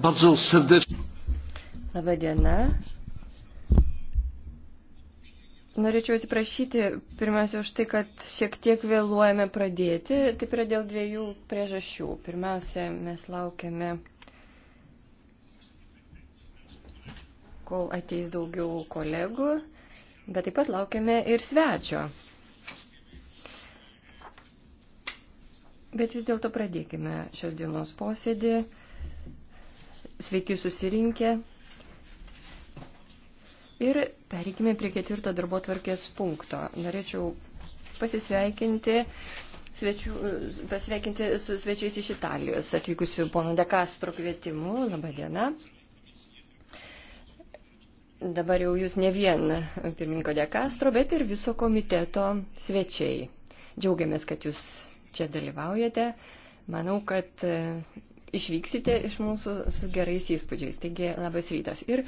Bardzo serdecznie. Labą dieną. Norėčiau atsiprašyti pirmiausia už tai, kad šiek tiek vėluojame pradėti. Taip yra dėl dviejų priežasčių. Pirmiausia, mes laukiame, kol ateis daugiau kolegų, bet taip pat laukiame ir svečio. Bet vis dėlto pradėkime šios dienos posėdį. Sveiki susirinkę. Ir pereikime prie ketvirto darbo tvarkės punkto. Norėčiau pasisveikinti, svečių, pasveikinti su svečiais iš Italijos, atvykusiu pono De Castro kvietimu. Labadiena. Dabar jau jūs ne vien pirmininko De Castro, bet ir viso komiteto svečiai. Džiaugiamės, kad jūs čia dalyvaujate. Manau, kad išvyksite iš mūsų su gerais įspūdžiais. Taigi, labas rytas. Ir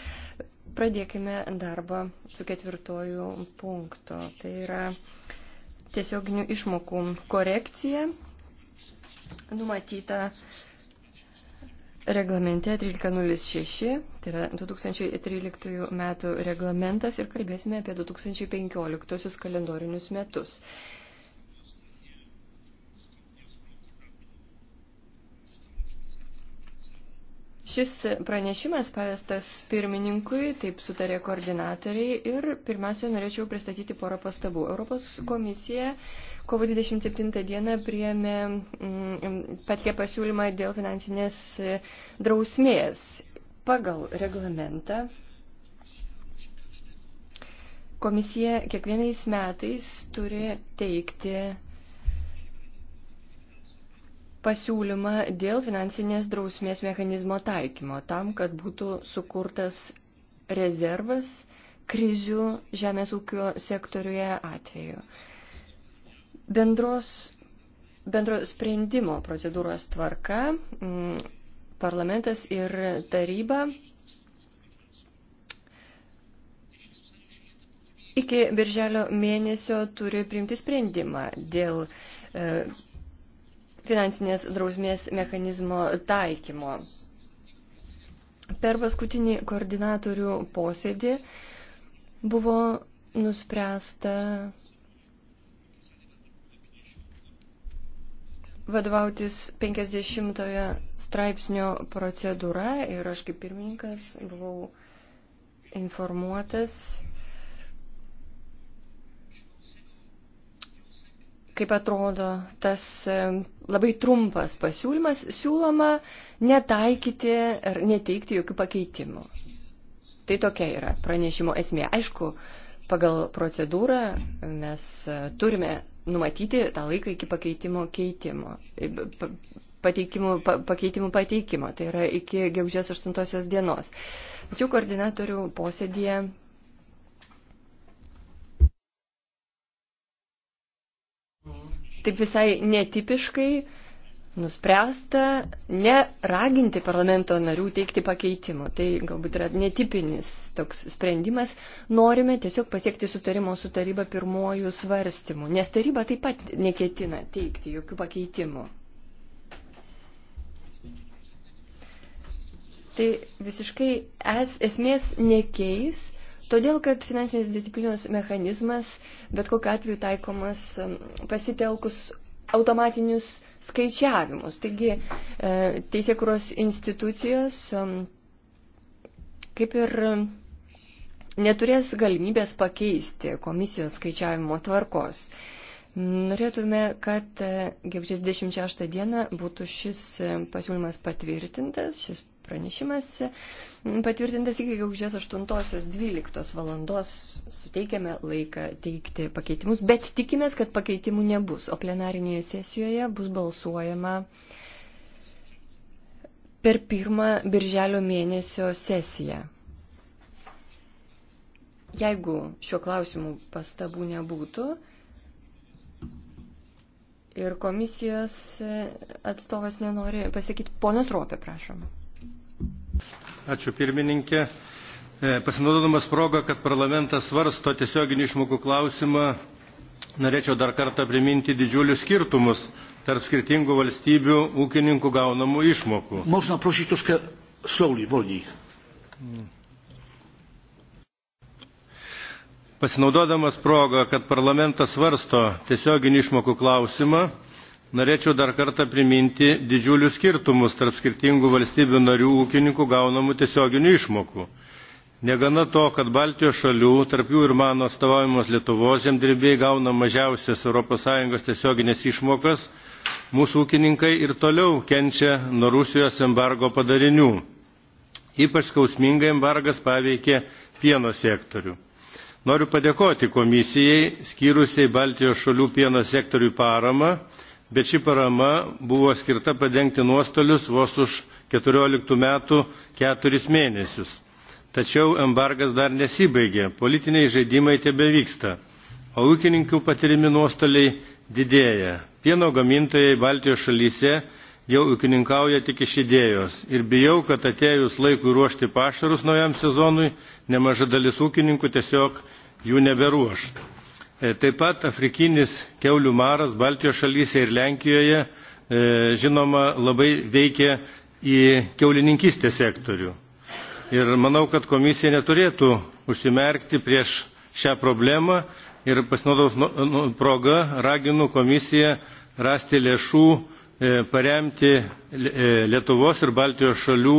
pradėkime darbą su ketvirtoju punktu. Tai yra tiesioginių išmokų korekcija numatyta reglamente 1306, tai yra 2013 metų reglamentas ir kalbėsime apie 2015 kalendorinius metus. Šis pranešimas pavestas pirmininkui, taip sutarė koordinatoriai ir pirmiausia norėčiau pristatyti porą pastabų. Europos komisija kovo 27 dieną priėmė mm, patikė pasiūlymą dėl finansinės drausmės. Pagal reglamentą komisija kiekvienais metais turi teikti pasiūlymą dėl finansinės drausmės mechanizmo taikymo, tam, kad būtų sukurtas rezervas krizių žemės ūkio sektoriuje atveju. Bendros, bendro sprendimo procedūros tvarka m, mm, parlamentas ir taryba iki birželio mėnesio turi priimti sprendimą dėl e, finansinės drausmės mechanizmo taikymo. Per paskutinį koordinatorių posėdį buvo nuspręsta vadovautis 50 straipsnio procedūra ir aš kaip pirmininkas buvau informuotas kaip atrodo tas e, labai trumpas pasiūlymas, siūloma netaikyti ar neteikti jokių pakeitimų. Tai tokia yra pranešimo esmė. Aišku, pagal procedūrą mes e, turime numatyti tą laiką iki pakeitimo keitimo. E, Pateikimų, pa, pakeitimų pateikimo, tai yra iki gegužės 8 dienos. Tačiau koordinatorių posėdėje taip visai netipiškai nuspręsta neraginti parlamento narių teikti pakeitimų. Tai galbūt yra netipinis toks sprendimas. Norime tiesiog pasiekti sutarimo su taryba pirmojų svarstymų, nes taryba taip pat neketina teikti jokių pakeitimų. Tai visiškai es, esmės nekeis Todėl, kad finansinės disciplinos mechanizmas bet kokiu atveju taikomas pasitelkus automatinius skaičiavimus. Taigi e, teisėkuros institucijos kaip ir neturės galimybės pakeisti komisijos skaičiavimo tvarkos. Norėtume, kad e, gegužės 26 dieną būtų šis e, pasiūlymas patvirtintas, šis Pranešimas patvirtintas iki gegužės 8.12 valandos suteikiame laiką teikti pakeitimus, bet tikimės, kad pakeitimų nebus, o plenarinėje sesijoje bus balsuojama per pirmą birželio mėnesio sesiją. Jeigu šiuo klausimu pastabų nebūtų, ir komisijos atstovas nenori pasakyti. Ponas Ropė, prašom. Ačiū pirmininkė. E, pasinaudodamas progą, kad parlamentas svarsto tiesioginių išmokų klausimą, norėčiau dar kartą priminti didžiulius skirtumus tarp skirtingų valstybių ūkininkų gaunamų išmokų. Można prosić troszkę slowly, wolniej. Pasinaudodamas progą, kad parlamentas svarsto tiesioginių išmokų klausimą, norėčiau dar kartą priminti didžiulius skirtumus tarp skirtingų valstybių narių ūkininkų gaunamų tiesioginių išmokų. negana to kad baltijos šalių tarp jų ir mano atstovaujamos lietuvos žemdirbiai gauna mažiausias europos sąjungos tiesiogines išmokas mūsų ūkininkai ir toliau kenčia nuo rusijos embargo padarinių. ypač skausmingai embargas paveikė pieno sektorių. noriu padėkoti komisijai skyrusiai baltijos šalių pieno sektoriui paramą bet ši parama buvo skirta padengti nuostolius vos už keturioliktų metų keturis mėnesius. tačiau embargas dar nesibaigė politiniai žaidimai tebevyksta o ūkininkų patiriami nuostoliai didėja. pieno gamintojai baltijos šalyse jau ūkininkauja tik iš idėjos ir bijau kad atėjus laikui ruošti pašarus naujam sezonui nemaža dalis ūkininkų tiesiog jų neberuoš. E, taip pat afrikinis kiaulių maras baltijos šalyse ir lenkijoje e, žinoma labai veikia į kiaulininkystės sektorių ir manau kad komisija neturėtų užsimerkti prieš šią problemą ir pasinaudodama nu, nu, proga raginu komisiją rasti lėšų e, paremti lietuvos ir baltijos šalių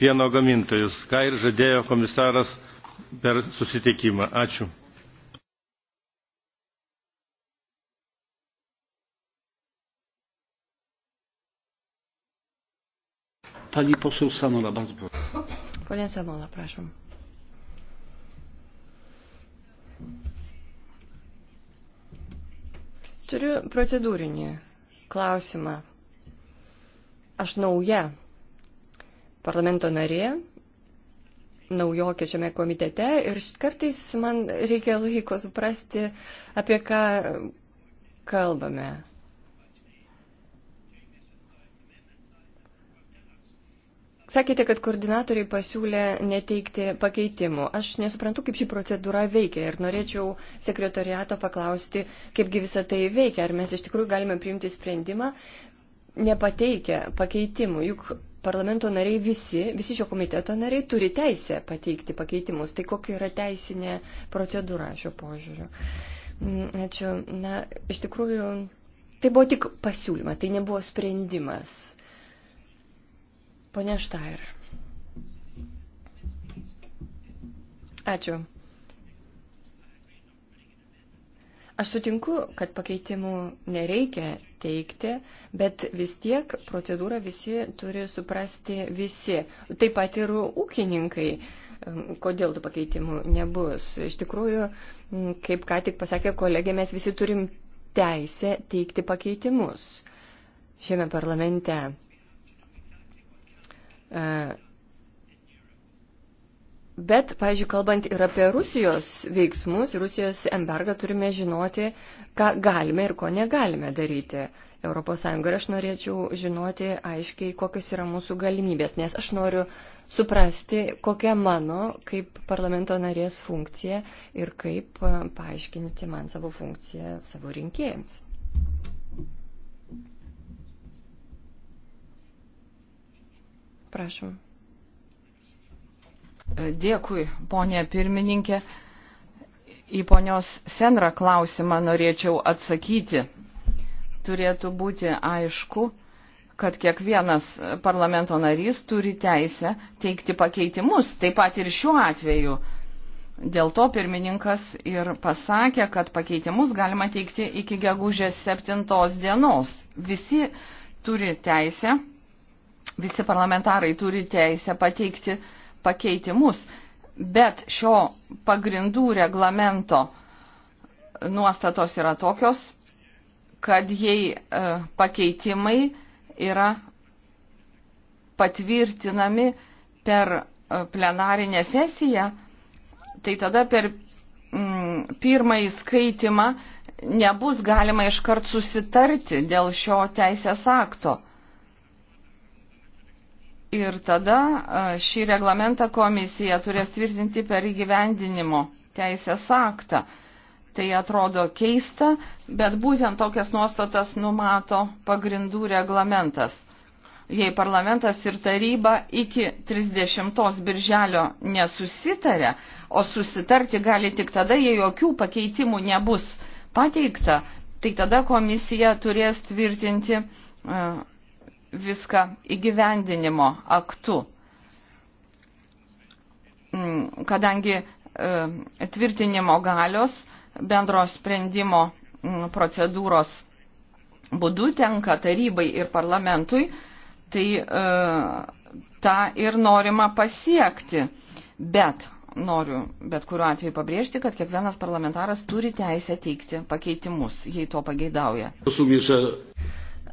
pieno gamintojus ką ir žadėjo komisaras per susitikimą. ačiū. Pani poseł Sanola, bardzo proszę. Panie Sanola, proszę. Turiu procedūrinį klausimą. Aš nauja parlamento narė, naujokė šiame komitete ir kartais man reikia laiko suprasti, apie ką kalbame. Sakėte, kad koordinatoriai pasiūlė neteikti pakeitimų. Aš nesuprantu, kaip ši procedūra veikia ir norėčiau sekretoriato paklausti, kaipgi visa tai veikia. Ar mes iš tikrųjų galime priimti sprendimą nepateikę pakeitimų. Juk parlamento nariai visi, visi šio komiteto nariai turi teisę pateikti pakeitimus. Tai kokia yra teisinė procedūra šio požiūriu? Mm, ačiū. Na, iš tikrųjų, tai buvo tik pasiūlymas, tai nebuvo sprendimas Pone Štair. Ačiū. Aš sutinku, kad pakeitimų nereikia teikti, bet vis tiek procedūrą visi turi suprasti visi. Taip pat ir ūkininkai, kodėl tų pakeitimų nebus. Iš tikrųjų, kaip ką tik pasakė kolegė, mes visi turim teisę teikti pakeitimus šiame parlamente. E, bet, pažiūrėjau, kalbant ir apie Rusijos veiksmus, Rusijos embargą turime žinoti, ką galime ir ko negalime daryti. ES ir aš norėčiau žinoti aiškiai, kokios yra mūsų galimybės, nes aš noriu suprasti, kokia mano kaip parlamento narės funkcija ir kaip e, paaiškinti man savo funkciją savo rinkėjams. Prašom. Dėkui, ponė pirmininkė. Į ponios Senra klausimą norėčiau atsakyti. Turėtų būti aišku, kad kiekvienas parlamento narys turi teisę teikti pakeitimus, taip pat ir šiuo atveju. Dėl to pirmininkas ir pasakė, kad pakeitimus galima teikti iki gegužės 7 dienos. Visi turi teisę visi parlamentarai turi teisę pateikti pakeitimus, bet šio pagrindų reglamento nuostatos yra tokios, kad jei e, pakeitimai yra patvirtinami per e, plenarinę sesiją, tai tada per mm, pirmąjį skaitimą nebus galima iškart susitarti dėl šio teisės akto. Ir tada šį reglamentą komisija turės tvirtinti per įgyvendinimo teisės aktą. Tai atrodo keista, bet būtent tokias nuostatas numato pagrindų reglamentas. Jei parlamentas ir taryba iki 30 birželio nesusitarė, o susitarti gali tik tada, jei jokių pakeitimų nebus pateikta, tai tada komisija turės tvirtinti uh, viską įgyvendinimo aktu. Mm, kadangi e, tvirtinimo galios bendro sprendimo mm, procedūros būdu tenka tarybai ir parlamentui, tai e, tą ir norima pasiekti. Bet noriu bet kuriuo atveju pabrėžti, kad kiekvienas parlamentaras turi teisę teikti pakeitimus, jei to pageidauja. Sumiša.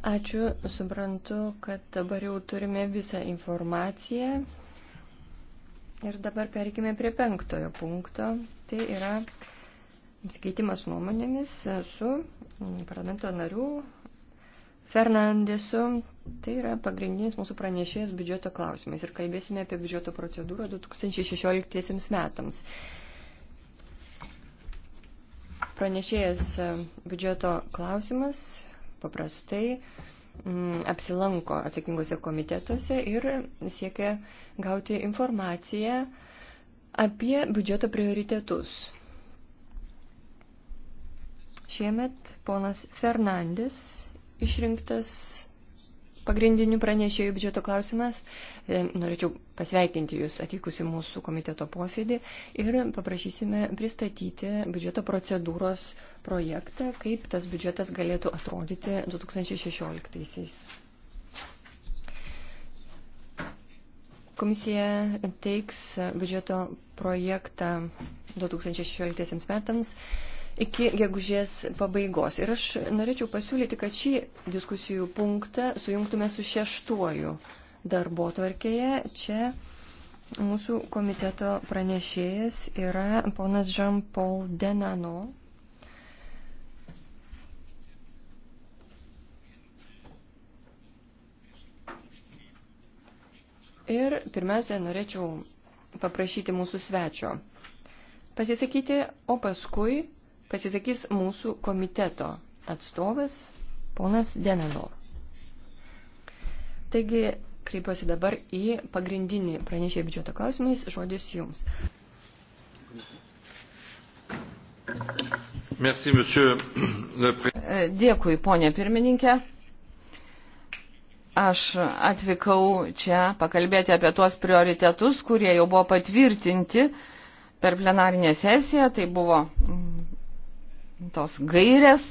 Ačiū, suprantu, kad dabar jau turime visą informaciją. Ir dabar perkime prie penktojo punkto. Tai yra skaitimas nuomonėmis su parlamento narių Fernandesu. Tai yra pagrindinis mūsų pranešėjas biudžeto klausimais. Ir kalbėsime apie biudžeto procedūrą 2016 metams pranešėjas biudžeto klausimas paprastai mm, apsilanko atsakingose komitetuose ir siekia gauti informaciją apie biudžeto prioritetus. Šiemet ponas Fernandis išrinktas pagrindinių pranešėjų biudžeto klausimas. E, norėčiau pasveikinti Jūs atvykus į mūsų komiteto posėdį ir paprašysime pristatyti biudžeto procedūros projektą, kaip tas biudžetas galėtų atrodyti 2016-aisiais. Komisija teiks biudžeto projektą 2016 metams iki gegužės pabaigos. Ir aš norėčiau pasiūlyti, kad šį diskusijų punktą sujungtume su šeštuoju darbo tvarkėje. Čia mūsų komiteto pranešėjas yra ponas Jean-Paul Denano. Ir pirmiausia, norėčiau paprašyti mūsų svečio pasisakyti, o paskui pasisakys mūsų komiteto atstovas ponas Denanov. Taigi, kreipiuosi dabar į pagrindinį pranešėjų biudžeto klausimais, žodis jums. Merci, monsieur. E, dėkui, ponė pirmininkė. Aš atvykau čia pakalbėti apie tuos prioritetus, kurie jau buvo patvirtinti per plenarinę sesiją. Tai buvo tos gairės,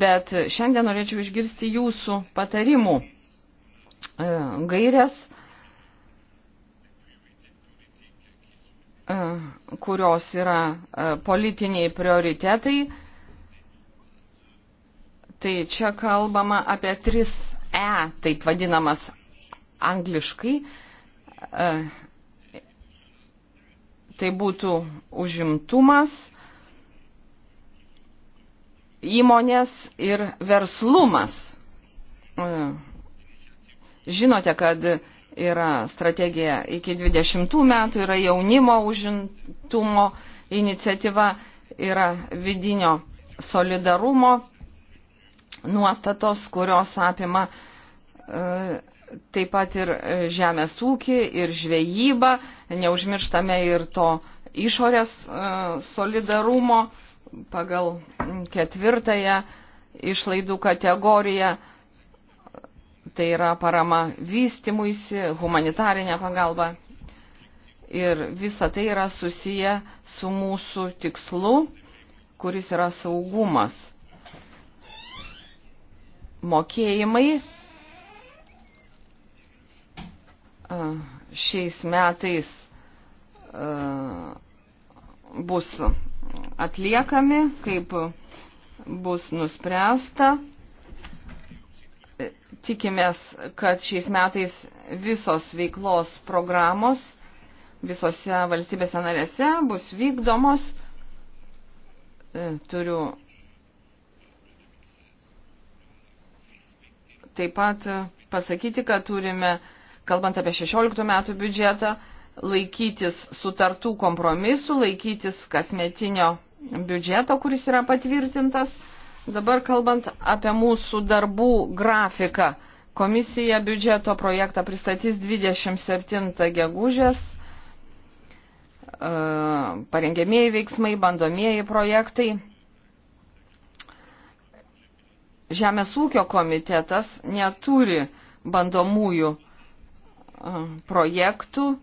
bet šiandien norėčiau išgirsti jūsų patarimų e, gairės, e, kurios yra e, politiniai prioritetai. Tai čia kalbama apie 3E, taip vadinamas angliškai. Tai būtų užimtumas, įmonės ir verslumas. E, žinote, kad yra strategija iki 20 metų, yra jaunimo užimtumo iniciatyva, yra vidinio solidarumo nuostatos, kurios apima e, taip pat ir žemės ūkį, ir žvejybą, neužmirštame ir to išorės e, solidarumo pagal mm, ketvirtąją išlaidų kategoriją. Tai yra parama vystimuisi, humanitarinė pagalba. Ir visa tai yra susiję su mūsų tikslu, kuris yra saugumas. Mokėjimai šiais metais bus atliekami, kaip bus nuspręsta. Tikimės, kad šiais metais visos veiklos programos visose valstybėse narėse bus vykdomos. E, turiu taip pat pasakyti, kad turime, kalbant apie 16 metų biudžetą, laikytis sutartų kompromisų, laikytis kasmetinio biudžeto, kuris yra patvirtintas. Dabar kalbant apie mūsų darbų grafiką, komisija biudžeto projektą pristatys 27 gegužės. E, Parengėmėjai veiksmai, bandomieji projektai. Žemės ūkio komitetas neturi bandomųjų e, projektų,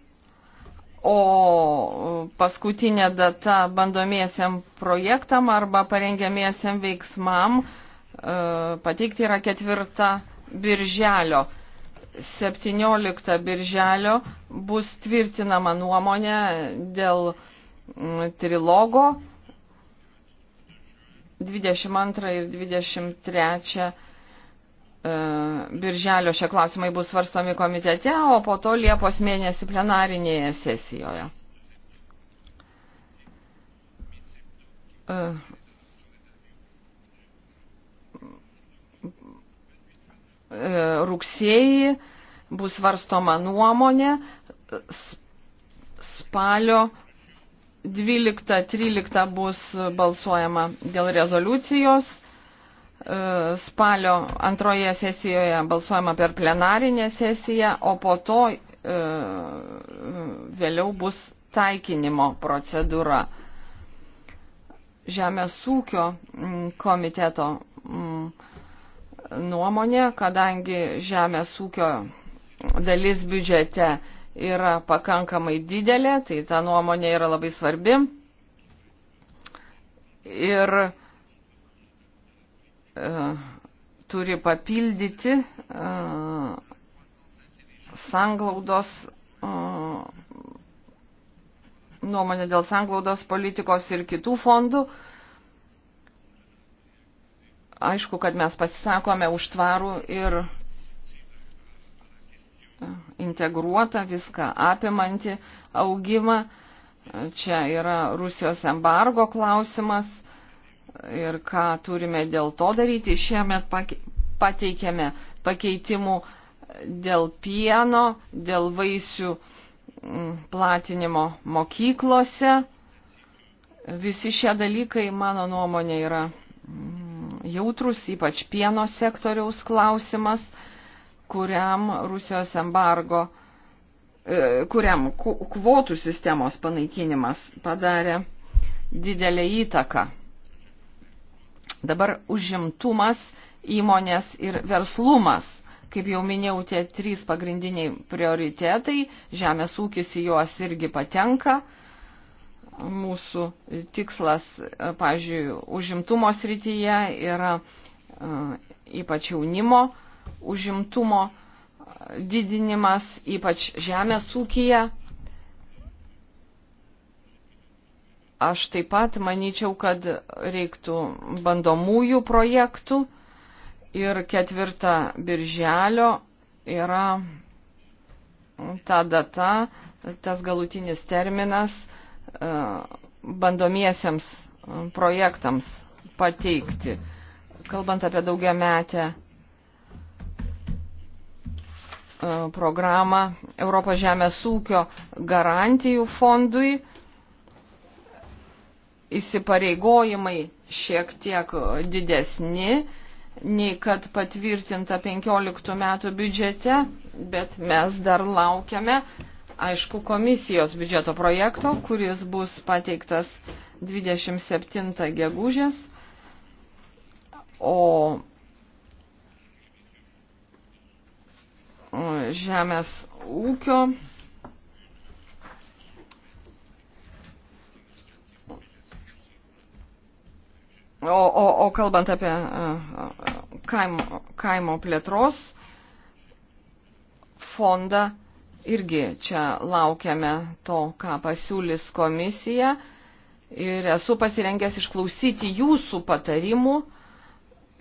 o paskutinė data bandomiesiam projektam arba parengiamiesiam veiksmam e, pateikti yra ketvirta birželio. 17 birželio bus tvirtinama nuomonė dėl mm, trilogo 22 ir 23 E, birželio šie klausimai bus svarstomi komitete, o po to Liepos mėnesį plenarinėje sesijoje. E, e, rugsėjį bus svarstoma nuomonė spalio 12-13 bus balsuojama dėl rezoliucijos spalio antroje sesijoje balsuojama per plenarinę sesiją, o po to e, vėliau bus taikinimo procedūra. Žemės ūkio komiteto nuomonė, kadangi žemės ūkio dalis biudžete yra pakankamai didelė, tai ta nuomonė yra labai svarbi. Ir uh, E, turi papildyti e, sanglaudos e, nuomonę dėl sanglaudos politikos ir kitų fondų. Aišku, kad mes pasisakome už tvarų ir integruotą viską apimantį augimą. Čia yra Rusijos embargo klausimas ir ką turime dėl to daryti. Šiemet pateikėme pakeitimų dėl pieno, dėl vaisių mm, platinimo mokyklose. Visi šie dalykai, mano nuomonė, yra mm, jautrus, ypač pieno sektoriaus klausimas, kuriam Rusijos embargo, e, kuriam kvotų sistemos panaikinimas padarė didelę įtaką. Dabar užimtumas, įmonės ir verslumas. Kaip jau minėjau, tie trys pagrindiniai prioritetai, žemės ūkis į juos irgi patenka. Mūsų tikslas, e, pažiūrėjau, užimtumo srityje yra e, ypač jaunimo užimtumo e, didinimas, ypač žemės ūkija Aš taip pat manyčiau, kad reiktų bandomųjų projektų ir ketvirtą birželio yra ta data, tas galutinis terminas e, bandomiesiems projektams pateikti. Kalbant apie daugia metę e, programą Europos žemės ūkio garantijų fondui, įsipareigojimai šiek tiek didesni nei kad patvirtinta 15 metų biudžete, bet mes dar laukiame, aišku, komisijos biudžeto projekto, kuris bus pateiktas 27 gegužės. O žemės ūkio O, o, o kalbant apie kaimo, kaimo plėtros fondą, irgi čia laukiame to, ką pasiūlys komisija. Ir esu pasirengęs išklausyti jūsų patarimų,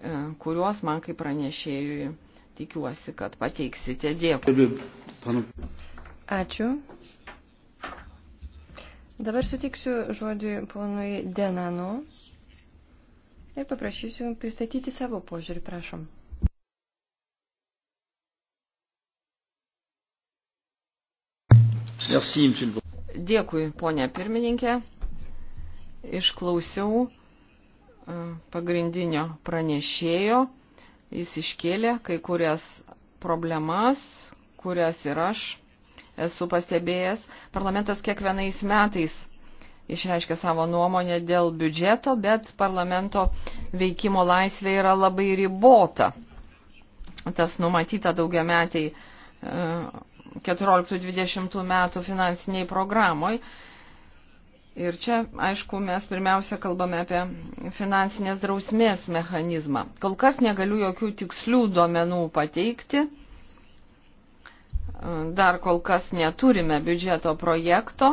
e, kuriuos man kaip pranešėjui tikiuosi, kad pateiksite. Dėkui. Ačiū. Dabar sutiksiu žodį ponui Denanu ir paprašysiu pristatyti savo požiūrį, prašom. Merci, Dėkui, ponė pirmininkė. Išklausiau e, pagrindinio pranešėjo. Jis iškėlė kai kurias problemas, kurias ir aš esu pastebėjęs. Parlamentas kiekvienais metais išreiškė savo nuomonę dėl biudžeto, bet parlamento veikimo laisvė yra labai ribota. Tas numatyta daugiametiai 14-20 e, metų finansiniai programoj. Ir čia, aišku, mes pirmiausia kalbame apie finansinės drausmės mechanizmą. Kol kas negaliu jokių tikslių duomenų pateikti. E, dar kol kas neturime biudžeto projekto,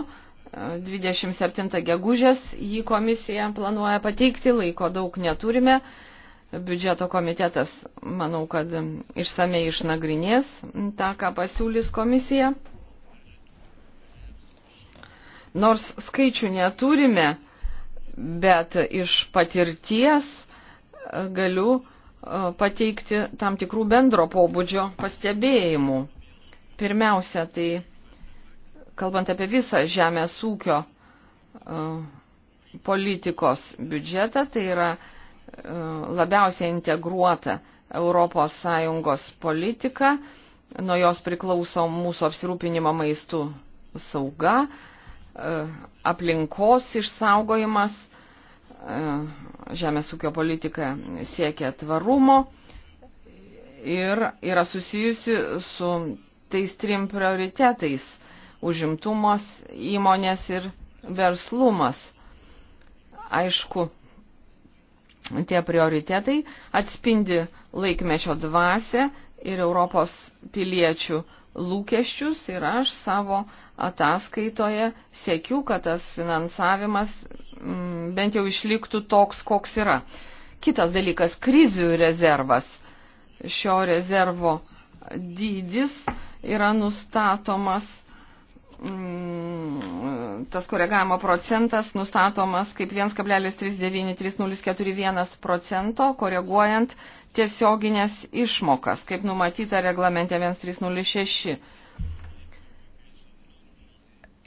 27 gegužės jį komisija planuoja pateikti, laiko daug neturime. Biudžeto komitetas, manau, kad išsamei išnagrinės tą, ką pasiūlys komisija. Nors skaičių neturime, bet iš patirties e, galiu e, pateikti tam tikrų bendro pobūdžio pastebėjimų. Pirmiausia, tai kalbant apie visą žemės ūkio e, politikos biudžetą, tai yra e, labiausiai integruota ES politika, nuo jos priklauso mūsų apsirūpinimo maistų sauga, e, aplinkos išsaugojimas, žemės ūkio politika siekia tvarumo ir yra susijusi su tais trim prioritetais užimtumas įmonės ir verslumas. Aišku, tie prioritetai atspindi laikmečio dvasę ir Europos piliečių lūkesčius ir aš savo ataskaitoje siekiu, kad tas finansavimas m, mm, bent jau išliktų toks, koks yra. Kitas dalykas - krizių rezervas. Šio rezervo dydis yra nustatomas Mm, tas koregavimo procentas nustatomas kaip 1,393041 procento, koreguojant tiesioginės išmokas, kaip numatyta reglamente 1306.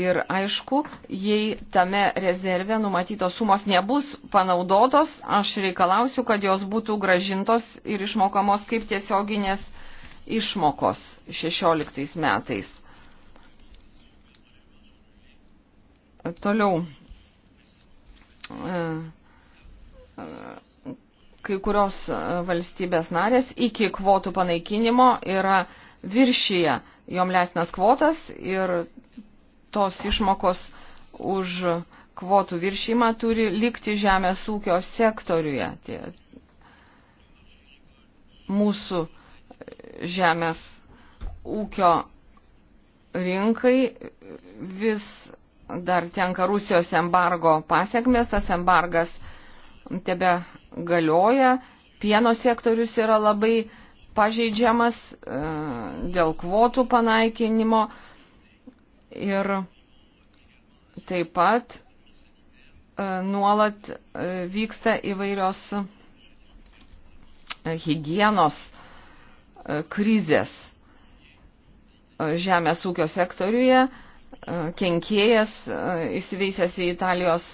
Ir aišku, jei tame rezerve numatytos sumos nebus panaudotos, aš reikalausiu, kad jos būtų gražintos ir išmokamos kaip tiesioginės išmokos 16 metais. Toliau. E, kai kurios valstybės narės iki kvotų panaikinimo yra viršyje jom leisnas kvotas ir tos išmokos už kvotų viršymą turi likti žemės ūkio sektoriuje. Tie mūsų žemės ūkio rinkai vis dar tenka Rusijos embargo pasiekmes, tas embargas tebe galioja, pieno sektorius yra labai pažeidžiamas e, dėl kvotų panaikinimo ir taip pat e, nuolat e, vyksta įvairios hygienos krizės žemės ūkio sektoriuje kenkėjas e, įsiveisęs į Italijos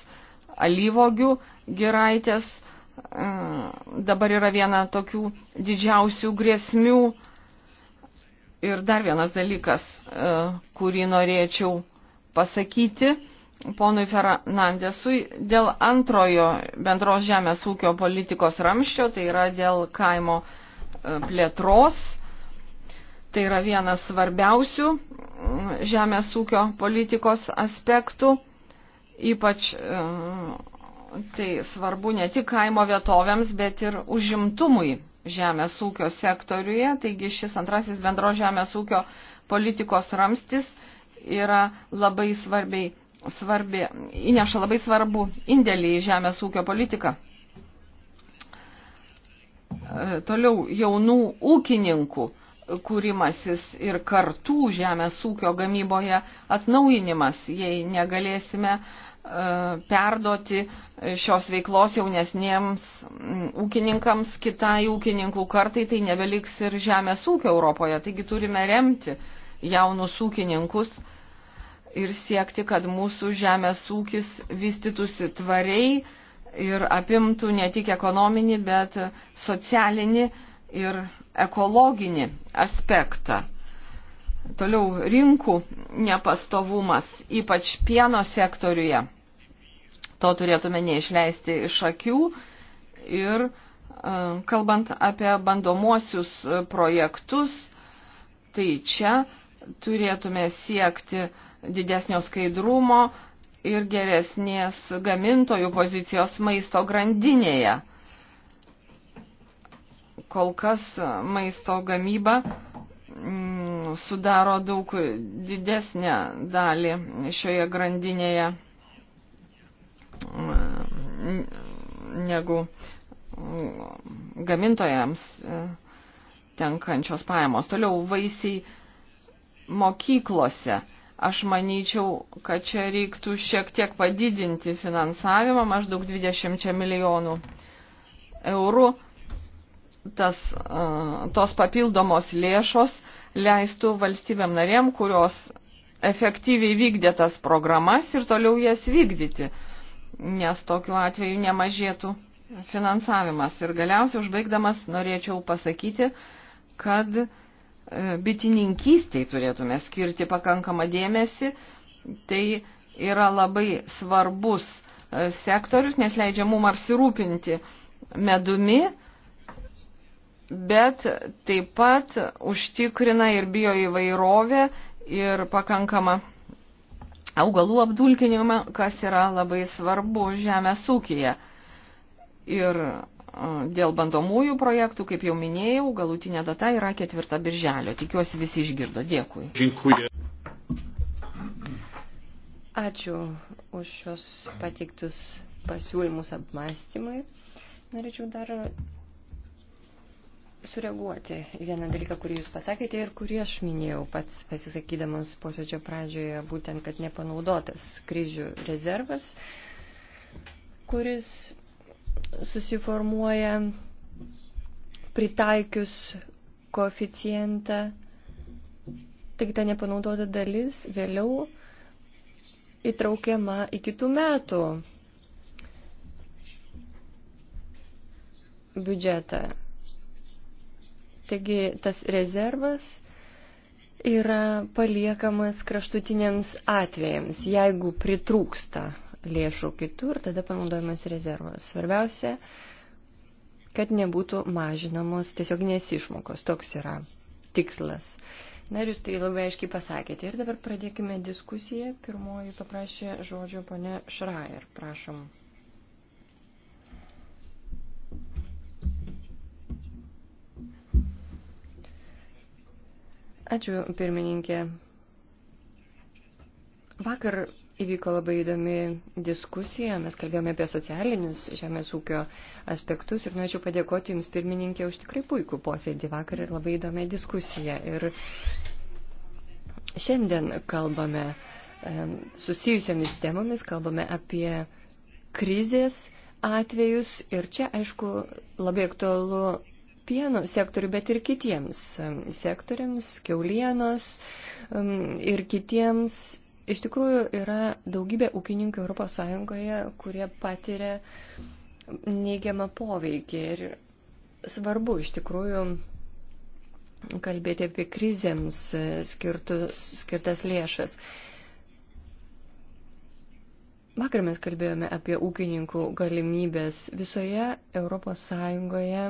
alyvogių giraitės. E, dabar yra viena tokių didžiausių grėsmių. Ir dar vienas dalykas, e, kurį norėčiau pasakyti ponui Fernandesui dėl antrojo bendros žemės ūkio politikos ramščio, tai yra dėl kaimo plėtros Tai yra vienas svarbiausių mm, žemės ūkio politikos aspektų. Ypač mm, tai svarbu ne tik kaimo vietovėms, bet ir užimtumui žemės ūkio sektoriuje. Taigi šis antrasis bendro žemės ūkio politikos ramstis yra labai svarbiai, svarbi, įneša labai svarbu indėlį į žemės ūkio politiką. E, toliau jaunų ūkininkų kūrimasis ir kartų žemės ūkio gamyboje atnaujinimas, jei negalėsime e, perduoti šios veiklos jaunesniems ūkininkams kitai ūkininkų kartai, tai nebeliks ir žemės ūkio Europoje. Taigi turime remti jaunus ūkininkus ir siekti, kad mūsų žemės ūkis vystytųsi tvariai ir apimtų ne tik ekonominį, bet socialinį ir ekologinį aspektą. Toliau rinkų nepastovumas, ypač pieno sektoriuje. To turėtume neišleisti iš akių ir e, kalbant apie bandomuosius e, projektus, tai čia turėtume siekti didesnio skaidrumo ir geresnės gamintojų pozicijos maisto grandinėje. Kol kas maisto gamyba mm, sudaro daug didesnę dalį šioje grandinėje mm, negu mm, gamintojams e, tenkančios pajamos. Toliau vaisiai mokyklose. Aš manyčiau, kad čia reiktų šiek tiek padidinti finansavimą maždaug 20 milijonų eurų tas, tos papildomos lėšos leistų valstybėm narėm, kurios efektyviai vykdė tas programas ir toliau jas vykdyti, nes tokiu atveju nemažėtų finansavimas. Ir galiausiai užbaigdamas norėčiau pasakyti, kad e, bitininkystiai turėtume skirti pakankamą dėmesį. Tai yra labai svarbus e, sektorius, nes leidžia mum apsirūpinti medumi, bet taip pat užtikrina ir bio įvairovę ir pakankamą augalų apdulkinimą, kas yra labai svarbu žemės ūkija. Ir dėl bandomųjų projektų, kaip jau minėjau, galutinė data yra 4 birželio. Tikiuosi visi išgirdo. Dėkui. Dziękuję. Ačiū už šios pateiktus pasiūlymus apmąstymui. Norėčiau dar sureaguoti į vieną dalyką, kurį Jūs pasakėte ir kurį aš minėjau pats pasisakydamas posėdžio pradžioje, būtent, kad nepanaudotas kryžių rezervas, kuris susiformuoja pritaikius koeficientą. Tik ta nepanaudota dalis vėliau įtraukiama į kitų metų biudžetą Taigi tas rezervas yra paliekamas kraštutiniams atvejams, jeigu pritrūksta lėšų kitur, tada panaudojamas rezervas. Svarbiausia, kad nebūtų mažinamos tiesioginės išmokos. Toks yra tikslas. Na ir jūs tai labai aiškiai pasakėte. Ir dabar pradėkime diskusiją. Pirmoji paprašė žodžio ponė Šrajer. Prašom. Ačiū, pirmininkė. Vakar įvyko labai įdomi diskusija, mes kalbėjome apie socialinius žemės ūkio aspektus ir norėčiau padėkoti Jums, pirmininkė, už tikrai puikų posėdį vakar ir labai įdomią diskusiją. Ir šiandien kalbame susijusiamis temomis, kalbame apie krizės atvejus ir čia, aišku, labai aktualu pieno sektoriui, bet ir kitiems um, sektoriams, keulienos um, ir kitiems. Iš tikrųjų yra daugybė ūkininkų ES, kurie patiria neigiamą poveikį. Ir svarbu iš tikrųjų kalbėti apie krizėms e, skirtus, skirtas lėšas. Vakar mes kalbėjome apie ūkininkų galimybės visoje Europos Sąjungoje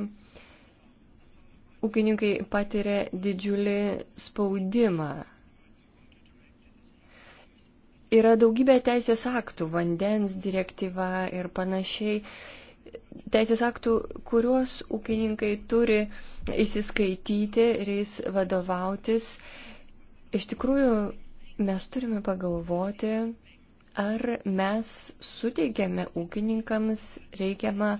ūkininkai patiria didžiulį spaudimą. Yra daugybė teisės aktų, vandens direktyva ir panašiai, teisės aktų, kuriuos ūkininkai turi įsiskaityti ir jais vadovautis. Iš tikrųjų, mes turime pagalvoti, ar mes suteikėme ūkininkams reikiamą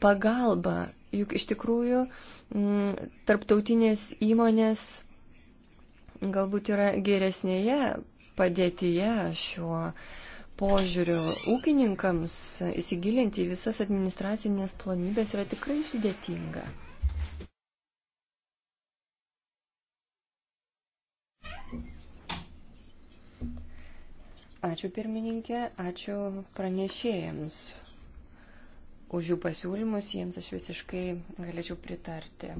pagalbą, juk iš tikrųjų m, mm, tarptautinės įmonės galbūt yra geresnėje padėtyje šiuo požiūriu ūkininkams įsigilinti į visas administracinės plonybės yra tikrai sudėtinga. Ačiū pirmininkė, ačiū pranešėjams už jų pasiūlymus, jiems aš visiškai galėčiau pritarti.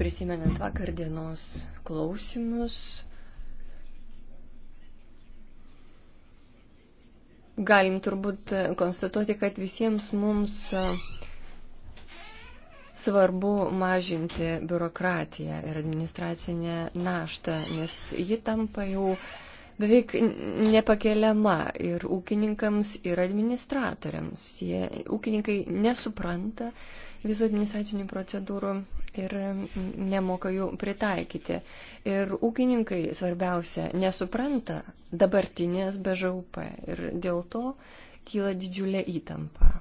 Prisimenant vakar dienos klausimus, galim turbūt konstatuoti, kad visiems mums svarbu mažinti biurokratiją ir administracinę naštą, nes ji tampa jau uh, beveik nepakeliama ir ūkininkams, ir administratoriams. Jie, ūkininkai nesupranta visų administracinių procedūrų ir nemoka jų pritaikyti. Ir ūkininkai, svarbiausia, nesupranta dabartinės BŽUP ir dėl to kyla didžiulė įtampa.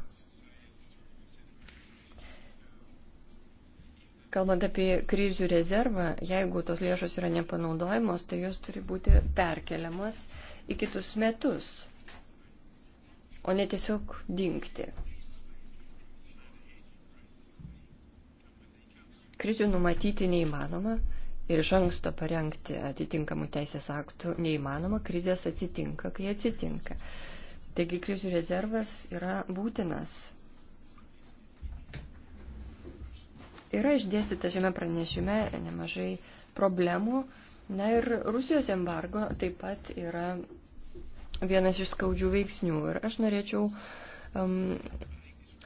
Kalbant apie krizių rezervą, jeigu tos lėšos yra nepanaudojamos, tai jos turi būti perkeliamas į kitus metus, o ne tiesiog dinkti. Krizių numatyti neįmanoma ir iš anksto parengti atitinkamų teisės aktų neįmanoma, krizės atsitinka, kai atsitinka. Taigi krizių rezervas yra būtinas Yra išdėstyta šiame pranešime nemažai problemų. Na ir Rusijos embargo taip pat yra vienas iš skaudžių veiksnių. Ir aš norėčiau um,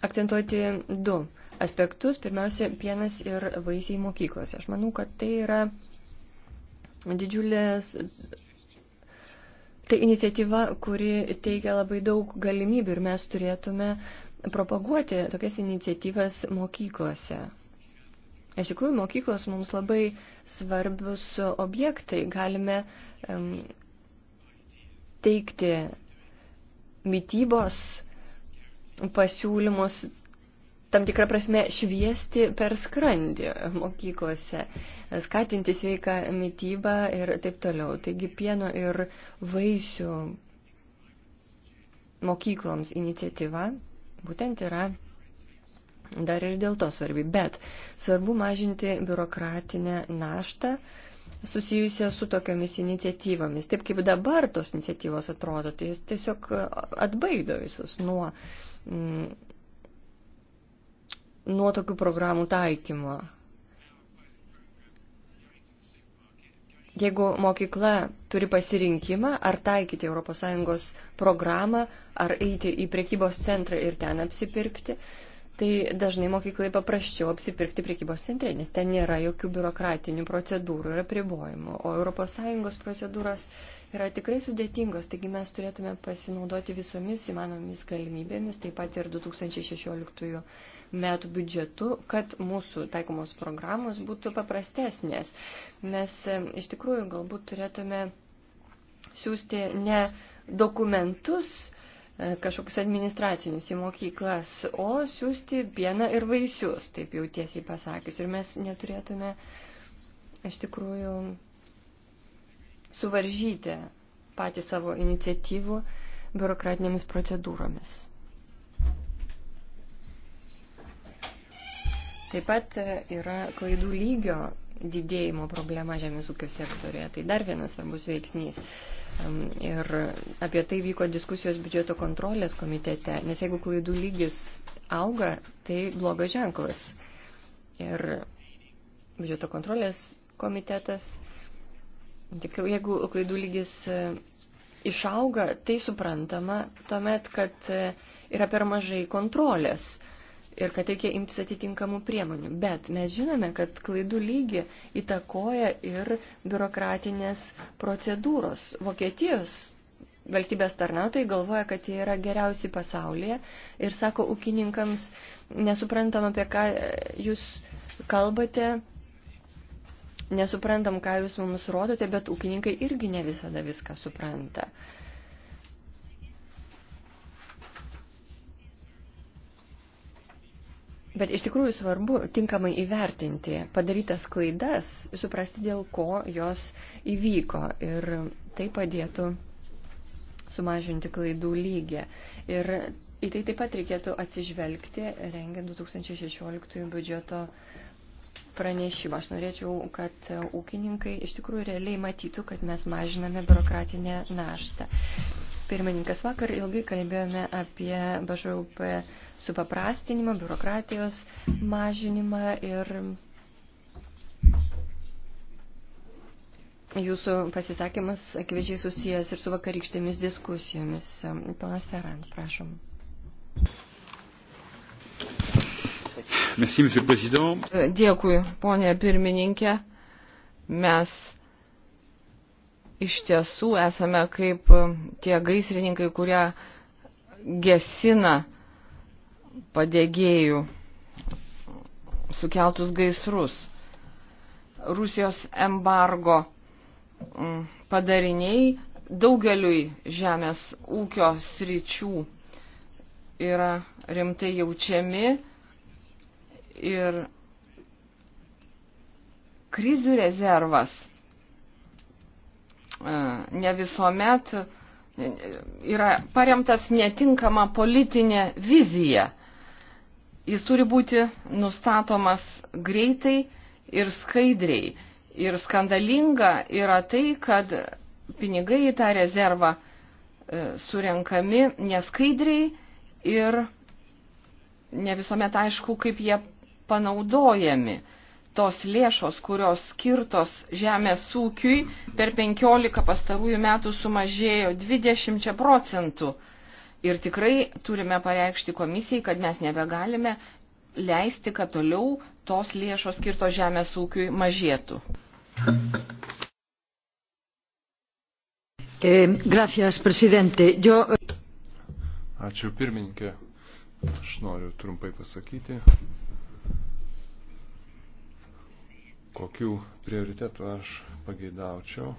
akcentuoti du aspektus. Pirmiausia, pienas ir vaisiai mokyklose. Aš manau, kad tai yra didžiulės. Tai iniciatyva, kuri teikia labai daug galimybių ir mes turėtume propaguoti tokias iniciatyvas mokyklose. Iš tikrųjų, mokyklos mums labai svarbus objektai. Galime um, teikti mytybos pasiūlymus, tam tikrą prasme šviesti per skrandį mokyklose, skatinti sveiką mytybą ir taip toliau. Taigi pieno ir vaisių mokykloms iniciatyva būtent yra Dar ir dėl to svarbi. Bet svarbu mažinti biurokratinę naštą susijusią su tokiamis iniciatyvomis. Taip kaip dabar tos iniciatyvos atrodo, tai jis tiesiog atbaido visus nuo, mm, nuo tokių programų taikymo. Jeigu mokykla turi pasirinkimą, ar taikyti ES programą, ar eiti į prekybos centrą ir ten apsipirkti, mm, tai dažnai mokyklai paprasčiau apsipirkti prekybos centre, nes ten nėra jokių biurokratinių procedūrų ir apribojimų. O ES procedūros yra tikrai sudėtingos, taigi mes turėtume pasinaudoti visomis įmanomis galimybėmis, taip pat ir 2016 metų biudžetu, kad mūsų taikomos programos būtų paprastesnės. Mes e, iš tikrųjų galbūt turėtume siūsti ne dokumentus, E, kažkokius administracinius į mokyklas, o siūsti pieną ir vaisius, taip jau tiesiai pasakius. Ir mes neturėtume iš tikrųjų suvaržyti patį savo iniciatyvų biurokratinėmis procedūromis. Taip pat e, yra klaidų lygio didėjimo problema žemės ūkio sektorėje. Tai dar vienas svarbus veiksnys. Ir apie tai vyko diskusijos biudžeto kontrolės komitete, nes jeigu klaidų lygis auga, tai blogas ženklas. Ir biudžeto kontrolės komitetas, tiksliau, jeigu klaidų lygis e, išauga, tai suprantama tuomet, kad e, yra per mažai kontrolės ir kad reikia imtis atitinkamų priemonių. Bet mes žinome, kad klaidų lygį įtakoja ir biurokratinės procedūros. Vokietijos valstybės tarnautojai galvoja, kad jie yra geriausi pasaulyje ir sako ūkininkams, nesuprantam apie ką jūs kalbate, nesuprantam, ką jūs mums rodote, bet ūkininkai irgi ne visada viską supranta. Uh, Bet iš tikrųjų svarbu tinkamai įvertinti padarytas klaidas, suprasti, dėl ko jos įvyko ir tai padėtų sumažinti klaidų lygį. Ir į tai taip pat reikėtų atsižvelgti, rengiant 2016 biudžeto pranešimą. Aš norėčiau, kad ūkininkai iš tikrųjų realiai matytų, kad mes mažiname biurokratinę naštą. Pirmininkas vakar ilgai kalbėjome apie BŽUP supaprastinimą, biurokratijos mažinimą ir jūsų pasisakymas akivaizdžiai susijęs ir su vakarykštėmis diskusijomis. Ponas Ferrand, prašom. Merci, Dėkui, ponė pirmininkė. Mes iš tiesų esame kaip tie gaisrininkai, kurie gesina uh, padėgėjų sukeltus gaisrus. Rusijos embargo mm, padariniai daugeliui žemės ūkio sričių yra rimtai jaučiami ir krizių rezervas e, ne visuomet e, yra paremtas netinkama politinė vizija Jis turi būti nustatomas greitai ir skaidriai. Ir skandalinga yra tai, kad pinigai į tą rezervą e, surenkami neskaidriai ir ne visuomet aišku, kaip jie panaudojami. Tos lėšos, kurios skirtos žemės ūkiui, per 15 pastarųjų metų sumažėjo 20 procentų. Ir tikrai turime pareikšti komisijai, kad mes nebegalime leisti, kad toliau tos lėšos skirto žemės ūkiui mažėtų. Eh, gracias, presidente. Yo... Eh, Ačiū pirmininkė. Aš noriu trumpai pasakyti, kokių prioritetų aš pageidaučiau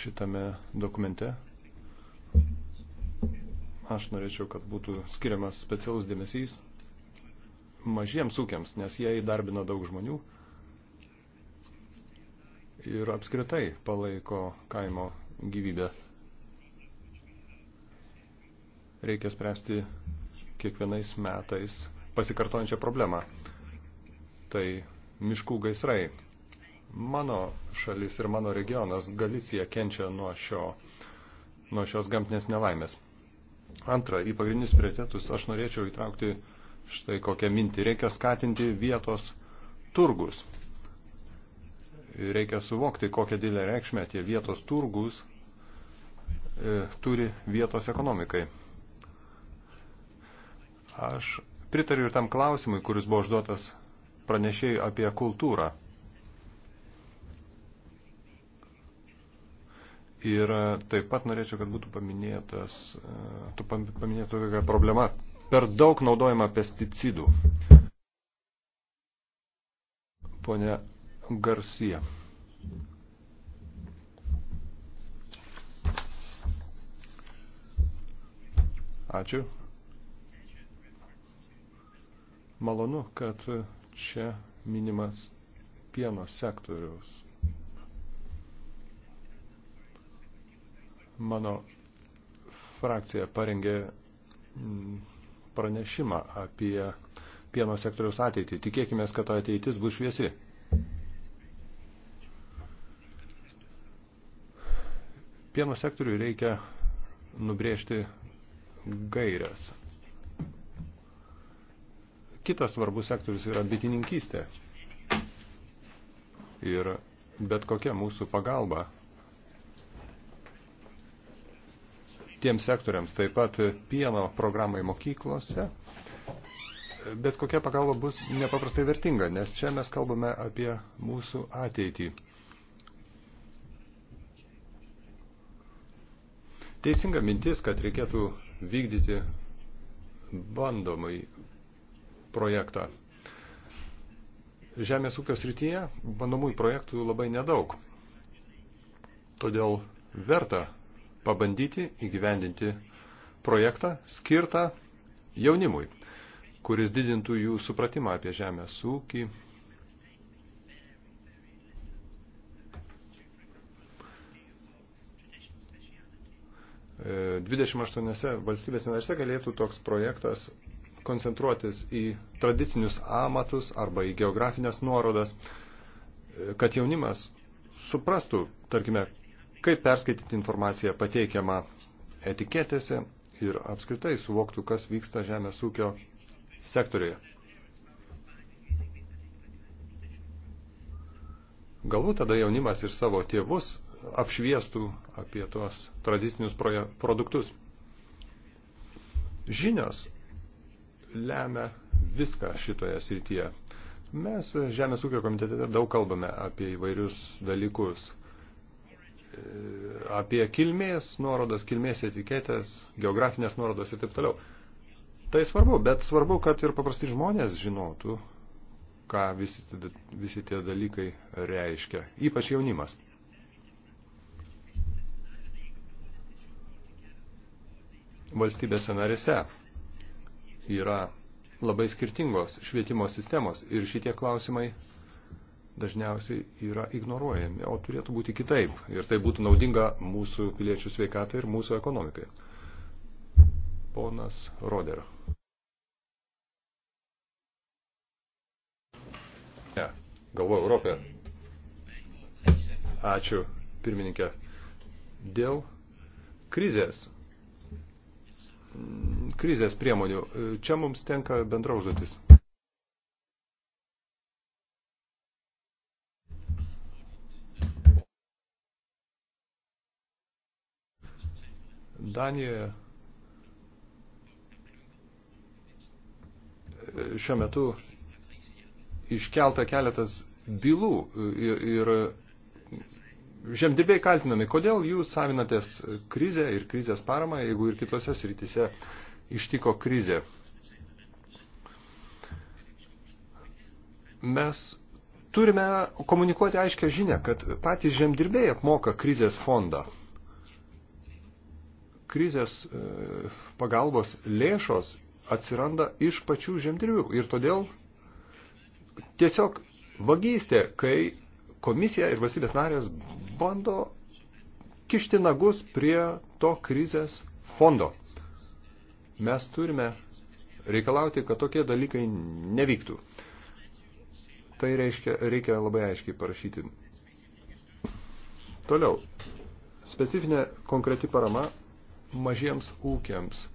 šitame dokumente Aš norėčiau, kad būtų skiriamas specialus dėmesys mažiems ūkiams, nes jie įdarbina daug žmonių ir apskritai palaiko kaimo gyvybę. Reikia spręsti kiekvienais metais pasikartojančią problemą. Tai miškų gaisrai. Mano šalis ir mano regionas Galicija kenčia nuo, šio, nuo šios gamtinės nelaimės. Antra, į pagrindinius prioritetus aš norėčiau įtraukti štai kokią mintį. Reikia skatinti vietos turgus. Reikia suvokti, kokią didelę reikšmę tie vietos turgus e, turi vietos ekonomikai. Aš pritariu ir tam klausimui, kuris buvo užduotas pranešėjai apie kultūrą. Ir e, taip pat norėčiau, kad būtų paminėtas, e, tu paminėtas tokia problema, per daug naudojama pesticidų. Pone Garcia. Ačiū. Malonu, kad čia minimas pieno sektoriaus Mano frakcija parengė mm, pranešimą apie pieno sektoriaus ateitį. Tikėkime, kad ta ateitis bus šviesi. Pieno sektoriui reikia nubrėžti gairias. Kitas svarbus sektorius yra bitininkystė. Ir bet kokia mūsų pagalba tiems sektoriams, taip pat pieno programai mokyklose. Bet kokia pagalba bus nepaprastai vertinga, nes čia mes kalbame apie mūsų ateitį. Teisinga mintis, kad reikėtų vykdyti bandomai projektą. Žemės ūkio srityje bandomųjų projektų labai nedaug. Todėl verta pabandyti įgyvendinti projektą skirtą jaunimui, kuris didintų jų supratimą apie žemės ūkį. Dvidešimt aštuoniuose valstybės narėse galėtų toks projektas koncentruotis į tradicinius amatus arba į geografinės nuorodas, kad jaunimas suprastų, tarkime, kaip perskaityti informaciją pateikiamą etiketėse ir apskritai suvoktų, kas vyksta žemės ūkio sektoriuje. Galbūt tada jaunimas ir savo tėvus apšviestų apie tuos tradicinius produktus. Žinios lemia viską šitoje srityje. Mes Žemės ūkio komitete daug kalbame apie įvairius dalykus apie kilmės nuorodas, kilmės etiketės, geografinės nuorodas ir taip toliau. Tai svarbu, bet svarbu, kad ir paprasti žmonės žinotų, ką visi, visi tie dalykai reiškia, ypač jaunimas. Valstybėse narėse yra labai skirtingos švietimo sistemos ir šitie klausimai dažniausiai yra ignoruojami, o turėtų būti kitaip. Ir tai būtų naudinga mūsų piliečių sveikatai ir mūsų ekonomikai. Ponas Roder. Ne, galvoju Europė. Ačiū, pirmininkė. Dėl krizės. Krizės priemonių. Čia mums tenka bendra užduotis. Danijoje e, šiuo metu iškelta keletas bylų ir, e, ir žemdirbiai kaltinami, kodėl jūs savinatės krizę ir krizės paramą, jeigu ir kitose srityse ištiko krizė. Mes turime komunikuoti aiškę žinę, kad patys žemdirbiai apmoka krizės fondą krizės e, pagalbos lėšos atsiranda iš pačių žemdirbių. Ir todėl tiesiog vagystė, kai komisija ir valstybės narės bando kišti nagus prie to krizės fondo. Mes turime reikalauti, kad tokie dalykai nevyktų. Tai reiškia, reikia labai aiškiai parašyti. Toliau. Specifinė konkreti parama mažiems ūkiams.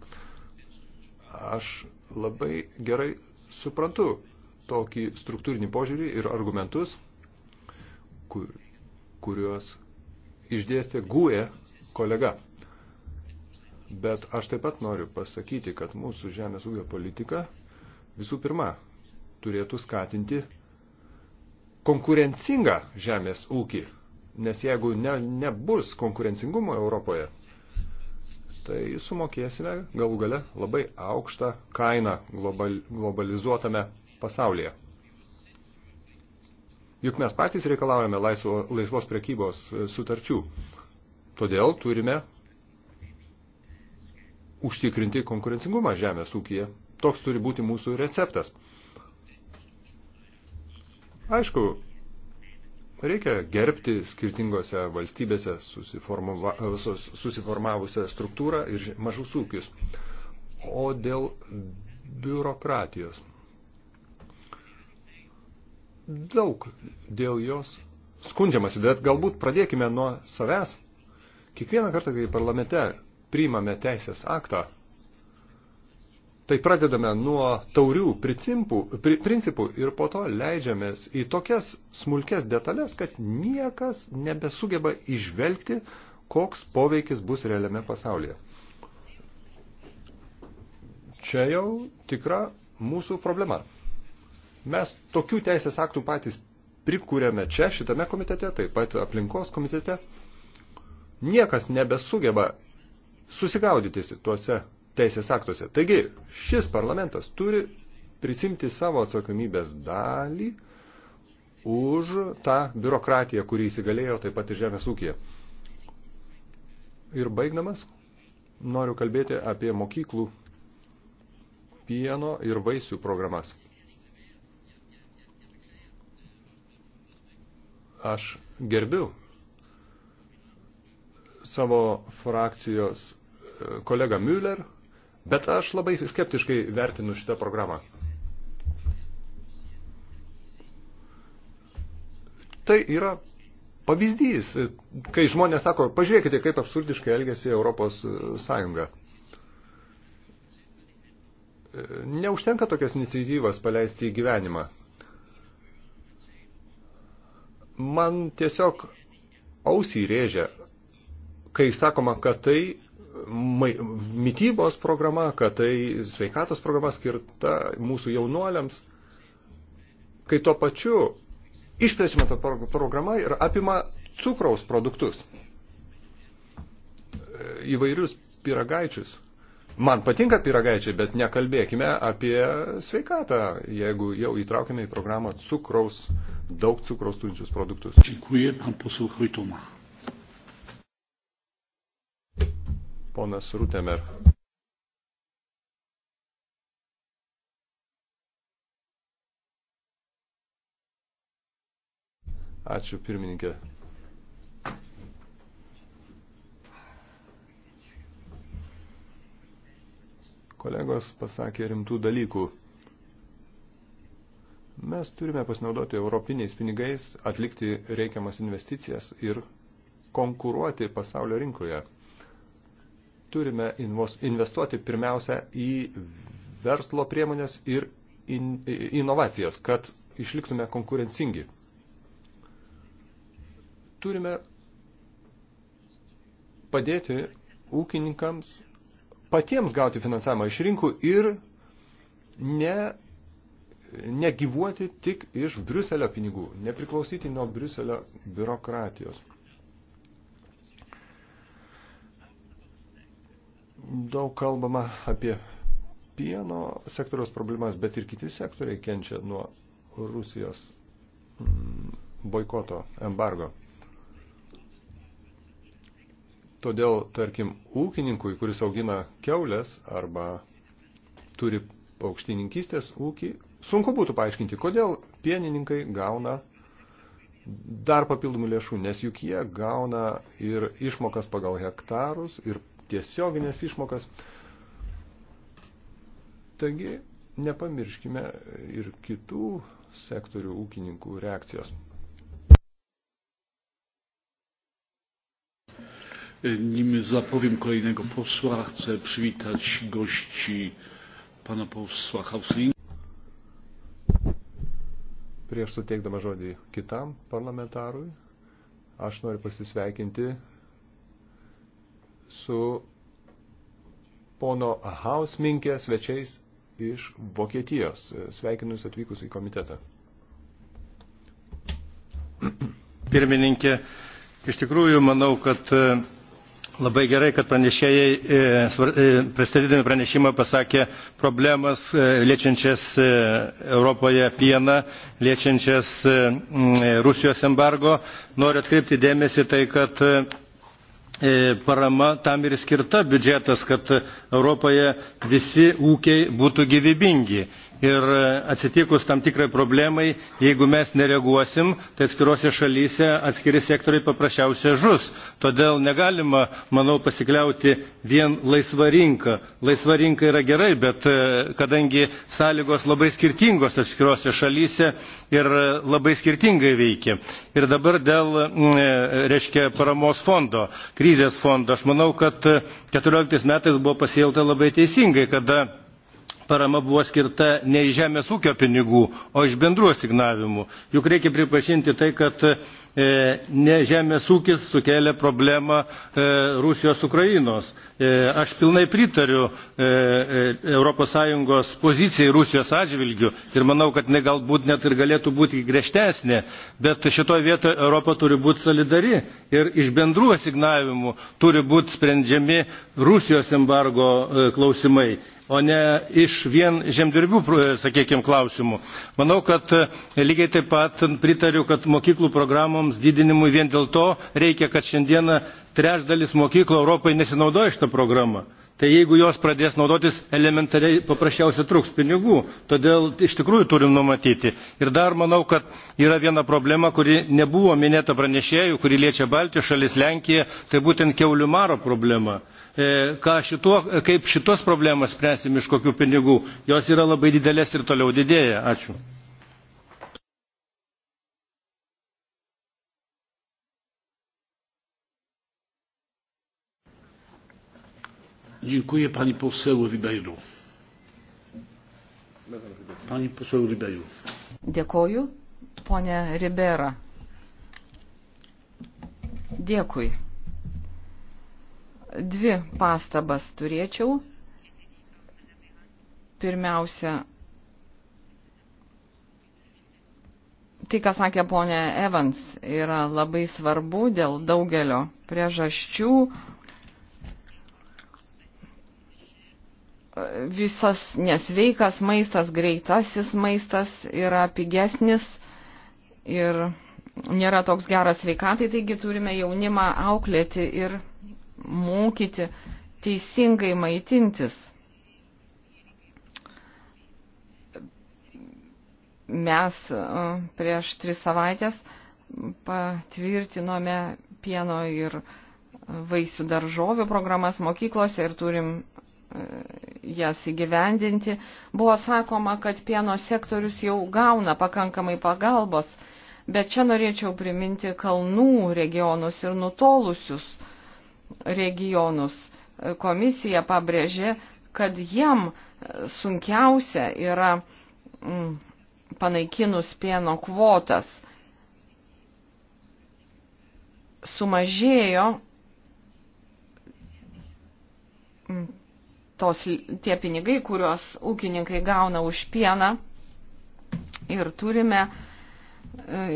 Aš labai gerai suprantu tokį struktūrinį požiūrį ir argumentus, kur, kuriuos išdėstė guė kolega. Bet aš taip pat noriu pasakyti, kad mūsų žemės ūkio politika visų pirma turėtų skatinti konkurencingą žemės ūkį. Nes jeigu ne, nebus konkurencingumo Europoje, tai sumokėsime galų gale labai aukštą kainą global, globalizuotame pasaulyje. Juk mes patys reikalaujame laisvo, laisvos prekybos e, sutarčių. Todėl turime užtikrinti konkurencingumą žemės ūkyje. Toks turi būti mūsų receptas. Aišku, Reikia gerbti skirtingose valstybėse susiformavusią struktūrą ir mažus ūkius. O dėl biurokratijos. Daug dėl jos skundžiamasi, bet galbūt pradėkime nuo savęs. Kiekvieną kartą, kai parlamente priimame teisės aktą, Tai pradedame nuo taurių principų, pri, principų ir po to leidžiamės į tokias smulkes detalės, kad niekas nebesugeba išvelgti, koks poveikis bus realiame pasaulyje. Čia jau tikra mūsų problema. Mes tokių teisės aktų patys prikūrėme čia, šitame komitete, taip pat aplinkos komitete. Niekas nebesugeba susigaudyti tuose teisės aktuose. Taigi, šis parlamentas turi prisimti savo atsakomybės dalį už tą biurokratiją, kurį įsigalėjo taip pat ir žemės ūkija. Ir baigdamas, noriu kalbėti apie mokyklų pieno ir vaisių programas. Aš gerbiu savo frakcijos e, kolegą Müller, Bet aš labai skeptiškai vertinu šitą programą. Tai yra pavyzdys, kai žmonės sako, pažiūrėkite, kaip absurdiškai elgesi Europos e, Sąjunga. E, neužtenka tokias iniciatyvas paleisti į gyvenimą. Man tiesiog ausį rėžia, kai sakoma, kad tai mytybos programa, kad tai sveikatos programa skirta mūsų jaunuoliams, kai tuo pačiu išplečiama ta programa ir apima cukraus produktus, įvairius piragaičius. Man patinka piragaičiai, bet nekalbėkime apie sveikatą, jeigu jau įtraukime į programą cukraus, daug cukraus turinčius produktus. Dėkuoju, man posūkui Tomą. Ponas Rutemer. Ačiū pirmininkė. Kolegos pasakė rimtų dalykų. Mes turime pasinaudoti europiniais pinigais, atlikti reikiamas investicijas ir konkuruoti pasaulio rinkoje turime investuoti pirmiausia į verslo priemonės ir in, inovacijas, kad išliktume konkurencingi. Turime padėti ūkininkams patiems gauti finansavimą iš rinkų ir ne, negyvuoti tik iš Briuselio pinigų, nepriklausyti nuo Briuselio biurokratijos. Daug kalbama apie pieno sektoriaus problemas, bet ir kiti sektoriai kenčia nuo Rusijos mm, boikoto, embargo. Todėl, tarkim, ūkininkui, kuris augina keulės arba turi paukštininkystės ūkį, sunku būtų paaiškinti, kodėl pienininkai gauna dar papildomų lėšų, nes juk jie gauna ir išmokas pagal hektarus, ir tiesioginės išmokas. Taigi nepamirškime ir kitų sektorių ūkininkų reakcijos. Nim zapowiem kolejnego posła, chcę przywitać gości pana posła Hauslinga. Prieš suteikdama žodį kitam parlamentarui, aš noriu pasisveikinti su pono Hausminkė svečiais iš Vokietijos. Sveikinus atvykus į komitetą. Pirmininkė, iš tikrųjų manau, kad e, labai gerai, kad pranešėjai e, e, pristatydami pranešimą pasakė problemas liečiančias Europoje pieną, liečiančias Rusijos embargo. Noriu atkreipti dėmesį tai, kad E, parama tam ir skirta biudžetas kad europoje visi ūkiai būtų gyvybingi ir atsitikus tam tikrai problemai jeigu mes nereaguosim tai atskirose šalyse atskiri sektoriai paprasčiausiai žus todėl negalima manau pasikliauti vien laisva rinka laisva rinka yra gerai bet e, kadangi sąlygos labai skirtingos atskirose šalyse ir labai skirtingai veikia ir dabar dėl e, reiškia paramos fondo krizės fondo aš manau kad e, keturioliktais metais buvo pasielgta labai teisingai kada parama buvo skirta ne iš žemės ūkio pinigų o iš bendrų asignavimų juk reikia pripažinti tai kad e, ne žemės ūkis sukėlė problemą e, rusijos ukrainos. E, aš pilnai pritariu europos sąjungos pozicijai rusijos atžvilgiu ir manau kad jinai galbūt net ir galėtų būti griežtesnė bet šitoje vietoje europa turi būti solidari ir iš bendrų asignavimų turi būti sprendžiami rusijos embargo klausimai o ne iš vien žemdirbių, sakykime, klausimų. Manau, kad e, lygiai taip pat pritariu, kad mokyklų programoms didinimui vien dėl to reikia, kad šiandieną trečdalis mokyklų Europai nesinaudoja šitą programą. Tai jeigu jos pradės naudotis elementariai, paprasčiausiai truks pinigų. Todėl iš tikrųjų turim numatyti. Ir dar manau, kad yra viena problema, kuri nebuvo minėta pranešėjų, kuri liečia Baltijos šalis Lenkiją, tai būtent keulių maro problema E, šituo, kaip šitos problemas spręsim iš kokių pinigų. Jos yra labai didelės ir toliau didėja. Ačiū. Dziękuję pani poseł Rybeiru. Pani poseł Rybeiru. Dėkoju, ponia Ribera. Dėkui. Dvi pastabas turėčiau. Pirmiausia, tai, ką sakė ponė Evans, yra labai svarbu dėl daugelio priežasčių. Visas nesveikas maistas, greitasis maistas yra pigesnis ir nėra toks geras sveikatai, taigi turime jaunimą auklėti ir mokyti teisingai maitintis. Mes e, prieš tris savaitės patvirtinome pieno ir vaisių daržovių programas mokyklose ir turim e, jas įgyvendinti. Buvo sakoma, kad pieno sektorius jau gauna pakankamai pagalbos, bet čia norėčiau priminti kalnų regionus ir nutolusius regionus. Komisija pabrėžė, kad jiem sunkiausia yra mm, panaikinus pieno kvotas. Sumažėjo mm, tos, tie pinigai, kuriuos ūkininkai gauna už pieną ir turime e,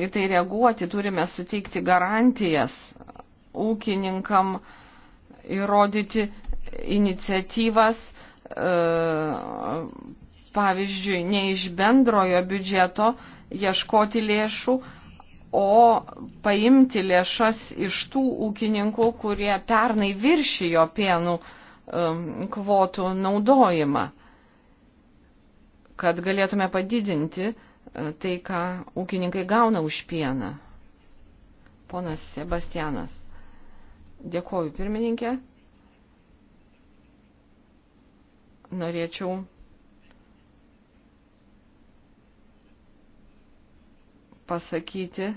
į tai reaguoti, turime suteikti garantijas ūkininkam, uh, įrodyti iniciatyvas, e, pavyzdžiui, ne iš bendrojo biudžeto ieškoti lėšų, o paimti lėšas iš tų ūkininkų, kurie pernai viršijo pienų e, kvotų naudojimą, kad galėtume padidinti e, tai, ką ūkininkai gauna už pieną. Ponas Sebastianas. Dėkoju pirmininkė. Norėčiau pasakyti,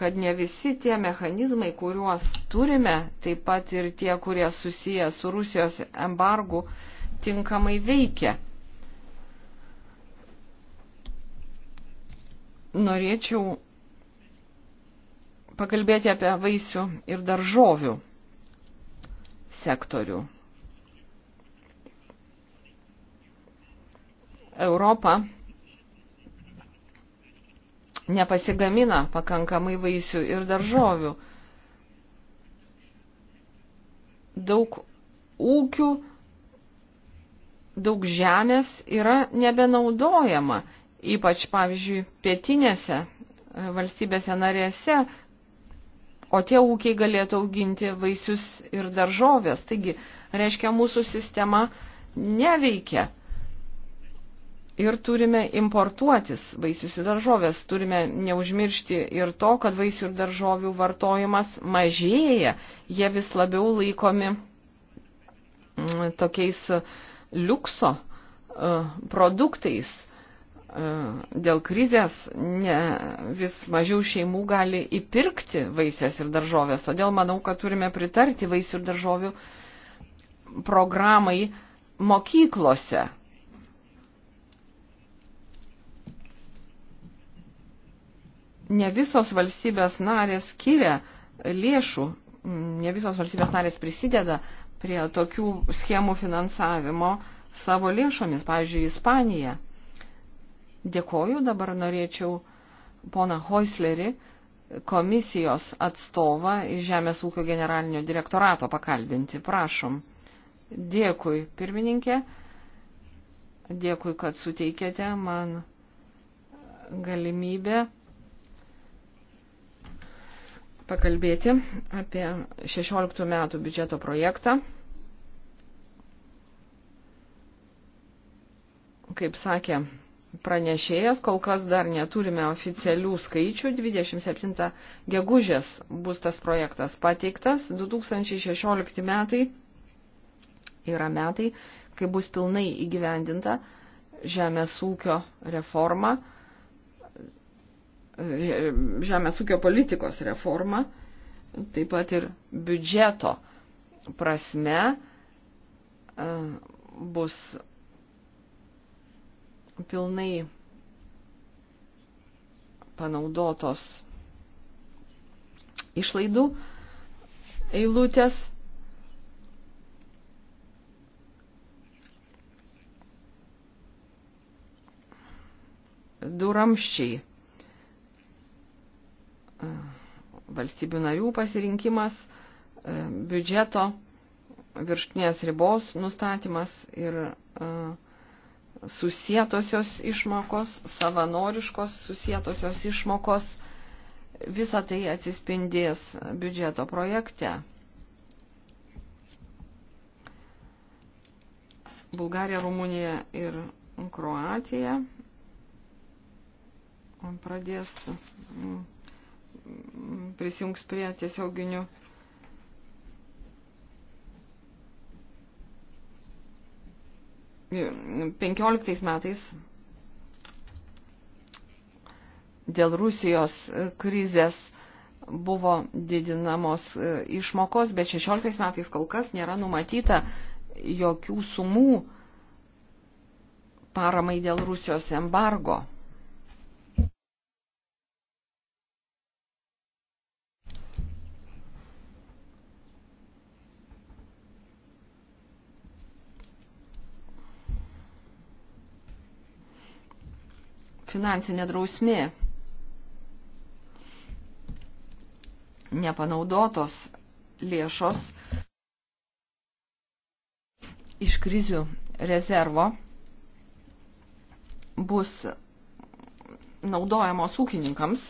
kad ne visi tie mechanizmai, kuriuos turime, taip pat ir tie, kurie susiję su Rusijos embargu, tinkamai veikia. Norėčiau pakalbėti apie vaisių ir daržovių sektorių. Europa nepasigamina pakankamai vaisių ir daržovių. Daug ūkių, daug žemės yra nebenaudojama, ypač, pavyzdžiui, pietinėse valstybėse narėse, o tie ūkiai galėtų auginti vaisius ir daržovės. Taigi, reiškia, mūsų sistema neveikia. Ir turime importuotis vaisius ir daržovės. Turime neužmiršti ir to, kad vaisių ir daržovių vartojimas mažėja. Jie vis labiau laikomi mm, tokiais e, liukso e, produktais. E, dėl krizės ne, vis mažiau šeimų gali įpirkti vaisės ir daržovės. Todėl manau, kad turime pritarti vaisių ir daržovių programai mokyklose. Ne visos valstybės narės skiria lėšų, ne visos valstybės narės prisideda prie tokių schemų finansavimo savo lėšomis, pavyzdžiui, Ispanija Dėkoju, dabar norėčiau pona Hoislerį, komisijos atstovą iš Žemės ūkio generalinio direktorato pakalbinti. Prašom. Dėkui, pirmininkė. Dėkui, kad suteikėte man galimybę pakalbėti apie 16 metų biudžeto projektą. Kaip sakė pranešėjas, kol kas dar neturime oficialių skaičių, 27 gegužės bus tas projektas pateiktas, 2016 metai yra metai, kai bus pilnai įgyvendinta žemės ūkio reforma, žemės ūkio politikos reforma, taip pat ir biudžeto prasme e, bus pilnai panaudotos išlaidų eilutės. Du ramščiai valstybių narių pasirinkimas, biudžeto virštinės ribos nustatymas ir uh, susietosios išmokos, savanoriškos susietosios išmokos, visa tai atsispindės biudžeto projekte. Bulgarija, Rumunija ir Kroatija pradės prisijungs prie tiesioginių 15 metais dėl Rusijos krizės buvo didinamos e, išmokos, bet 16 metais kol kas nėra numatyta jokių sumų paramai dėl Rusijos embargo. finansinė drausmė nepanaudotos lėšos iš krizių rezervo bus naudojamos ūkininkams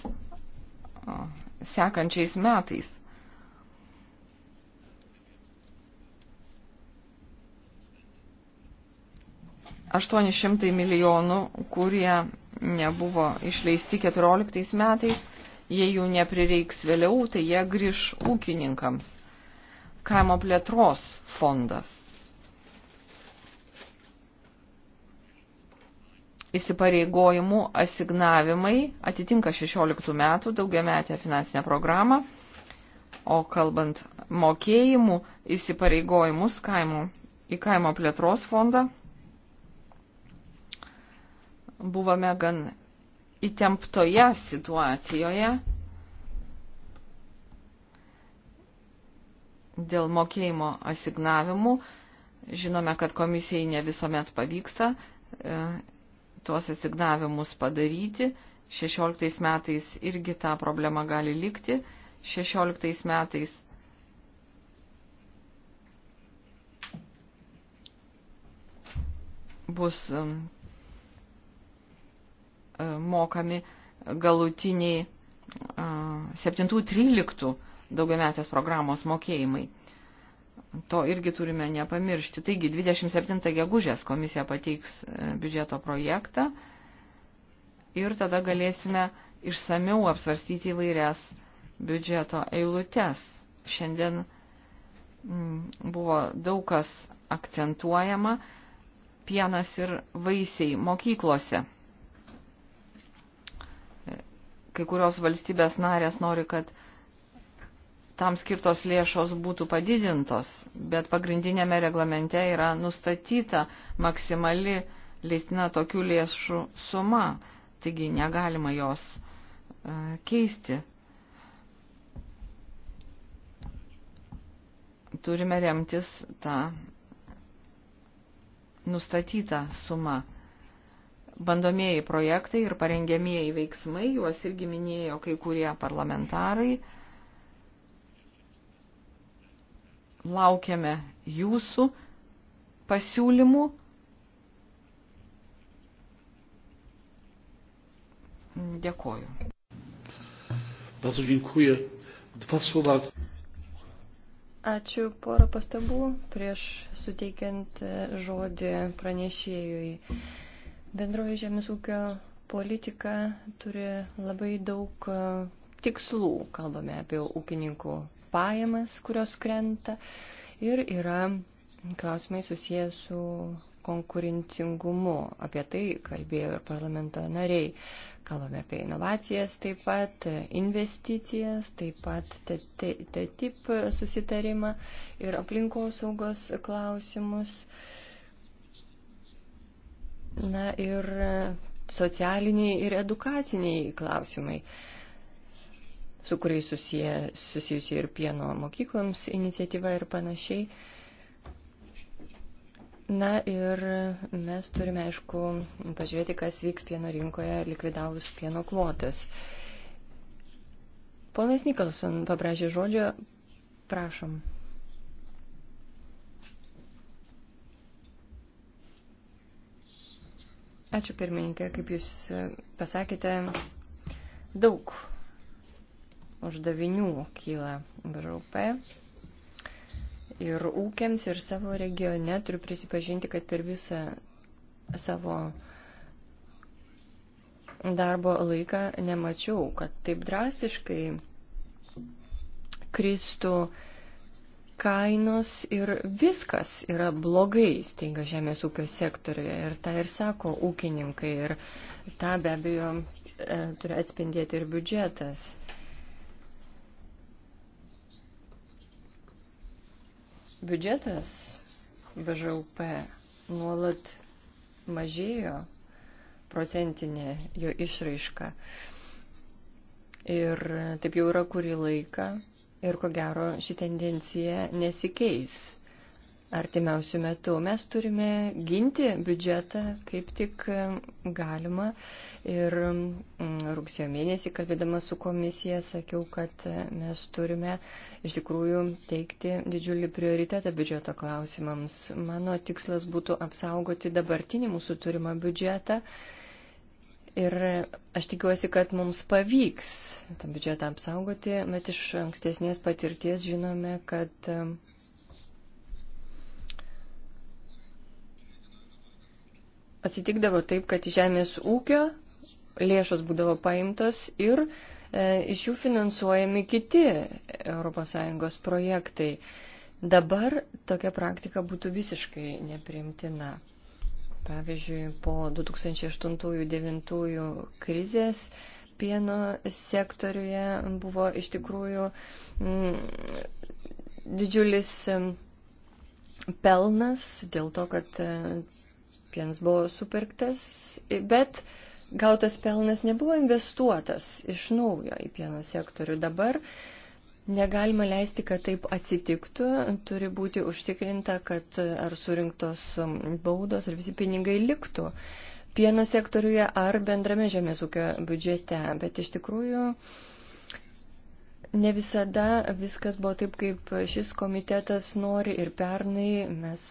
sekančiais metais. Aštuoni šimtai milijonų, kurie nebuvo išleisti 14 metais, jei jų neprireiks vėliau, tai jie grįž ūkininkams. Kaimo plėtros fondas. Įsipareigojimų asignavimai atitinka 16 metų daugiametę finansinę programą, o kalbant mokėjimų įsipareigojimus kaimų, į kaimo plėtros fondą buvome gan įtemptoje situacijoje dėl mokėjimo asignavimų. Žinome, kad komisijai ne visuomet pavyksta e, tuos asignavimus padaryti. 16 metais irgi ta problema gali likti. 16 metais bus E, mokami galutiniai 7-13 e, daugiametės programos mokėjimai. To irgi turime nepamiršti. Taigi 27 gegužės komisija pateiks e, biudžeto projektą ir tada galėsime išsamiau apsvarstyti įvairias biudžeto eilutes. Šiandien buvo daug kas akcentuojama pienas ir vaisiai mokyklose kai kurios valstybės narės nori, kad tam skirtos lėšos būtų padidintos, bet pagrindinėme reglamente yra nustatyta maksimali leistina tokių lėšų suma, taigi negalima jos e, keisti. Turime remtis tą nustatytą sumą bandomieji projektai ir parengėmieji veiksmai, juos irgi minėjo kai kurie parlamentarai. Laukiame jūsų pasiūlymų. Dėkoju. Bardzo dziękuję. Dwa słowa. Ačiū porą pastabų prieš suteikiant e, žodį pranešėjui. Bendroji žemės ūkio politika turi labai daug e, tikslų. Kalbame apie ūkininkų pajamas, kurios krenta. Ir yra klausimai susiję su konkurencingumu. Apie tai kalbėjo ir parlamento nariai. Kalbame apie inovacijas taip pat, investicijas, taip pat TTIP susitarimą ir aplinkosaugos klausimus. Uh, Na ir e, socialiniai ir edukaciniai klausimai, su kuriais susiję, susijusi ir pieno mokykloms iniciatyva ir panašiai. Na ir mes turime, aišku, pažiūrėti, kas vyks pieno rinkoje likvidavus pieno kvotas. Ponas Nikolson paprašė žodžio, prašom. Ačiū pirmininkė, kaip Jūs e, pasakėte, daug uždavinių kyla BRUP ir ūkiams ir savo regione turiu prisipažinti, kad per visą savo darbo laiką nemačiau, kad taip drastiškai kristų uh, kainos ir viskas yra blogai stinga žemės ūkio sektoriuje. Ir tą ir sako ūkininkai. Ir tą be abejo e, turi atspindėti ir biudžetas. Biudžetas BŽUP nuolat mažėjo procentinė jo išraiška. Ir taip jau yra kurį laiką. Ir ko gero ši tendencija nesikeis artimiausių metų. Mes turime ginti biudžetą kaip tik galima. Ir mm, rugsėjo mėnesį, kalbėdama su komisija, sakiau, kad mes turime iš tikrųjų teikti didžiulį prioritetą biudžeto klausimams. Mano tikslas būtų apsaugoti dabartinį mūsų turimą biudžetą Ir aš tikiuosi, kad mums pavyks tą biudžetą apsaugoti, bet iš ankstesnės patirties žinome, kad um, atsitikdavo taip, kad iš žemės ūkio lėšos būdavo paimtos ir e, iš jų finansuojami kiti ES projektai. Dabar tokia praktika būtų visiškai neprimtina. Pavyzdžiui, po 2008-2009 krizės pieno sektoriuje buvo iš tikrųjų mm, didžiulis mm, pelnas dėl to, kad mm, pienas buvo supirktas, bet gautas pelnas nebuvo investuotas iš naujo į pieno sektorių. Dabar uh, Negalima leisti, kad taip atsitiktų. Turi būti užtikrinta, kad ar surinktos um, baudos ir visi pinigai liktų pieno sektoriuje ar bendrame žemės ūkio biudžete. Bet iš tikrųjų ne visada viskas buvo taip, kaip šis komitetas nori. Ir pernai mes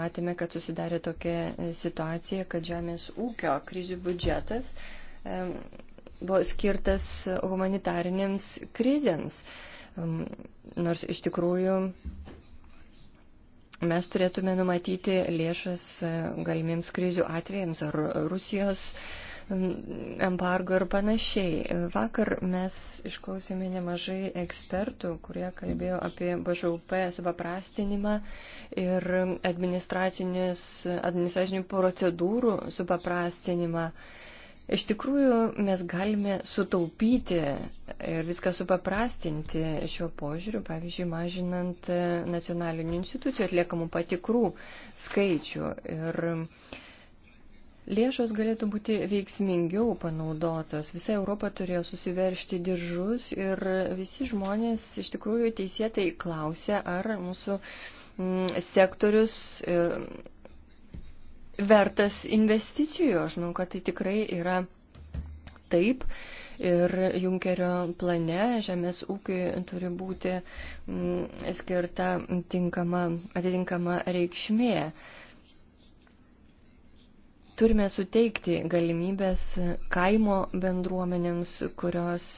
matėme, kad susidarė tokia situacija, kad žemės ūkio krizių biudžetas buvo skirtas humanitarinėms krizėms nors iš tikrųjų mes turėtume numatyti lėšas e, galimiems krizių atvejams ar Rusijos embargo ir panašiai. E, vakar mes išklausėme nemažai ekspertų, kurie kalbėjo apie BŽUP supaprastinimą ir administracinių procedūrų supaprastinimą. Iš tikrųjų, mes galime sutaupyti ir viską supaprastinti šiuo požiūriu, pavyzdžiui, mažinant e, nacionalinių institucijų atliekamų patikrų skaičių. Ir Lėšos galėtų būti veiksmingiau panaudotos. Visa Europa turėjo susiveršti diržus ir visi žmonės iš tikrųjų teisėtai klausė, ar mūsų sektorius e, vertas investicijų. Aš manau, kad tai tikrai yra taip. Ir Junkerio plane žemės ūkiai turi būti mm, skirta tinkama, atitinkama reikšmė. Turime suteikti galimybės kaimo bendruomenėms, kurios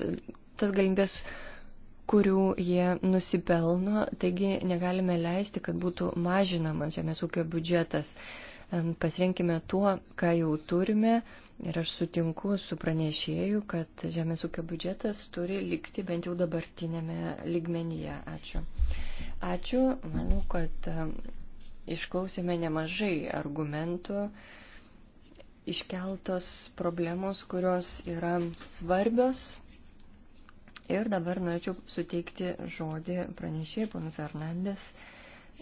tas galimybės kurių jie nusipelno, taigi negalime leisti, kad būtų mažinamas žemės ūkio biudžetas. Uh, Pasirenkime tuo, ką jau turime. Ir aš sutinku su pranešėju, kad žemės ūkio biudžetas turi likti bent jau dabartinėme ligmenyje. Ačiū. Ačiū. Manau, kad išklausėme nemažai argumentų iškeltos problemos, kurios yra svarbios. Ir dabar norėčiau suteikti žodį pranešėjai, ponu Fernandes,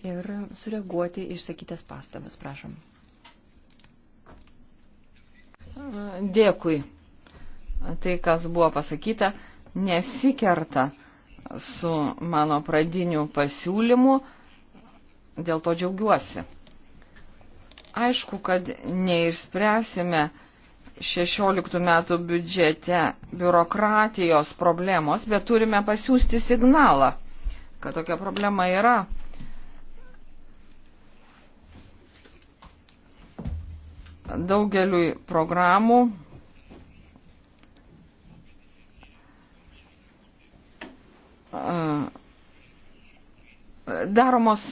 ir sureaguoti išsakytas pastabas. Prašom. Dėkui. Tai, kas buvo pasakyta, nesikerta su mano pradiniu pasiūlymu, dėl to džiaugiuosi. Aišku, kad neišspręsime 16 metų biudžete biurokratijos problemos, bet turime pasiūsti signalą, kad tokia problema yra daugeliui programų. Daromos,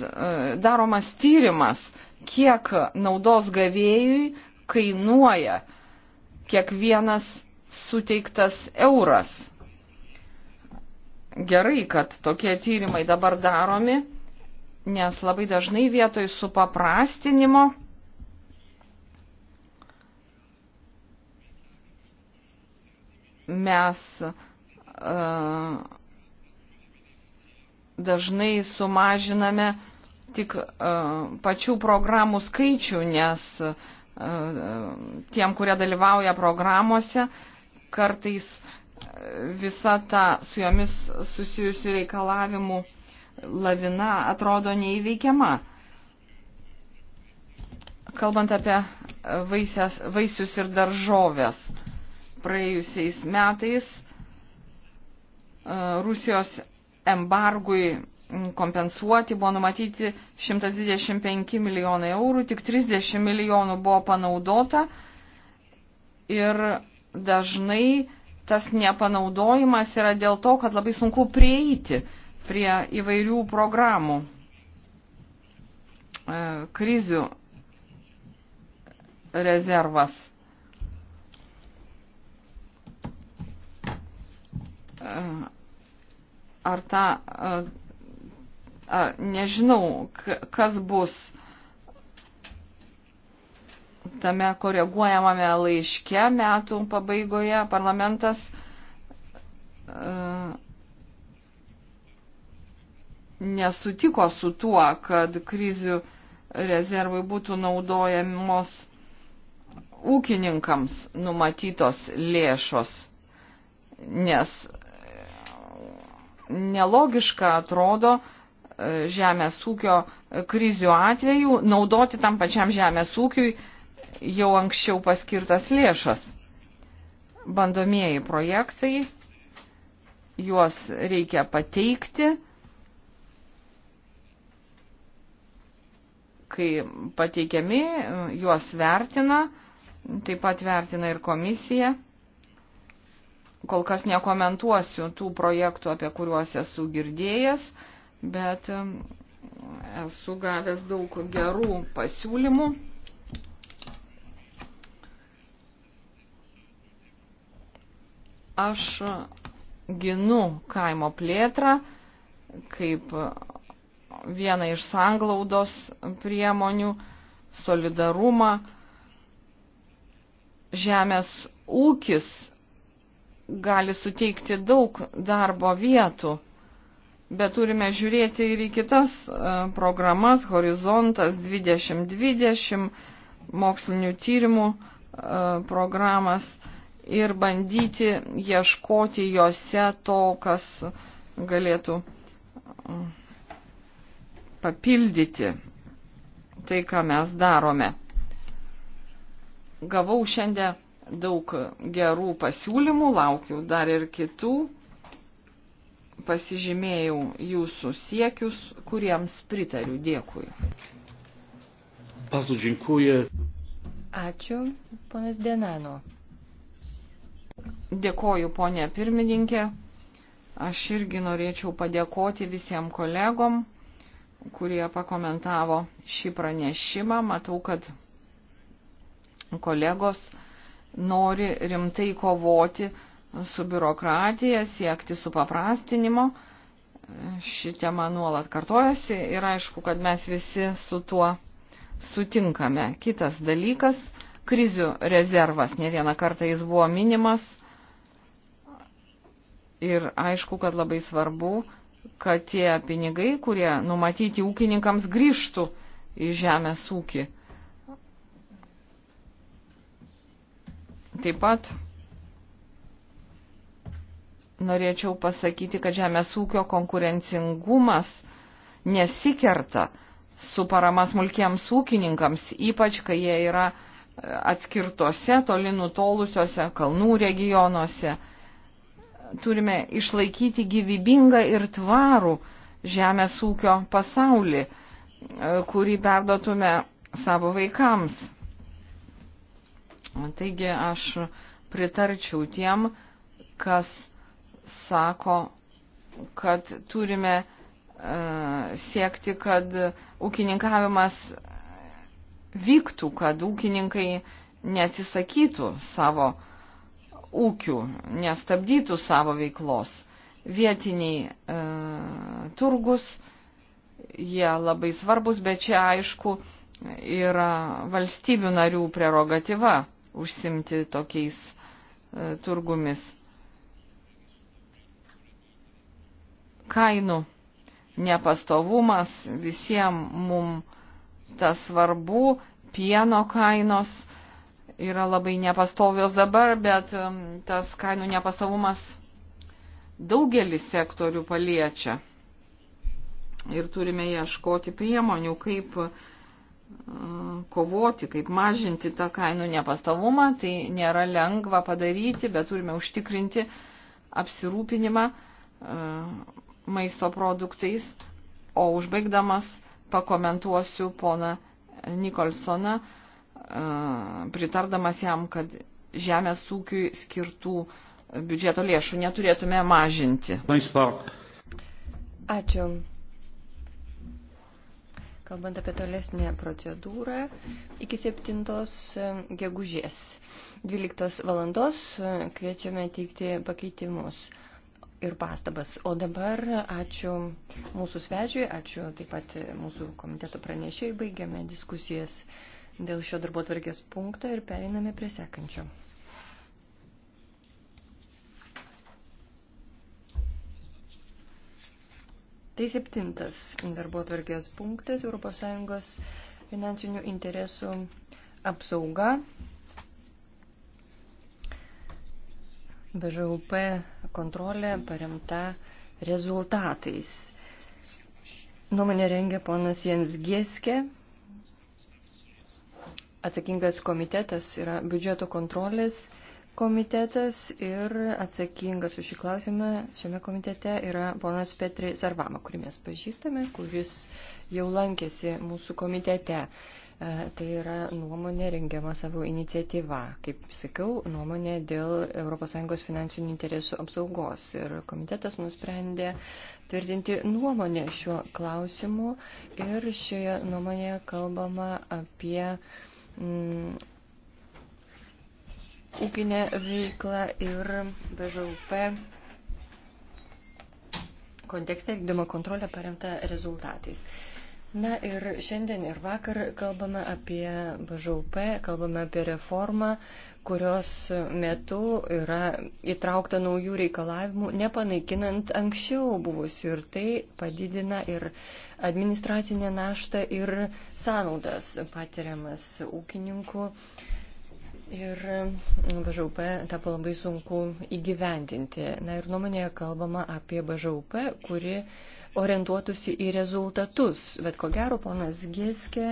daromas tyrimas, kiek naudos gavėjui kainuoja kiekvienas suteiktas euras. Gerai, kad tokie tyrimai dabar daromi, nes labai dažnai vietoj supaprastinimo Mes e, dažnai sumažiname tik e, pačių programų skaičių, nes e, tiem, kurie dalyvauja programuose, kartais visa ta su jomis susijusių reikalavimų lavina atrodo neįveikiama. Kalbant apie vaisias, vaisius ir daržovės. Uh, praėjusiais metais e, Rusijos embargui kompensuoti buvo numatyti 125 milijonai eurų, tik 30 milijonų buvo panaudota ir dažnai tas nepanaudojimas yra dėl to, kad labai sunku prieiti prie įvairių programų e, krizių rezervas. ar tą, ar, nežinau, kas bus tame koreguojamame laiške metų pabaigoje parlamentas nesutiko su tuo, kad krizių rezervai būtų naudojamos ūkininkams numatytos lėšos, nes nelogiška atrodo e, žemės ūkio krizių atveju naudoti tam pačiam žemės ūkiui jau anksčiau paskirtas lėšas. Bandomieji projektai, juos reikia pateikti. Kai pateikiami, juos vertina, taip pat vertina ir komisija kol kas nekomentuosiu tų projektų, apie kuriuos esu girdėjęs, bet esu gavęs daug gerų pasiūlymų. Aš ginu kaimo plėtrą kaip vieną iš sanglaudos priemonių, solidarumą. Žemės ūkis gali suteikti daug darbo vietų, bet turime žiūrėti ir į kitas e, programas, Horizontas 2020, mokslinių tyrimų e, programas ir bandyti ieškoti juose to, kas galėtų e, papildyti tai, ką mes darome. Gavau šiandien daug gerų pasiūlymų, laukiu dar ir kitų. Pasižymėjau jūsų siekius, kuriems pritariu. Dėkui. Bardzo dziękuję. Ačiū, ponas Denano. Dėkoju, ponė pirmininkė. Aš irgi norėčiau padėkoti visiems kolegom, kurie pakomentavo šį pranešimą. Matau, kad kolegos nori rimtai kovoti su biurokratija, siekti supaprastinimo. Ši tema nuolat kartojasi ir aišku, kad mes visi su tuo sutinkame. Kitas dalykas - krizių rezervas. Ne vieną kartą jis buvo minimas. Ir aišku, kad labai svarbu, kad tie pinigai, kurie numatyti ūkininkams, grįžtų į žemės ūkį. Taip pat norėčiau pasakyti, kad žemės ūkio konkurencingumas nesikerta su parama smulkiems ūkininkams, ypač kai jie yra e, atskirtose, toli nutolusiuose kalnų regionuose. Turime išlaikyti gyvybingą ir tvarų žemės ūkio pasaulį, e, kurį perdotume savo vaikams. Taigi aš pritarčiau tiem, kas sako, kad turime e, siekti, kad ūkininkavimas vyktų, kad ūkininkai neatsisakytų savo ūkių, nestabdytų savo veiklos. Vietiniai e, turgus, jie labai svarbus, bet čia aišku yra valstybių narių prerogatyva užsimti tokiais e, turgumis. Kainų nepastovumas visiems mum tas svarbu, pieno kainos yra labai nepastovios dabar, bet tas kainų nepastovumas daugelį sektorių paliečia. Ir turime ieškoti priemonių, kaip uh, kovoti, kaip mažinti tą kainų nepastovumą. Tai nėra lengva padaryti, bet turime užtikrinti apsirūpinimą e, maisto produktais. O užbaigdamas pakomentuosiu poną Nikolsoną, e, pritardamas jam, kad žemės ūkiui skirtų biudžeto lėšų neturėtume mažinti. Ačiū. Kalbant apie tolesnę procedūrą, iki 7 e, gegužės 12 valandos e, kviečiame teikti pakeitimus ir pastabas. O dabar ačiū mūsų svečiui, ačiū taip pat e, mūsų komiteto pranešėjai, baigiame diskusijas dėl šio darbo tvarkės punkto ir pereiname prie sekančio. Tai septintas darbo tvarkės punktas ES finansinių interesų apsauga. BŽUP kontrolė paremta rezultatais. Nuomonė rengia ponas Jens Gieske. Atsakingas komitetas yra biudžeto kontrolės komitetas ir atsakingas už šį klausimą šiame komitete yra ponas Petri Sarvama, kurį mes pažįstame, kuris jau lankėsi mūsų komitete. E, tai yra nuomonė rengiama savo iniciatyva. Kaip sakiau, nuomonė dėl ES finansinių interesų apsaugos. Ir komitetas nusprendė tvirtinti nuomonę šiuo klausimu. Ir šioje nuomonėje kalbama apie mm, ūkinę veiklą ir BŽUP kontekste vykdoma kontrolė paremta rezultatais. Na ir šiandien ir vakar kalbame apie BŽUP, kalbame apie reformą, kurios metu yra įtraukta naujų reikalavimų, nepanaikinant anksčiau buvusių ir tai padidina ir administracinę naštą ir sąnaudas patiriamas ūkininkų Ir nu, BŽUP tapo labai sunku įgyvendinti. Na ir nuomonėje kalbama apie BŽUP, kuri orientuotųsi į rezultatus. Bet ko gero, ponas Gieske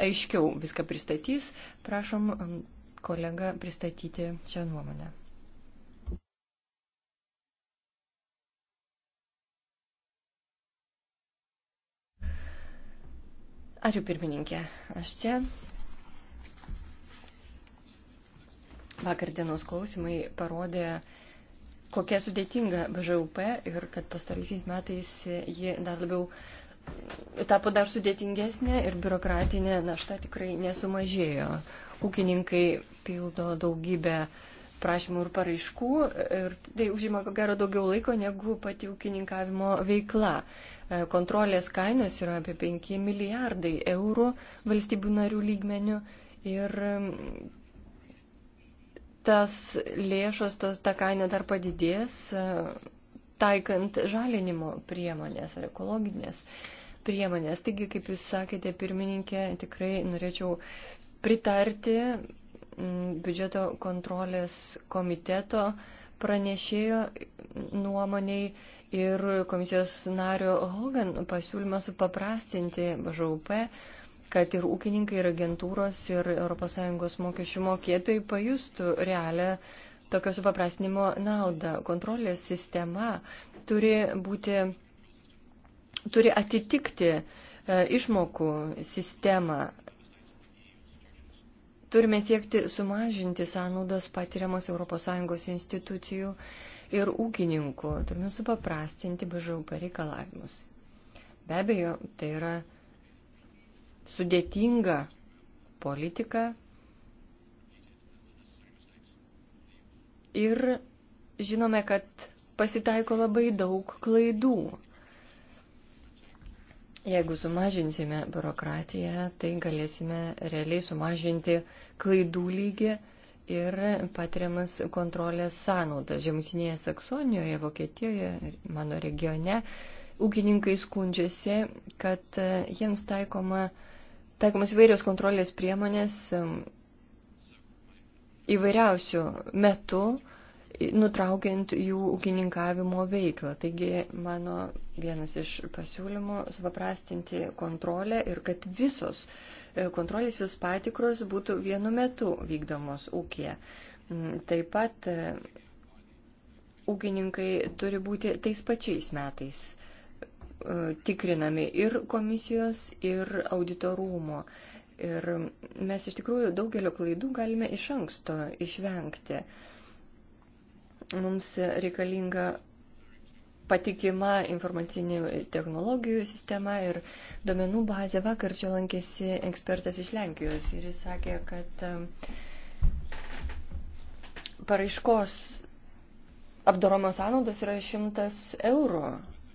aiškiau viską pristatys. Prašom kolega pristatyti šią nuomonę. Ačiū pirmininkė. Aš čia. Vakar dienos klausimai parodė, kokia sudėtinga BŽUP ir kad pastaraisiais metais ji dar labiau tapo dar sudėtingesnė ir biurokratinė našta tikrai nesumažėjo. Ūkininkai pildo daugybę prašymų ir paraiškų ir tai užima ko gero daugiau laiko negu pati ūkininkavimo veikla. E, kontrolės kainos yra apie 5 milijardai eurų valstybių narių lygmenių ir tas lėšos, tos, ta kaina dar padidės, e, taikant žalinimo priemonės ar ekologinės priemonės. Taigi, kaip jūs sakėte, pirmininkė, tikrai norėčiau pritarti biudžeto kontrolės komiteto pranešėjo nuomoniai ir komisijos nario Hogan pasiūlymą supaprastinti BŽUP kad ir ūkininkai, ir agentūros, ir ES mokesčių mokėtojai pajustų realią tokio supaprastinimo naudą. Kontrolės sistema turi būti, turi atitikti e, išmokų sistemą. Turime siekti sumažinti sąnaudas patiriamas ES institucijų ir ūkininkų. Turime supaprastinti BŽUP reikalavimus. Be abejo, tai yra sudėtingą politiką ir žinome, kad pasitaiko labai daug klaidų. Jeigu sumažinsime biurokratiją, tai galėsime realiai sumažinti klaidų lygį ir patiriamas kontrolės sąnaudas. Žemutinėje Saksonijoje, Vokietijoje, mano regione, ūkininkai skundžiasi, kad jiems taikoma uh, Taikomas įvairios kontrolės priemonės įvairiausių metų, nutraukiant jų ūkininkavimo veiklą. Taigi mano vienas iš pasiūlymų supaprastinti kontrolę ir kad visos e, kontrolės, visos patikros būtų vienu metu vykdomos ūkija. Mm, taip pat e, ūkininkai turi būti tais pačiais metais E, tikrinami ir komisijos, ir auditorumo. Ir mes iš tikrųjų daugelio klaidų galime iš anksto išvengti. Mums reikalinga patikima informacinių technologijų sistema ir domenų bazė. Vakar čia lankėsi ekspertas iš Lenkijos ir jis sakė, kad e, paraiškos apdoromos sąnaudos yra 100 eurų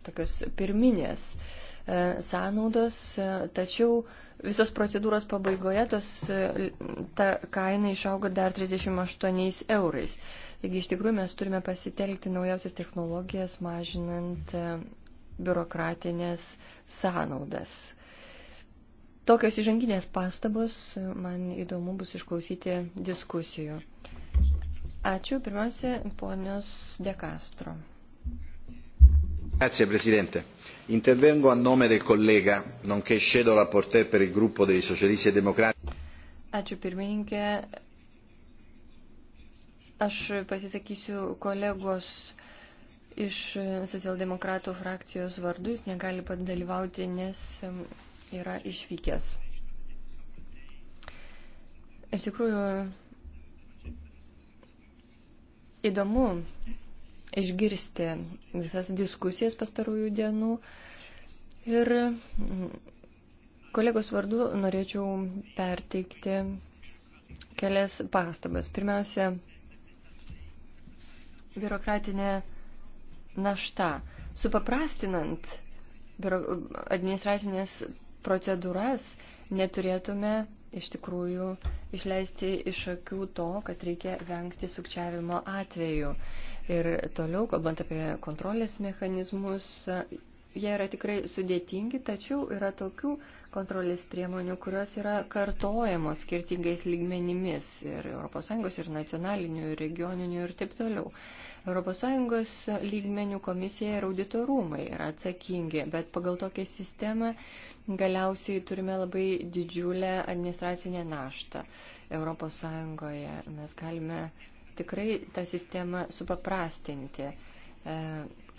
tokios pirminės e, sąnaudos, e, tačiau visos procedūros pabaigoje tos, e, ta kaina išaugo dar 38 eurais. Taigi iš tikrųjų mes turime pasitelkti naujausias technologijas, mažinant biurokratinės sąnaudas. Tokios įžanginės pastabos, man įdomu bus išklausyti diskusijų. Ačiū, pirmiausia, ponios De Castro. Grazie Presidente. Intervengo a nome del collega, nonché shadow rapporteur per il gruppo dei socialisti e demokratų. Ačiū pirmininkė. Aš pasisakysiu kolegos iš socialdemokratų frakcijos vardu. Jis negali padalyvauti, nes yra išvykęs. Iš tikrųjų, įdomu išgirsti visas diskusijas pastarųjų dienų. Ir mm, kolegos vardu norėčiau perteikti kelias pastabas. Pirmiausia, biurokratinė našta. Supaprastinant administracinės procedūras neturėtume iš tikrųjų išleisti iš akių to, kad reikia vengti sukčiavimo atveju. Ir toliau, kalbant apie kontrolės mechanizmus, jie yra tikrai sudėtingi, tačiau yra tokių kontrolės priemonių, kurios yra kartojamos skirtingais lygmenimis ir ES, ir nacionaliniu, ir regioniniu, ir taip toliau. ES lygmenių komisija ir auditorumai yra atsakingi, bet pagal tokią sistemą galiausiai turime labai didžiulę administracinę naštą. ES mes galime tikrai tą sistemą supaprastinti. E,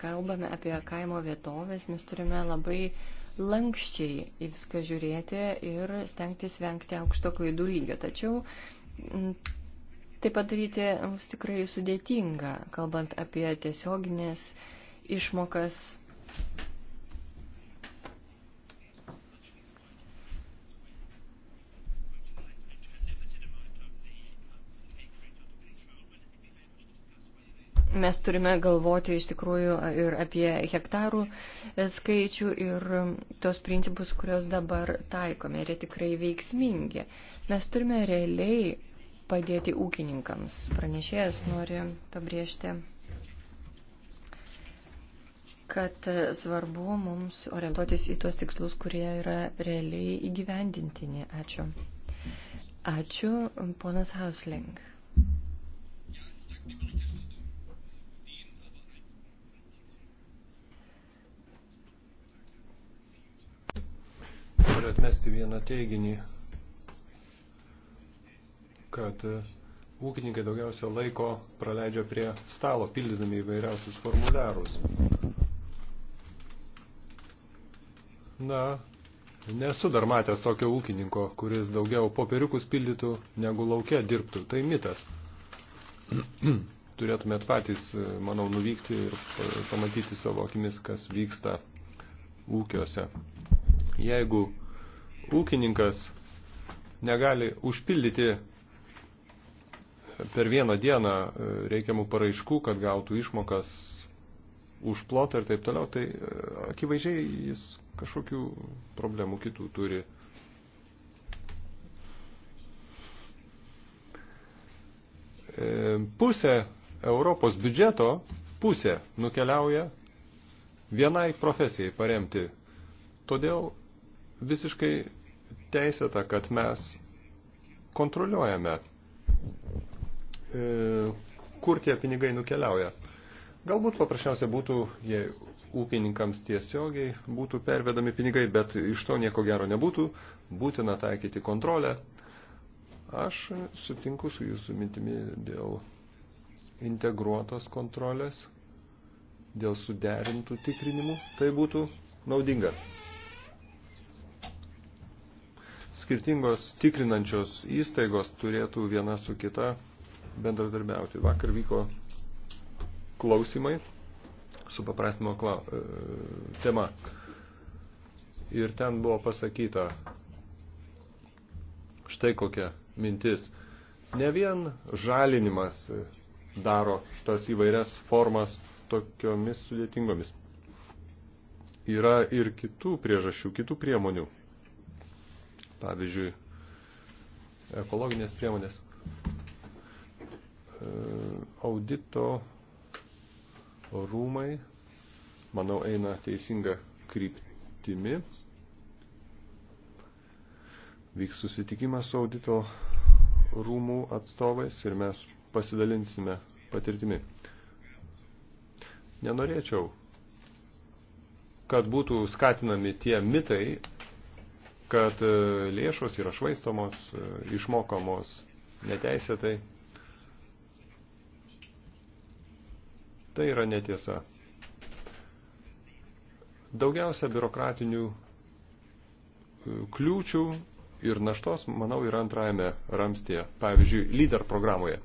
kalbame apie kaimo vietovės, mes turime labai lankščiai į viską žiūrėti ir stengtis vengti aukšto klaidų lygio. Tačiau tai padaryti mums tikrai sudėtinga, kalbant apie tiesioginės išmokas mes turime galvoti iš tikrųjų ir apie hektarų e, skaičių ir tos principus, kurios dabar taikome, yra tikrai veiksmingi. Mes turime realiai padėti ūkininkams. Pranešėjas nori pabrėžti, kad e, svarbu mums orientuotis į tuos tikslus, kurie yra realiai įgyvendintini. Ačiū. Ačiū, ponas Hausling. Ja, primesti vieną teiginį, kad e, ūkininkai daugiausia laiko praleidžia prie stalo, pildydami įvairiausius formuliarus. Na, nesu dar matęs tokio ūkininko, kuris daugiau popieriukus pildytų, negu laukia dirbtų. Tai mitas. Turėtumėt patys, e, manau, nuvykti ir pamatyti savo akimis, kas vyksta ūkiuose. Jeigu ūkininkas negali užpildyti per vieną dieną e, reikiamų paraiškų, kad gautų išmokas už plotą ir taip toliau, tai e, akivaizdžiai jis kažkokių problemų kitų turi. E, pusė Europos biudžeto, pusė nukeliauja vienai profesijai paremti. Todėl visiškai teisėta, kad mes kontroliuojame, e, kur tie pinigai nukeliauja. Galbūt paprasčiausia būtų, jei ūkininkams tiesiogiai būtų pervedami pinigai, bet iš to nieko gero nebūtų, būtina taikyti kontrolę. Aš sutinku su jūsų mintimi dėl integruotos kontrolės, dėl suderintų tikrinimų, tai būtų naudinga skirtingos tikrinančios įstaigos turėtų viena su kita bendradarbiauti. Vakar vyko klausimai su paprastimo kla... E, tema. Ir ten buvo pasakyta štai kokia mintis. Ne vien žalinimas daro tas įvairias formas tokiomis sudėtingomis. Yra ir kitų priežasčių, kitų priemonių pavyzdžiui, ekologinės priemonės. E, audito rūmai, manau, eina teisinga kryptimi. Vyks susitikimas su audito rūmų atstovais ir mes pasidalinsime patirtimi. Nenorėčiau, kad būtų skatinami tie mitai, kad e, lėšos yra švaistomos, e, išmokamos neteisėtai. Tai yra netiesa. Daugiausia biurokratinių e, kliūčių ir naštos, manau, yra antrajame ramstėje, pavyzdžiui, lyder programoje.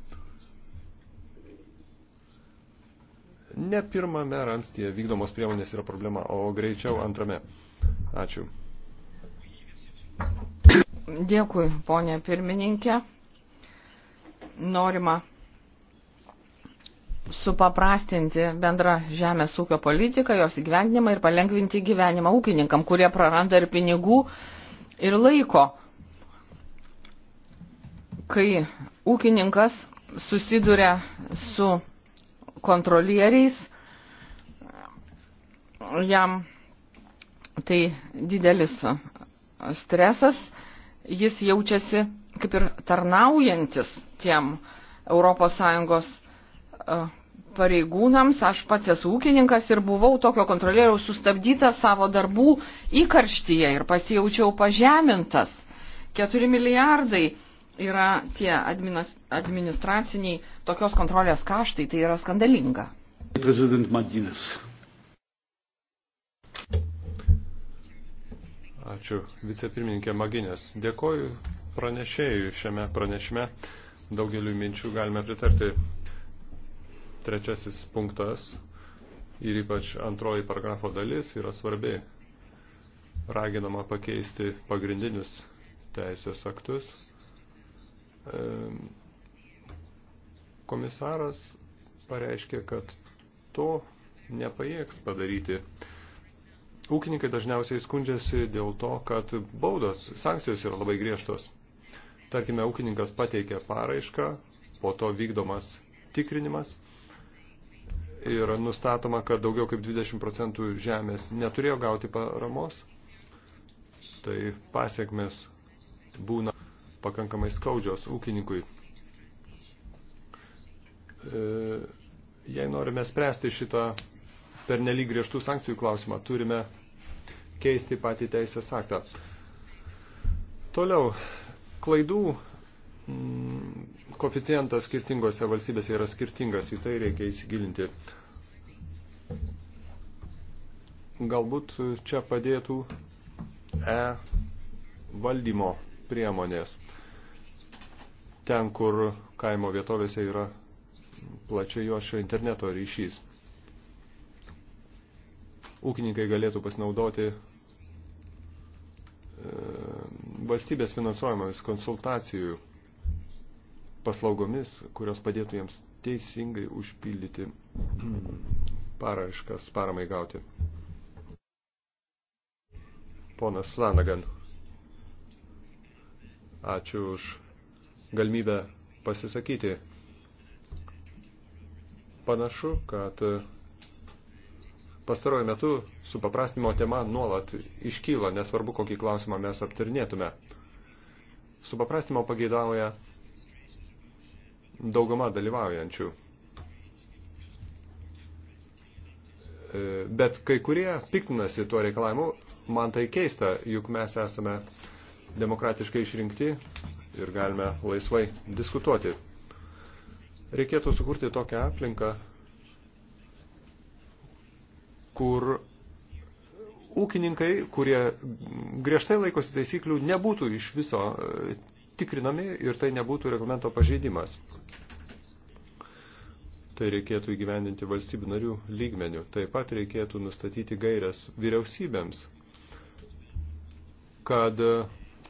Ne pirmame ramstėje vykdomos priemonės yra problema, o greičiau antrame. Ačiū. Dėkui, ponė pirmininkė. Norima supaprastinti bendrą žemės ūkio politiką, jos įgyvendinimą ir palengvinti gyvenimą ūkininkam, kurie praranda ir pinigų, ir laiko. Kai ūkininkas susiduria su kontrolieriais, jam tai didelis stresas, jis jaučiasi kaip ir tarnaujantis tiem ES e, pareigūnams. Aš pats esu ūkininkas ir buvau tokio kontrolieriaus sustabdytas savo darbų įkarštyje ir pasijaučiau pažemintas. 4 milijardai yra tie administraciniai tokios kontrolės kaštai, tai yra skandalinga. Prezident Madinas. Ačiū vicepirmininkė Maginės. Dėkoju pranešėjui šiame pranešime. Daugeliu minčių galime pritarti. Trečiasis punktas ir ypač antroji paragrafo dalis yra svarbi. Raginama pakeisti pagrindinius teisės aktus. Komisaras pareiškė, kad to nepajėgs padaryti Ūkininkai dažniausiai skundžiasi dėl to, kad baudos, sankcijos yra labai griežtos. Tarkime, ūkininkas pateikia paraišką, po to vykdomas tikrinimas ir nustatoma, kad daugiau kaip 20 procentų žemės neturėjo gauti paramos, tai pasiekmes būna pakankamai skaudžios ūkininkui. E, jei norime spręsti šitą per nelyg griežtų sankcijų klausimą, turime keisti patį teisės aktą. Toliau, klaidų mm, koficijantas skirtingose valstybėse yra skirtingas, į tai reikia įsigilinti. Galbūt čia padėtų e valdymo priemonės. Ten, kur kaimo vietovėse yra plačiai juošio interneto ryšys. Ūkininkai galėtų pasinaudoti E, valstybės finansuojamomis konsultacijų paslaugomis, kurios padėtų jiems teisingai užpildyti paraiškas, paramai gauti. Ponas Flanagan, ačiū už galimybę pasisakyti. Panašu, kad pastaruoju metu supaprastinimo tema nuolat iškyla, nesvarbu, kokį klausimą mes aptarinėtume. Supaprastinimo pageidauja dauguma dalyvaujančių. E, bet kai kurie piktinasi tuo reikalavimu, man tai keista, juk mes esame demokratiškai išrinkti ir galime laisvai diskutuoti. Reikėtų sukurti tokią aplinką, kur ūkininkai, kurie griežtai laikosi taisyklių, nebūtų iš viso e, tikrinami ir tai nebūtų reglamento pažeidimas. Tai reikėtų įgyvendinti valstybių narių lygmenių. Taip pat reikėtų nustatyti gairias vyriausybėms, kad e,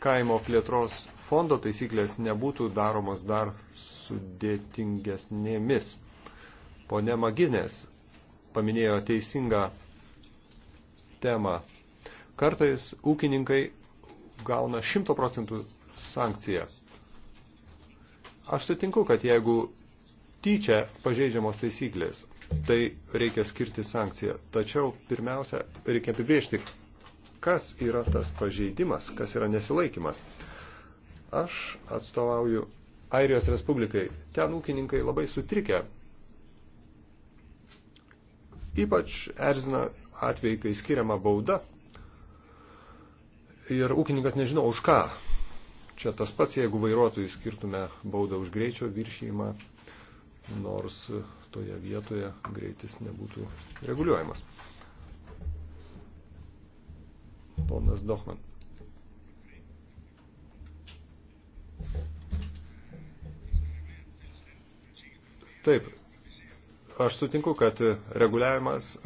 kaimo plėtros fondo taisyklės nebūtų daromos dar sudėtingesnėmis. Pone Maginės paminėjo teisingą temą. Kartais ūkininkai gauna 100 procentų sankciją. Aš sutinku, kad jeigu tyčia pažeidžiamos taisyklės, tai reikia skirti sankciją. Tačiau pirmiausia, reikia apibriežti, kas yra tas pažeidimas, kas yra nesilaikimas. Aš atstovauju Airijos Respublikai. Ten ūkininkai labai sutrikę Ypač erzina atvejai, kai skiriama bauda ir ūkininkas nežino už ką. Čia tas pats, jeigu vairuotojui skirtume baudą už greičio viršyjimą, nors toje vietoje greitis nebūtų reguliuojamas. Ponas Dohman. Taip, Aš sutinku, kad reguliavimas e,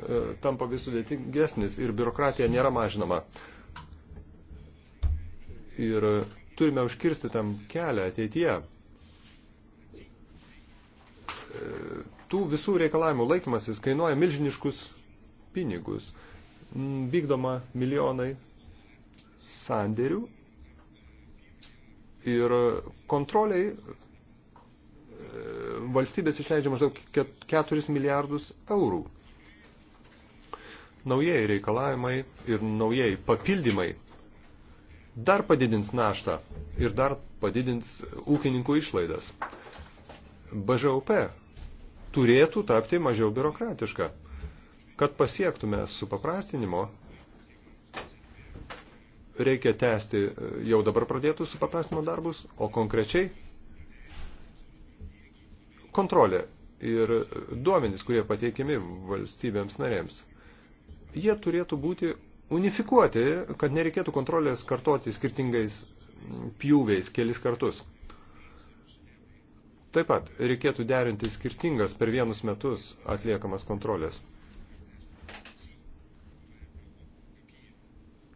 tampa vis sudėtingesnis ir biurokratija nėra mažinama. Ir turime užkirsti tam kelią ateityje. E, tų visų reikalavimų laikymasis kainuoja milžiniškus pinigus. Mm, vykdoma milijonai sandėrių ir kontroliai e, valstybės išleidžia maždaug 4 milijardus eurų. Naujieji reikalavimai ir naujieji papildymai dar padidins naštą ir dar padidins ūkininkų išlaidas. BŽUP turėtų tapti mažiau biurokratiška. Kad pasiektume supaprastinimo, reikia tęsti jau dabar pradėtus supaprastinimo darbus, o konkrečiai kontrolė ir duomenys, kurie pateikiami valstybėms narėms, jie turėtų būti unifikuoti, kad nereikėtų kontrolės kartoti skirtingais pjūviais kelis kartus. Taip pat reikėtų derinti skirtingas per vienus metus atliekamas kontrolės.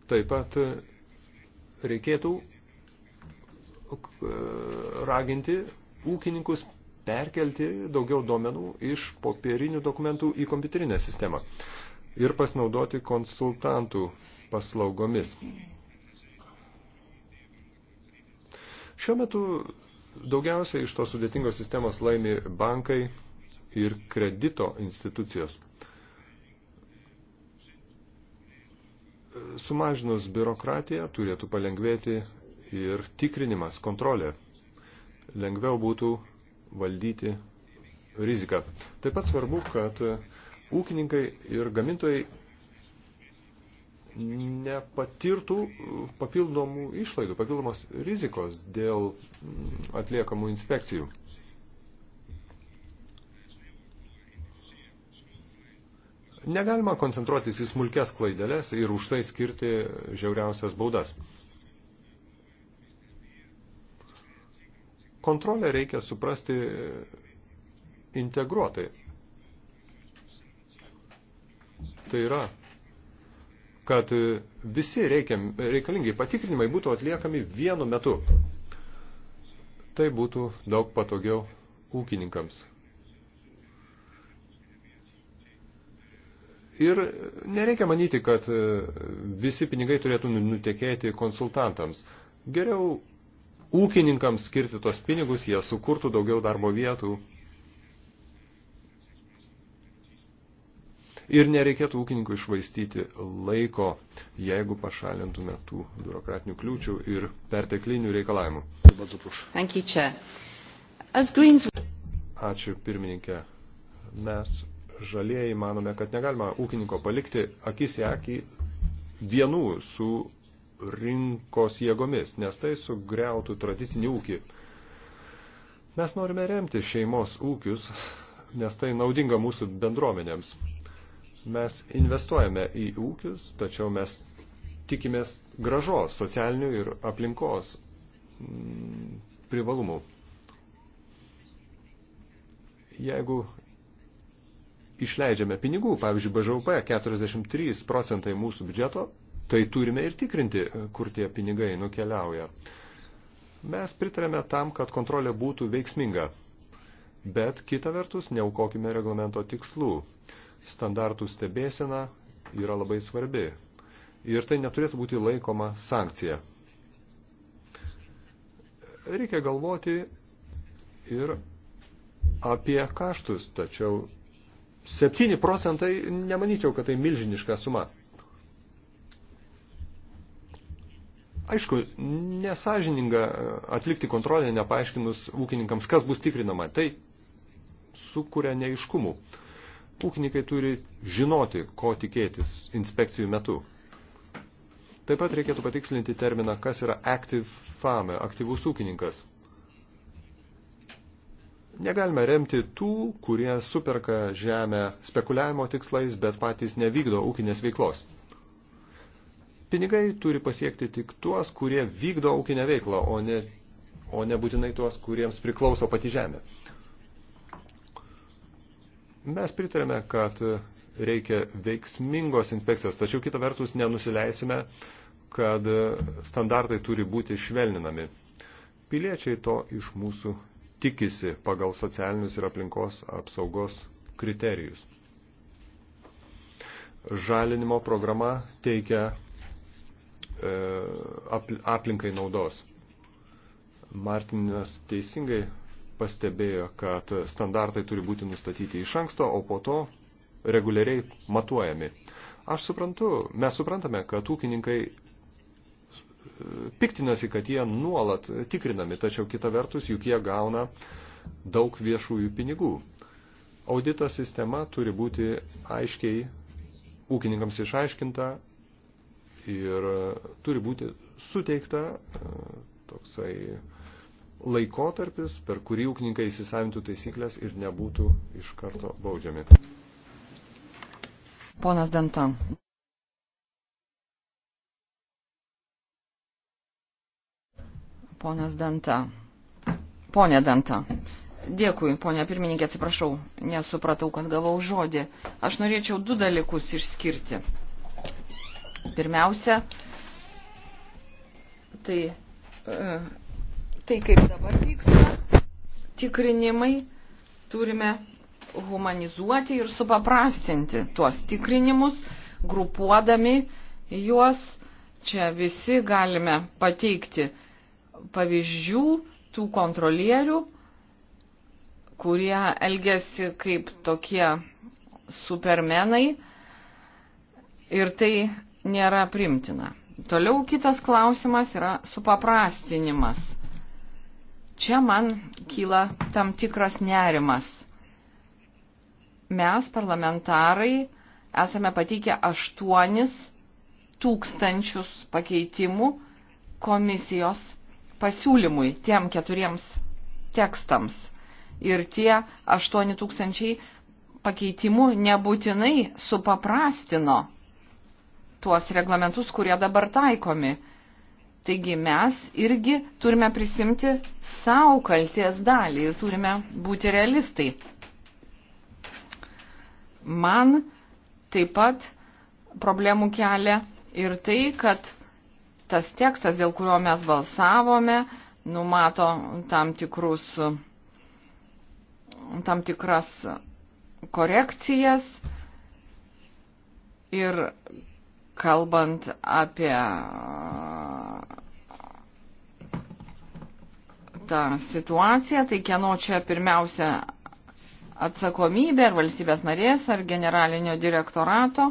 Taip pat reikėtų raginti ūkininkus perkelti daugiau duomenų iš popierinių dokumentų į kompiuterinę sistemą ir pasinaudoti konsultantų paslaugomis. Šiuo metu daugiausiai iš tos sudėtingos sistemos laimi bankai ir kredito institucijos. Sumažinus biurokratiją turėtų palengvėti ir tikrinimas, kontrolė. Lengviau būtų valdyti riziką. Taip pat svarbu, kad ūkininkai ir gamintojai nepatirtų papildomų išlaidų, papildomos rizikos dėl mm, atliekamų inspekcijų. Negalima koncentruotis į smulkes klaidelės ir už tai skirti žiauriausias baudas. Kontrolę reikia suprasti integruotai. Tai yra, kad visi reikiam, reikalingi patikrinimai būtų atliekami vienu metu. Tai būtų daug patogiau ūkininkams. Ir nereikia manyti, kad visi pinigai turėtų nu- nutekėti konsultantams. Geriau ūkininkams skirti tos pinigus, jie sukurtų daugiau darbo vietų. Ir nereikėtų ūkininkų išvaistyti laiko, jeigu pašalintume tų biurokratinių kliūčių ir perteklinių reikalavimų. Ačiū pirmininkė. Mes žalieji manome, kad negalima ūkininko palikti akis į akį vienų su rinkos jėgomis, nes tai sugriautų tradicinį ūkį. Mes norime remti šeimos ūkius, nes tai naudinga mūsų bendruomenėms. Mes investuojame į ūkius, tačiau mes tikimės gražos socialinių ir aplinkos mm, privalumų. Jeigu išleidžiame pinigų, pavyzdžiui, BŽUP 43 procentai mūsų biudžeto tai turime ir tikrinti, kur tie pinigai nukeliauja. Mes pritarėme tam, kad kontrolė būtų veiksminga, bet kita vertus neaukokime reglamento tikslų. Standartų stebėsena yra labai svarbi ir tai neturėtų būti laikoma sankcija. Reikia galvoti ir apie kaštus, tačiau 7 procentai nemanyčiau, kad tai milžiniška suma. Aišku, nesažininga atlikti kontrolę, nepaaiškinus ūkininkams, kas bus tikrinama. Tai sukuria neiškumų. Ūkininkai turi žinoti, ko tikėtis inspekcijų metu. Taip pat reikėtų patikslinti terminą, kas yra active farmer, aktyvus ūkininkas. Negalime remti tų, kurie superka žemę spekuliavimo tikslais, bet patys nevykdo ūkinės veiklos. Pinigai turi pasiekti tik tuos, kurie vykdo ūkinę veiklą, o ne, o ne būtinai tuos, kuriems priklauso pati žemė. Mes pritarėme, kad reikia veiksmingos inspekcijos, tačiau kitą vertus nenusileisime, kad standartai turi būti švelninami. Piliečiai to iš mūsų tikisi pagal socialinius ir aplinkos apsaugos kriterijus. Žalinimo programa teikia E, aplinkai naudos. Martinas teisingai pastebėjo, kad standartai turi būti nustatyti iš anksto, o po to reguliariai matuojami. Aš suprantu, mes suprantame, kad ūkininkai e, piktinasi, kad jie nuolat tikrinami, tačiau kita vertus juk jie gauna daug viešųjų pinigų. Audito sistema turi būti aiškiai ūkininkams išaiškinta, ir turi būti suteikta e, toksai laikotarpis, per kurį ūkininkai įsisavintų taisyklės ir nebūtų iš karto baudžiami. Ponas Dantan. Ponas Danta. Pone Danta. Dėkui, ponia pirmininkė, atsiprašau, nesupratau, kad gavau žodį. Aš norėčiau du dalykus išskirti. Pirmiausia, tai, e, tai kaip dabar vyksta tikrinimai, turime humanizuoti ir supaprastinti tuos tikrinimus, grupuodami juos. Čia visi galime pateikti pavyzdžių tų kontrolierių, kurie elgesi kaip tokie supermenai. Ir tai nėra primtina. Toliau kitas klausimas yra supaprastinimas. Čia man kyla tam tikras nerimas. Mes, parlamentarai, esame pateikę aštuonis tūkstančius pakeitimų komisijos pasiūlymui tiem keturiems tekstams. Ir tie 8000 pakeitimų nebūtinai supaprastino tuos reglamentus, kurie dabar taikomi. Taigi mes irgi turime prisimti savo kalties dalį ir turime būti realistai. Man taip pat problemų kelia ir tai, kad tas tekstas, dėl kurio mes balsavome, numato tam, tikrus, tam tikras korekcijas ir kalbant apie tą situaciją, tai kieno čia pirmiausia atsakomybė ar valstybės narės ar generalinio direktorato.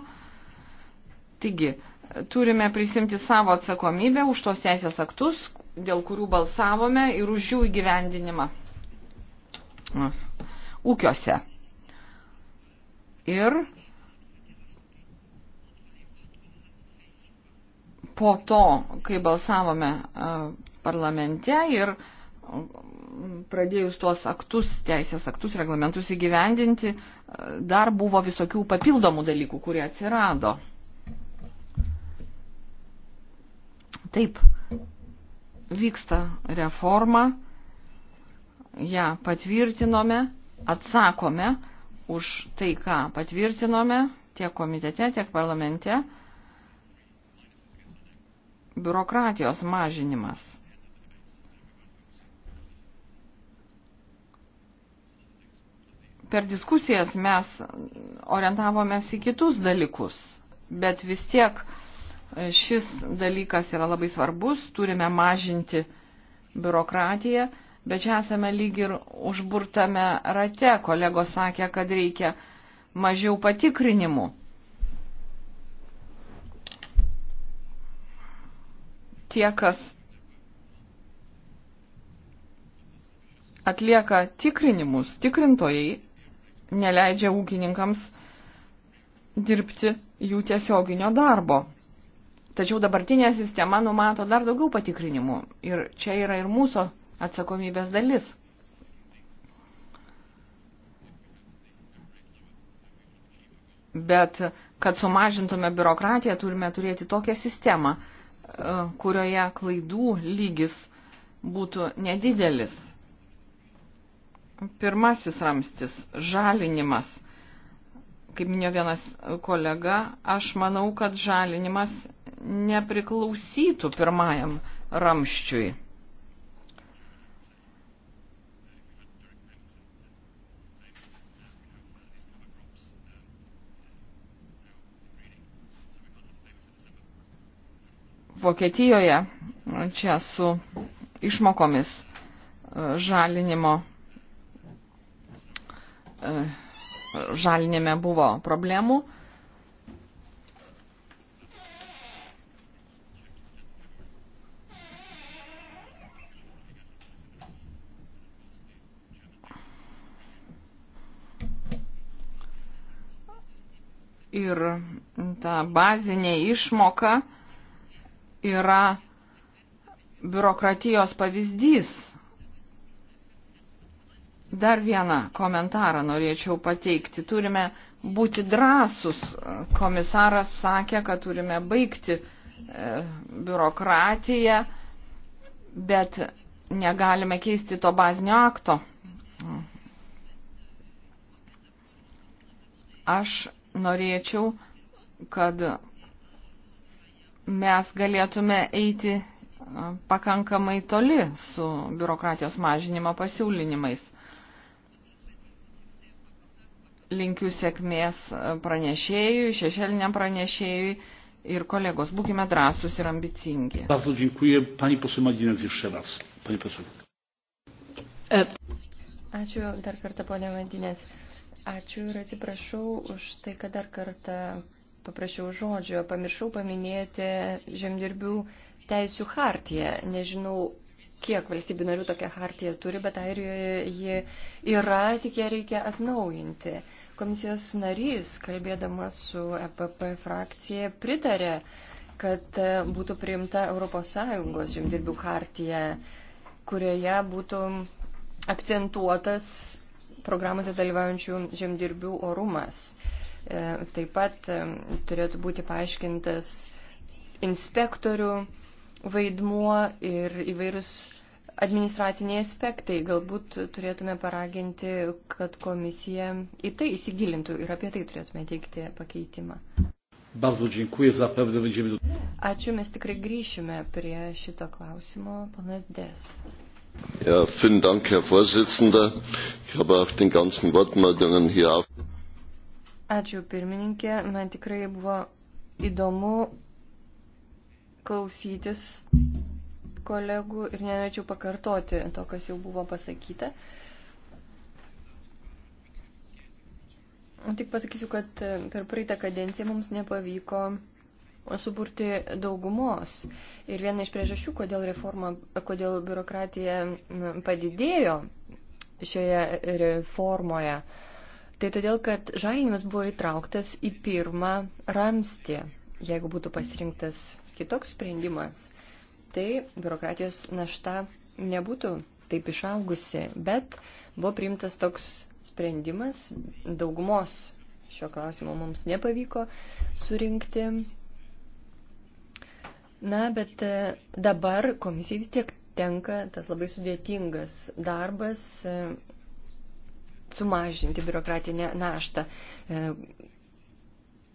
Taigi, turime prisimti savo atsakomybę už tos teisės aktus, dėl kurių balsavome ir už jų įgyvendinimą ūkiuose. Ir po to, kai balsavome parlamente ir pradėjus tuos aktus, teisės aktus, reglamentus įgyvendinti, dar buvo visokių papildomų dalykų, kurie atsirado. Taip, vyksta reforma, ją patvirtinome, atsakome už tai, ką patvirtinome tiek komitete, tiek parlamente biurokratijos mažinimas. Per diskusijas mes orientavomės į kitus dalykus, bet vis tiek šis dalykas yra labai svarbus, turime mažinti biurokratiją, bet čia esame lyg ir užburtame rate, kolegos sakė, kad reikia mažiau patikrinimų. tie, kas atlieka tikrinimus, tikrintojai neleidžia ūkininkams dirbti jų tiesioginio darbo. Tačiau dabartinė sistema numato dar daugiau patikrinimų ir čia yra ir mūsų atsakomybės dalis. Bet kad sumažintume biurokratiją, turime turėti tokią sistemą, E, kurioje klaidų lygis būtų nedidelis. Pirmasis ramstis - žalinimas. Kaip minėjo vienas kolega, aš manau, kad žalinimas nepriklausytų pirmajam ramščiui. Vokietijoje čia su išmokomis e, žalinimo e, žalinime buvo problemų. ir ta bazinė išmoka yra biurokratijos pavyzdys. Dar vieną komentarą norėčiau pateikti. Turime būti drąsus. Komisaras sakė, kad turime baigti e, biurokratiją, bet negalime keisti to bazinio akto. Aš norėčiau, kad mes galėtume eiti pakankamai toli su biurokratijos mažinimo pasiūlinimais. Linkiu sėkmės pranešėjui, šešėliniam pranešėjui ir kolegos. Būkime drąsūs ir ambicingi. Bardzo dziękuję. Pani poseł Madinės jeszcze raz. Pani poseł. E, Ačiū dar kartą, ponė Madinės. Ačiū ir atsiprašau už tai, kad dar kartą paprašiau žodžio, pamiršau paminėti žemdirbių teisių hartiją. Nežinau, kiek valstybių narių tokia hartija turi, bet Airijoje ji yra, tik ją reikia atnaujinti. Komisijos narys, kalbėdamas su EPP frakcija, pritarė, kad būtų priimta ES žemdirbių hartija, kurioje būtų akcentuotas programuose dalyvaujančių žemdirbių orumas. E, taip pat e, turėtų būti paaiškintas inspektorių vaidmuo ir įvairūs administraciniai aspektai. Galbūt turėtume paraginti, kad komisija į tai įsigilintų ir apie tai turėtume teikti pakeitimą. Bardzo dziękuję, zapewne będziemy do... Ačiū, mes tikrai grįšime prie šito klausimo, panas Des. Ja, vielen Dank, Herr Vorsitzender. Ich habe auch den ganzen Wortmeldungen hier auf. Ačiū pirmininkė, man tikrai buvo įdomu klausytis kolegų ir nenorėčiau pakartoti to, kas jau buvo pasakyta. Tik pasakysiu, kad per praeitą kadenciją mums nepavyko suburti daugumos. Ir viena iš priežasčių, kodėl reforma, kodėl biurokratija padidėjo šioje reformoje, Tai todėl, kad žalinimas buvo įtrauktas į pirmą ramstį. Jeigu būtų pasirinktas kitoks sprendimas, tai biurokratijos našta nebūtų taip išaugusi, bet buvo priimtas toks sprendimas, daugumos šio klausimo mums nepavyko surinkti. Na, bet e, dabar komisijai vis tiek tenka tas labai sudėtingas darbas e, sumažinti biurokratinę naštą. E,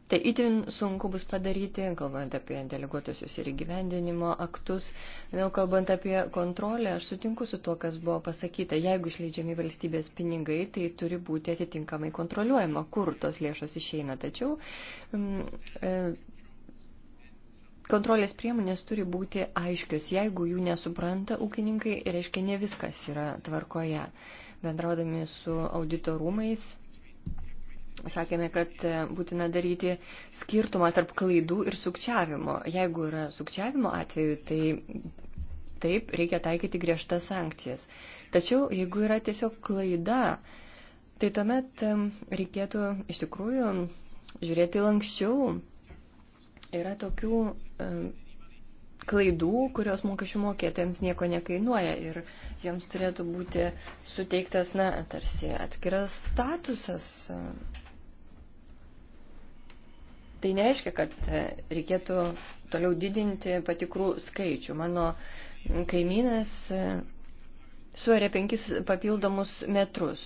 tai itin sunku bus padaryti, kalbant apie deleguotusius ir įgyvendinimo aktus. Na, kalbant apie kontrolę, aš sutinku su tuo, kas buvo pasakyta. Jeigu išleidžiami valstybės pinigai, tai turi būti atitinkamai kontroliuojama, kur tos lėšos išeina. Tačiau mm, e, kontrolės priemonės turi būti aiškios. Jeigu jų nesupranta ūkininkai, reiškia ne viskas yra tvarkoje bendraudami su audito rūmais sakėme, kad būtina daryti skirtumą tarp klaidų ir sukčiavimo. Jeigu yra sukčiavimo atveju, tai taip reikia taikyti griežtas sankcijas. Tačiau jeigu yra tiesiog klaida, tai tuomet reikėtų iš tikrųjų žiūrėti lankščiau. Yra tokių klaidų, kurios mokesčių mokėtėms nieko nekainuoja ir joms turėtų būti suteiktas, na, tarsi atskiras statusas. Tai nereiškia, kad reikėtų toliau didinti patikrų skaičių. Mano kaimynas suarė penkis papildomus metrus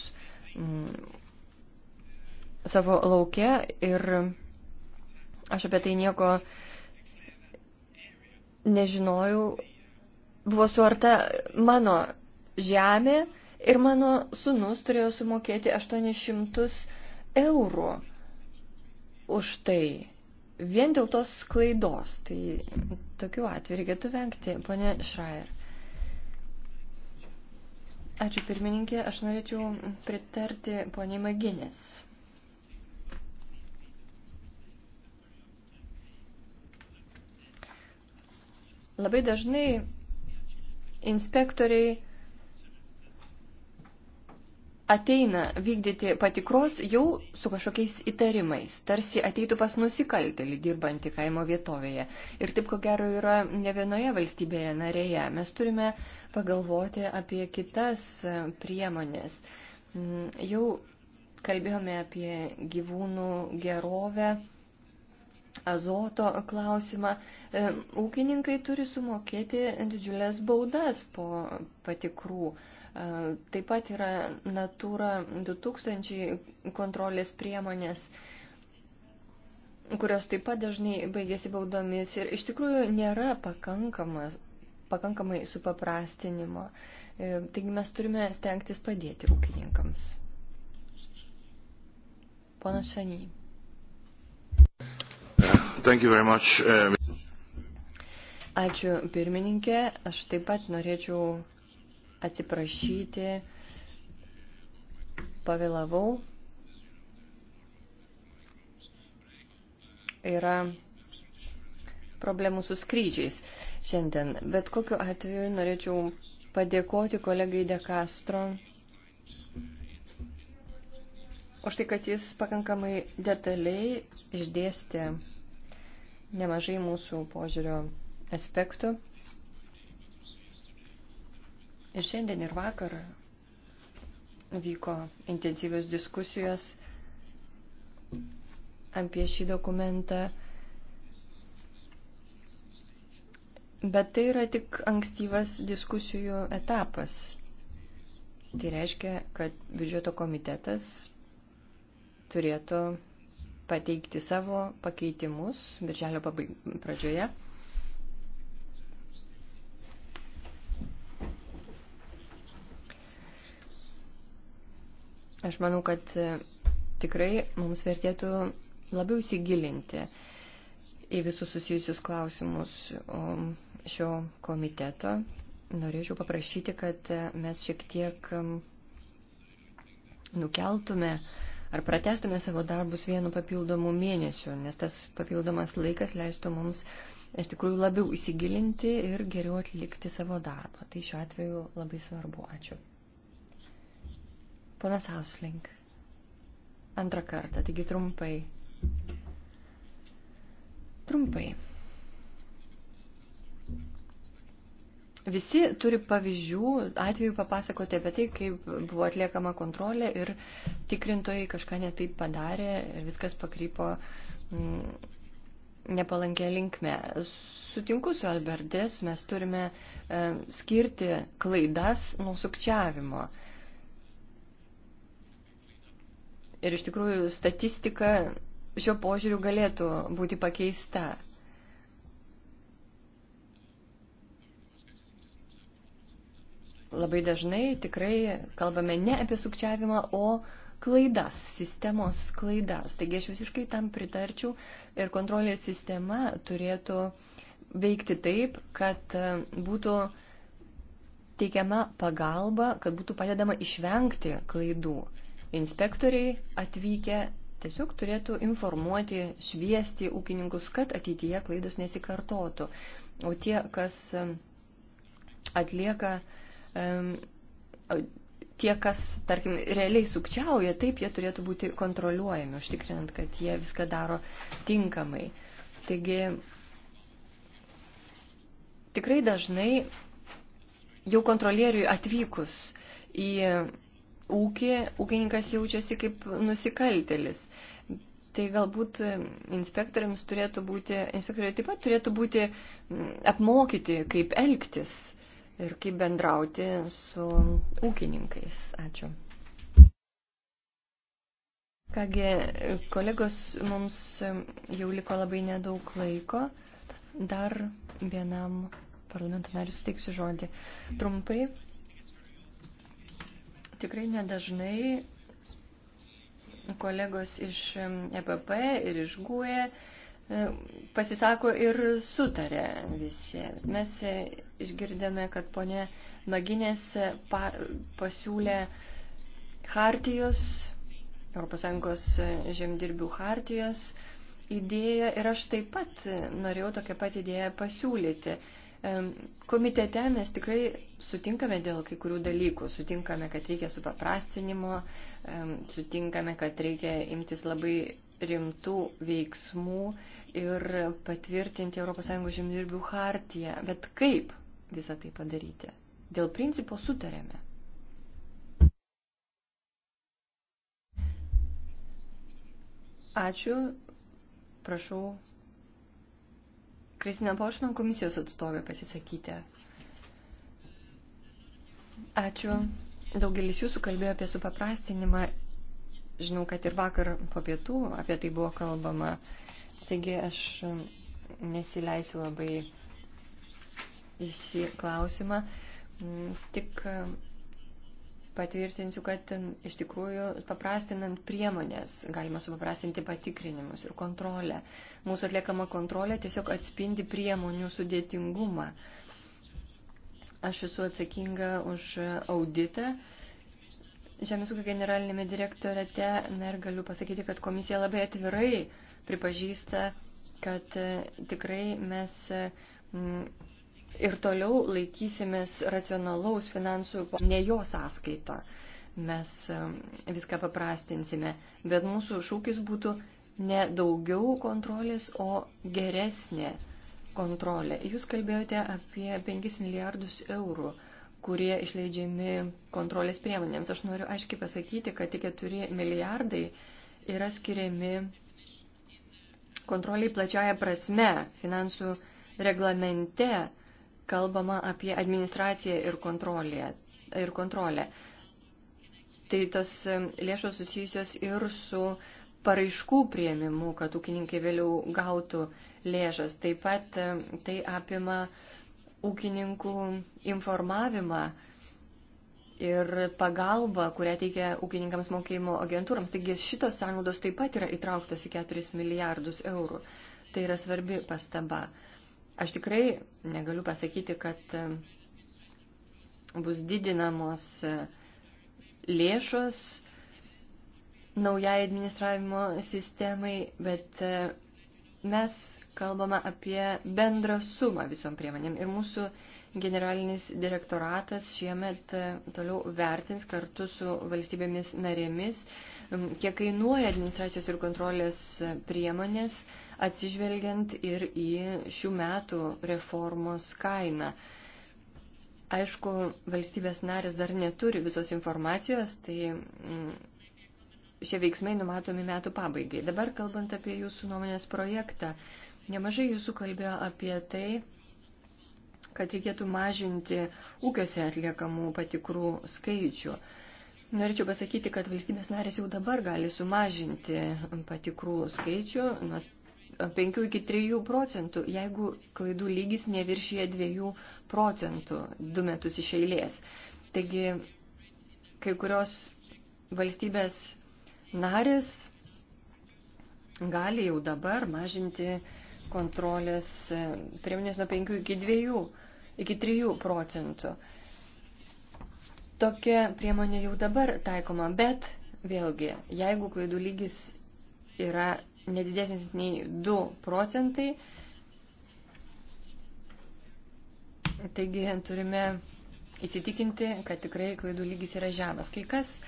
savo laukia ir aš apie tai nieko nežinojau, buvo suarta mano žemė ir mano sunus turėjo sumokėti 800 eurų už tai. Vien dėl tos klaidos, tai tokiu atveju reikėtų vengti, ponė Šrajer. Ačiū pirmininkė, aš norėčiau pritarti poniai Maginės. Labai dažnai inspektoriai ateina vykdyti patikros jau su kažkokiais įtarimais, tarsi ateitų pas nusikaltelį dirbantį kaimo vietovėje. Ir taip, ko gero, yra ne vienoje valstybėje narėje. Mes turime pagalvoti apie kitas priemonės. Mm, jau kalbėjome apie gyvūnų gerovę azoto klausimą, e, ūkininkai turi sumokėti didžiulės baudas po patikrų. E, taip pat yra Natura 2000 kontrolės priemonės kurios taip pat dažnai baigėsi baudomis ir iš tikrųjų nėra pakankamas, pakankamai supaprastinimo. E, taigi mes turime stengtis padėti ūkininkams. Pana Šaniai. Much, uh... Ačiū pirmininkė. Aš taip pat norėčiau atsiprašyti. Pavėlavau. Yra problemų su skrydžiais šiandien. Bet kokiu atveju norėčiau padėkoti kolegai De Castro už tai, kad jis pakankamai detaliai išdėstė nemažai mūsų požiūrio aspektų. Ir šiandien ir vakar vyko intensyvios diskusijos apie šį dokumentą. Bet tai yra tik ankstyvas diskusijų etapas. Tai reiškia, kad biudžeto komitetas turėtų pateikti savo pakeitimus birželio pradžioje. Aš manau, kad e, tikrai mums vertėtų labiau įsigilinti į visus susijusius klausimus šio komiteto. Norėčiau paprašyti, kad e, mes šiek tiek nukeltume uh, ar pratestume savo darbus vienu papildomu mėnesiu, nes tas papildomas laikas leistų mums iš tikrųjų labiau įsigilinti ir geriau atlikti savo darbą. Tai šiuo atveju labai svarbu. Ačiū. Ponas Hauslink. Antrą kartą, taigi trumpai. Trumpai. Visi turi pavyzdžių, atveju papasakoti apie tai, kaip buvo atliekama kontrolė ir tikrintojai kažką netaip padarė ir viskas pakrypo mm, nepalankė linkme. Sutinku su Albertės, mes turime e, skirti klaidas nuo sukčiavimo. Ir iš tikrųjų statistika šiuo požiūriu galėtų būti pakeista. Labai dažnai tikrai kalbame ne apie sukčiavimą, o klaidas, sistemos klaidas. Taigi aš visiškai tam pritarčiau ir kontrolės sistema turėtų veikti taip, kad e, būtų teikiama pagalba, kad būtų padedama išvengti klaidų. Inspektoriai atvykę tiesiog turėtų informuoti, šviesti ūkininkus, kad ateityje klaidos nesikartotų. O tie, kas e, atlieka uh, tie, kas, tarkim, realiai sukčiauja, taip jie turėtų būti kontroliuojami, užtikrinant, kad jie viską daro tinkamai. Taigi, tikrai dažnai jau kontrolieriui atvykus į ūkį, ūkininkas jaučiasi kaip nusikaltelis. Tai galbūt inspektoriams turėtų būti, inspektoriai taip pat turėtų būti apmokyti, kaip elgtis ir kaip bendrauti su ūkininkais. Ačiū. Kągi, kolegos, mums jau liko labai nedaug laiko. Dar vienam parlamento nariu suteiksiu žodį. Trumpai, tikrai nedažnai kolegos iš EPP e ir iš GUE E, pasisako ir sutarė visi. Mes e, išgirdėme, kad ponė Naginės e, pa, pasiūlė hartijos, ES žemdirbių hartijos idėją ir aš taip pat norėjau tokią pat idėją pasiūlyti. Komitete mes tikrai sutinkame dėl kai kurių dalykų. Sutinkame, kad reikia supaprastinimo, sutinkame, kad reikia imtis labai rimtų veiksmų ir patvirtinti ES žemdirbių hartiją. Bet kaip visą tai padaryti? Dėl principo sutarėme. Ačiū. Prašau. Kristina Pošman, komisijos atstovė, pasisakyti. Ačiū. Daugelis jūsų kalbėjo apie supaprastinimą Žinau, kad ir vakar po pietų apie tai buvo kalbama. Taigi aš nesileisiu labai į šį klausimą. Tik patvirtinsiu, kad iš tikrųjų paprastinant priemonės galima supaprastinti patikrinimus ir kontrolę. Mūsų atliekama kontrolė tiesiog atspindi priemonių sudėtingumą. Aš esu atsakinga už auditą Žemės ūkio generalinėme direktorate, na ir galiu pasakyti, kad komisija labai atvirai pripažįsta, kad e, tikrai mes e, ir toliau laikysimės racionalaus finansų, ne jo sąskaita. Mes e, viską paprastinsime, bet mūsų šūkis būtų ne daugiau kontrolės, o geresnė kontrolė. Jūs kalbėjote apie 5 milijardus eurų kurie išleidžiami kontrolės priemonėms. Aš noriu aiškiai pasakyti, kad tik 4 milijardai yra skiriami kontroliai plačiaja prasme. Finansų reglamente kalbama apie administraciją ir kontrolę. Ir kontrolę. Tai tos lėšos susijusios ir su paraiškų prieimimu, kad ūkininkai vėliau gautų lėšas. Taip pat e, tai apima uh, ūkininkų informavimą ir pagalbą, kurią teikia ūkininkams mokėjimo agentūrams. Taigi šitos sąnaudos taip pat yra įtrauktos į 4 milijardus eurų. Tai yra svarbi pastaba. Aš tikrai negaliu pasakyti, kad e, bus didinamos e, lėšos naujai administravimo sistemai, bet e, Mes kalbame apie bendrą sumą visom priemonėm ir mūsų generalinis direktoratas šiemet e, toliau vertins kartu su valstybėmis narėmis, kiek kainuoja administracijos ir kontrolės priemonės, atsižvelgiant ir į šių metų reformos kainą. Aišku, valstybės narės dar neturi visos informacijos, tai šie veiksmai numatomi metų pabaigai. Dabar kalbant apie jūsų nuomonės projektą, nemažai jūsų kalbėjo apie tai, kad reikėtų mažinti ūkiuose atliekamų patikrų skaičių. Norėčiau pasakyti, kad valstybės narės jau dabar gali sumažinti patikrų skaičių nuo 5 iki 3 procentų, jeigu klaidų lygis neviršyje 2 procentų du metus iš eilės. Taigi, kai kurios valstybės narės gali jau dabar mažinti kontrolės priemonės nuo 5 iki 2, iki 3 procentų. Tokia priemonė jau dabar taikoma, bet vėlgi, jeigu klaidų lygis yra nedidesnis nei 2 procentai, taigi turime įsitikinti, kad tikrai klaidų lygis yra žemas. Kai kas uh,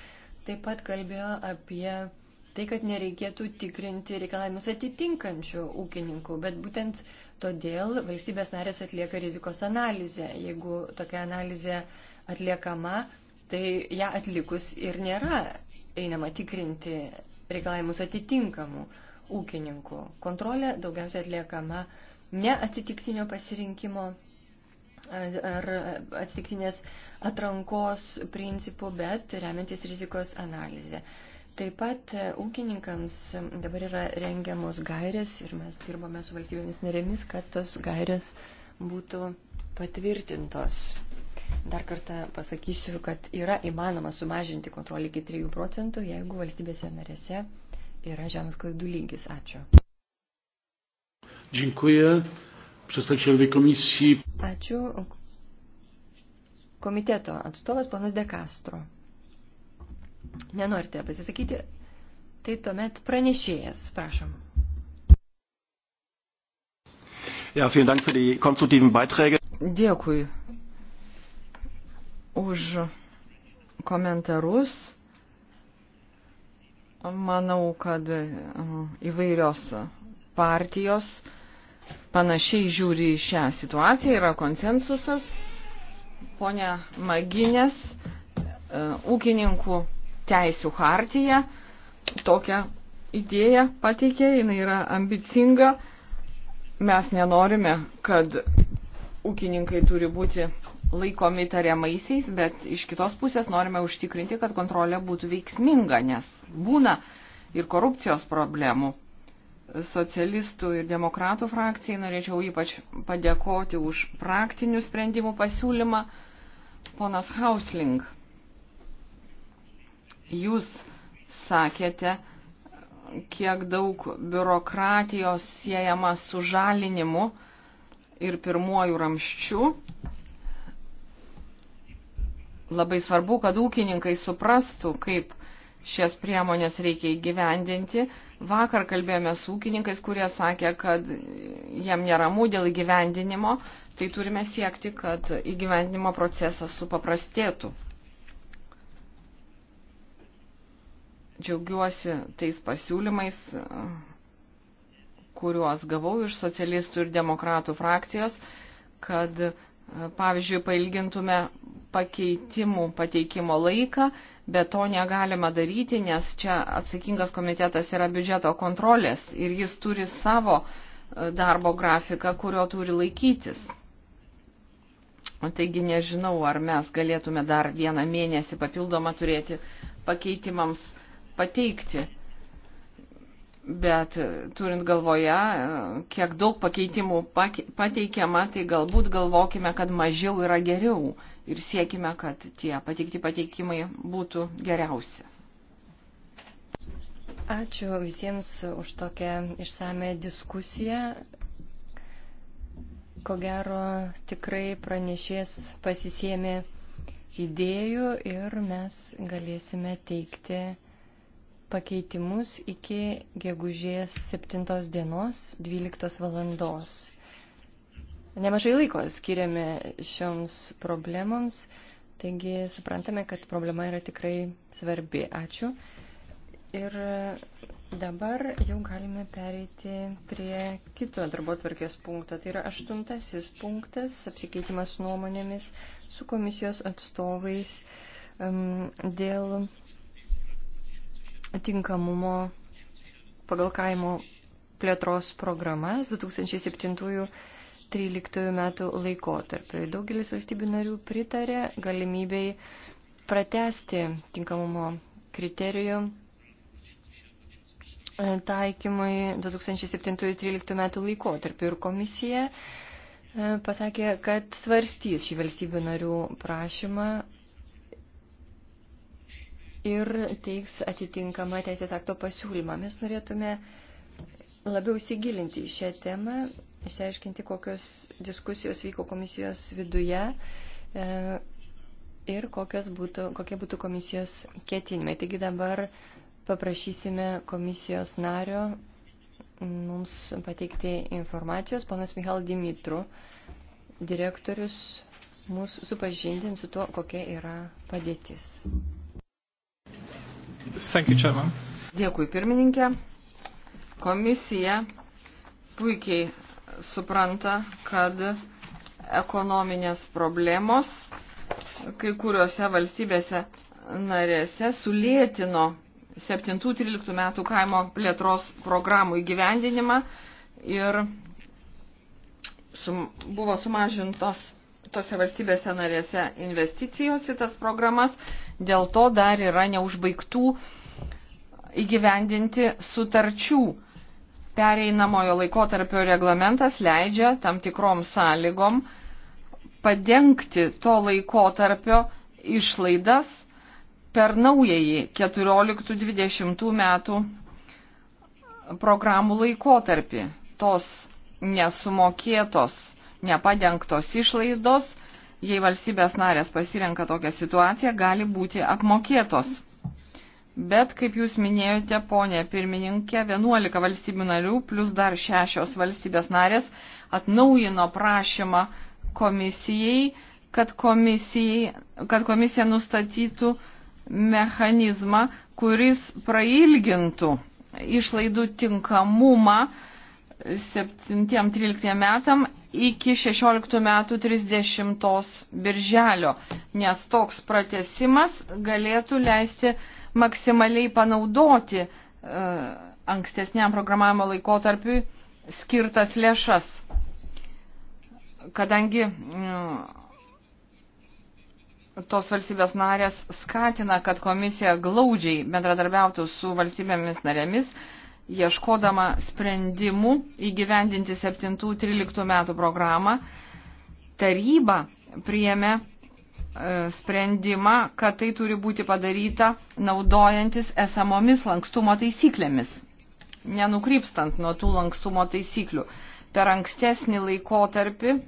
taip pat kalbėjo apie tai, kad nereikėtų tikrinti reikalavimus atitinkančių ūkininkų, bet būtent todėl valstybės narės atlieka rizikos analizę. Jeigu tokia analizė atliekama, tai ją atlikus ir nėra einama tikrinti reikalavimus atitinkamų ūkininkų. Kontrolė daugiausia atliekama ne atsitiktinio pasirinkimo ar atsitiktinės atrankos principų, bet remiantis rizikos analizė. Taip pat e, ūkininkams dabar yra rengiamos gairės ir mes dirbame su valstybėmis narėmis, kad tos gairės būtų patvirtintos. Dar kartą pasakysiu, kad yra įmanoma sumažinti kontrolį iki 3 procentų, jeigu valstybėse narėse yra žemės klaidų lygis. Ačiū. Dziękuję. Pristačiavai komisijai. Ačiū. Komiteto atstovas ponas De Castro. Nenorite pasisakyti? Tai tuomet pranešėjas, prašom. Ja, vielen Dank für die konstruktiven Beiträge. Dėkui už komentarus. Manau, kad e, įvairios partijos uh, panašiai žiūri į šią situaciją, yra konsensusas. Pone Maginės, e, ūkininkų teisų hartija tokią idėją pateikė, jinai yra ambicinga. Mes nenorime, kad ūkininkai turi būti laikomi tariamaisiais, bet iš kitos pusės norime užtikrinti, kad kontrolė būtų veiksminga, nes būna ir korupcijos problemų socialistų ir demokratų frakcijai. Norėčiau ypač padėkoti už praktinių sprendimų pasiūlymą. Ponas Hausling, jūs sakėte, kiek daug biurokratijos siejama su žalinimu ir pirmuoju ramščiu. Labai svarbu, kad ūkininkai suprastų, kaip šias priemonės reikia įgyvendinti. Vakar kalbėjome su ūkininkais, kurie sakė, kad jam neramu dėl įgyvendinimo, tai turime siekti, kad įgyvendinimo procesas supaprastėtų. Džiaugiuosi tais pasiūlymais, kuriuos gavau iš socialistų ir demokratų frakcijos, kad, pavyzdžiui, pailgintume pakeitimų pateikimo laiką bet to negalima daryti, nes čia atsakingas komitetas yra biudžeto kontrolės ir jis turi savo e, darbo grafiką, kurio turi laikytis. Taigi nežinau, ar mes galėtume dar vieną mėnesį papildomą turėti pakeitimams pateikti. Bet e, turint galvoje, e, kiek daug pakeitimų pateikiama, tai galbūt galvokime, kad mažiau yra geriau ir siekime, kad tie pateikti pateikimai būtų geriausi. Ačiū visiems už tokią išsame diskusiją. Ko gero, tikrai pranešės pasisėmė idėjų ir mes galėsime teikti pakeitimus iki gegužės 7 dienos 12 valandos. Nemažai laiko skiriame šioms problemams, taigi suprantame, kad problema yra tikrai svarbi. Ačiū. Ir dabar jau galime pereiti prie kito darbo tvarkės punkto. Tai yra aštuntasis punktas - apsikeitimas nuomonėmis su komisijos atstovais um, dėl tinkamumo pagal kaimo plėtros programas 2007-2013 metų laikotarpiu. Daugelis valstybių narių pritarė galimybei pratesti tinkamumo kriterijų e, taikymui 2007-2013 metų laikotarpiu ir komisija e, pasakė, kad svarstys šį valstybių narių prašymą ir teiks atitinkamą teisės akto pasiūlymą. Mes norėtume labiau įsigilinti į šią temą, išsiaiškinti, kokios diskusijos vyko komisijos viduje e, ir būtų, kokie būtų komisijos ketinimai. Taigi dabar paprašysime komisijos nario mums pateikti informacijos. Panas Michal Dimitru, direktorius, mūsų supažindins su tuo, kokia yra padėtis. Thank you, Chairman. Dėkui, pirmininkė. Komisija puikiai supranta, kad ekonominės problemos kai kuriuose valstybėse narėse sulėtino 7-13 metų kaimo plėtros programų įgyvendinimą ir sum, buvo sumažintos tose valstybėse narėse investicijos į tas programas, dėl to dar yra neužbaigtų įgyvendinti sutarčių. Pereinamojo laikotarpio reglamentas leidžia tam tikrom sąlygom padengti to laikotarpio išlaidas per naująjį 14-20 metų programų laikotarpį. Tos nesumokėtos nepadengtos išlaidos, jei valstybės narės pasirenka tokią situaciją, gali būti apmokėtos. Bet, kaip jūs minėjote, ponė pirmininkė, 11 valstybių narių plus dar 6 valstybės narės atnaujino prašymą komisijai, kad, komisijai, kad komisija nustatytų mechanizmą, kuris prailgintų išlaidų tinkamumą uh, 7-13 metam iki 16 metų 30 birželio, nes toks pratesimas galėtų leisti maksimaliai panaudoti e, ankstesniam programavimo laikotarpiui skirtas lėšas. Kadangi m, mm, tos valstybės narės skatina, kad komisija glaudžiai bendradarbiautų su valstybėmis narėmis, e, ieškodama sprendimų įgyvendinti 7-13 metų programą, taryba priėmė e, sprendimą, kad tai turi būti padaryta naudojantis esamomis lankstumo taisyklėmis, nenukrypstant nuo tų lankstumo taisyklių. Per ankstesnį laikotarpį e,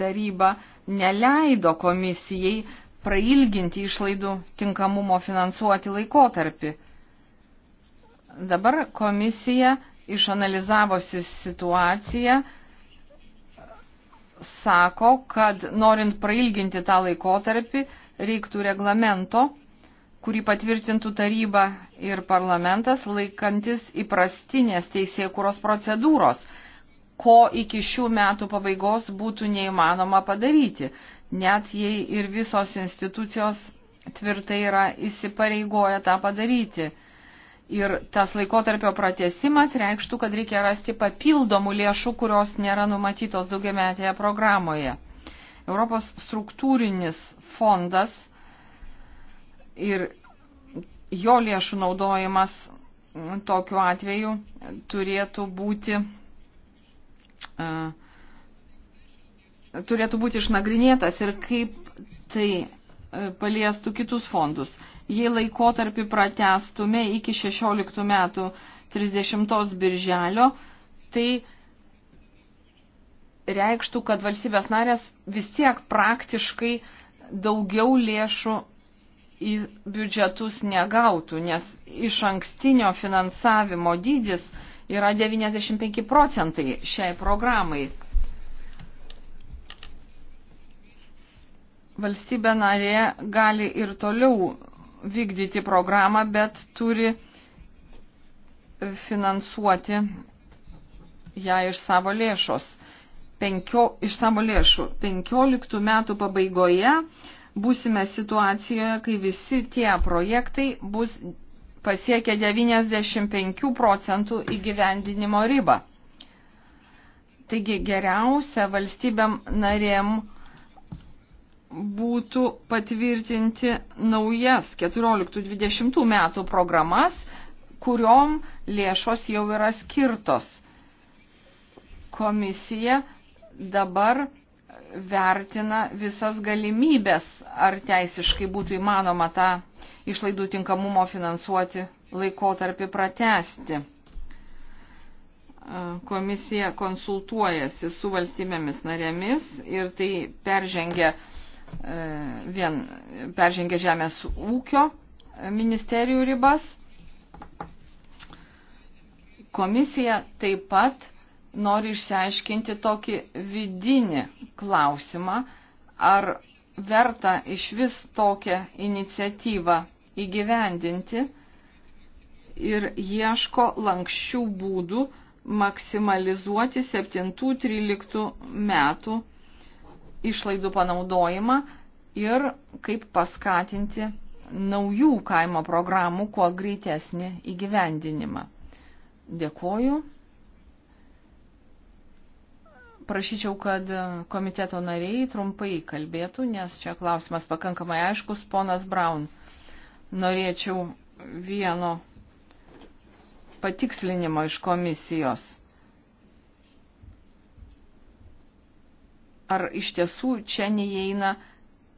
taryba neleido komisijai prailginti išlaidų tinkamumo finansuoti laikotarpį. Dabar komisija išanalizavosi situaciją, sako, kad norint prailginti tą laikotarpį, reiktų reglamento, kurį patvirtintų taryba ir parlamentas, laikantis įprastinės teisėkūros procedūros, ko iki šių metų pabaigos būtų neįmanoma padaryti, net jei ir visos institucijos tvirtai yra įsipareigoję tą padaryti. Ir tas laikotarpio pratesimas reikštų, kad reikia rasti papildomų lėšų, kurios nėra numatytos daugiametėje programoje. Europos struktūrinis fondas ir jo lėšų naudojimas tokiu atveju turėtų būti, uh, turėtų būti išnagrinėtas ir kaip tai paliestų kitus fondus. Jei laikotarpį pratestume iki 16 metų 30 birželio, tai reikštų, kad valstybės narės vis tiek praktiškai daugiau lėšų į biudžetus negautų, nes iš ankstinio finansavimo dydis yra 95 procentai šiai programai. valstybė narė gali ir toliau vykdyti programą, bet turi finansuoti ją iš savo lėšos. Penkio, iš savo lėšų. 15 metų pabaigoje būsime situacijoje, kai visi tie projektai bus pasiekę 95 procentų įgyvendinimo ribą. Taigi geriausia valstybėm narėm būtų patvirtinti naujas 14-20 metų programas, kuriom lėšos jau yra skirtos. Komisija dabar vertina visas galimybės, ar teisiškai būtų įmanoma tą išlaidų tinkamumo finansuoti laikotarpį pratesti. Komisija konsultuojasi su valstybėmis narėmis ir tai peržengia E, vien peržengė žemės ūkio ministerijų ribas. Komisija taip pat nori išsiaiškinti tokį vidinį klausimą, ar verta iš vis tokią iniciatyvą įgyvendinti ir ieško lankščių būdų maksimalizuoti 7-13 metų išlaidų panaudojimą ir kaip paskatinti naujų kaimo programų kuo greitesnį įgyvendinimą. Dėkoju. Prašyčiau, kad komiteto nariai trumpai kalbėtų, nes čia klausimas pakankamai aiškus. Ponas Braun, norėčiau vieno patikslinimo iš komisijos ar iš tiesų čia neįeina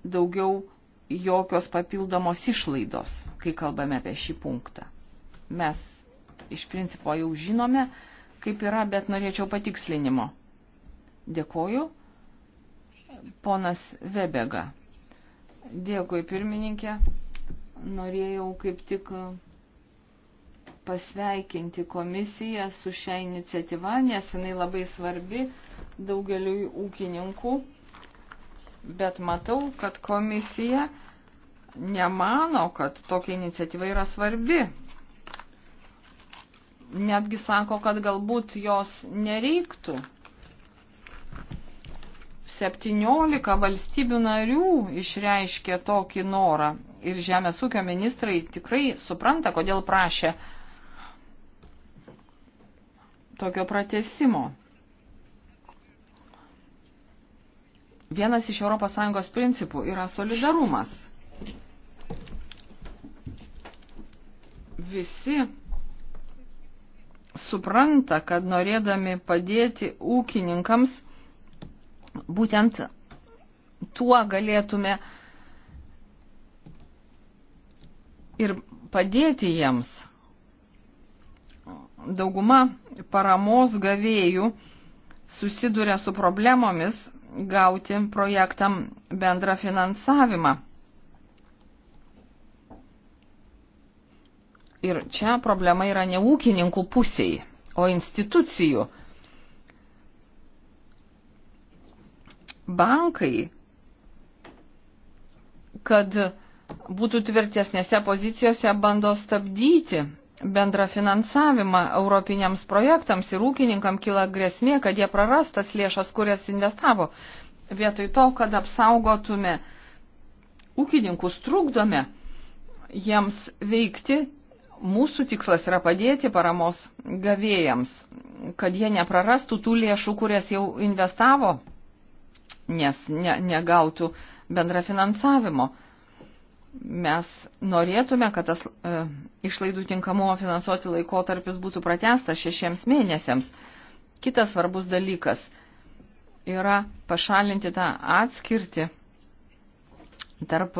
daugiau jokios papildomos išlaidos, kai kalbame apie šį punktą. Mes iš principo jau žinome, kaip yra, bet norėčiau patikslinimo. Dėkoju. Ponas Vebega. Dėkui, pirmininkė. Norėjau kaip tik pasveikinti komisiją su šia iniciatyva, nes jinai labai svarbi daugeliu ūkininkų, bet matau, kad komisija nemano, kad tokia iniciatyva yra svarbi. Netgi sako, kad galbūt jos nereiktų. 17 valstybių narių išreiškė tokį norą ir žemės ūkio ministrai tikrai supranta, kodėl prašė tokio pratesimo. Vienas iš ES principų yra solidarumas. Visi supranta, kad norėdami padėti ūkininkams, būtent tuo galėtume ir padėti jiems. Dauguma paramos gavėjų susiduria su problemomis, gauti projektam bendrą finansavimą. Ir čia problema yra ne ūkininkų pusiai, o institucijų. Bankai, kad būtų tvirtesnėse pozicijose, bando stabdyti bendrą finansavimą europiniams projektams ir ūkininkam kyla grėsmė, kad jie prarastas lėšas, kurias investavo. Vietoj to, kad apsaugotume ūkininkus, trukdome jiems veikti, mūsų tikslas yra padėti paramos gavėjams, kad jie neprarastų tų lėšų, kurias jau investavo, nes ne, negautų bendra finansavimo. Mes norėtume, kad tas e, išlaidų tinkamumo finansuoti laikotarpis būtų pratestas šešiems mėnesiams. Kitas svarbus dalykas yra pašalinti tą atskirtį tarp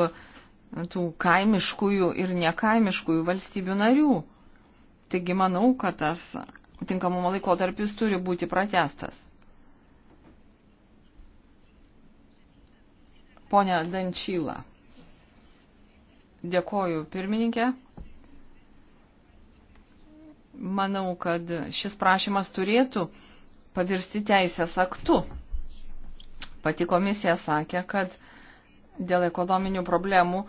tų kaimiškųjų ir nekaimiškųjų valstybių narių. Taigi manau, kad tas tinkamumo laikotarpis turi būti pratestas. Pone Dančyla. Dėkoju pirmininkė. Manau, kad šis prašymas turėtų pavirsti teisės aktu. Pati komisija sakė, kad dėl ekonominių problemų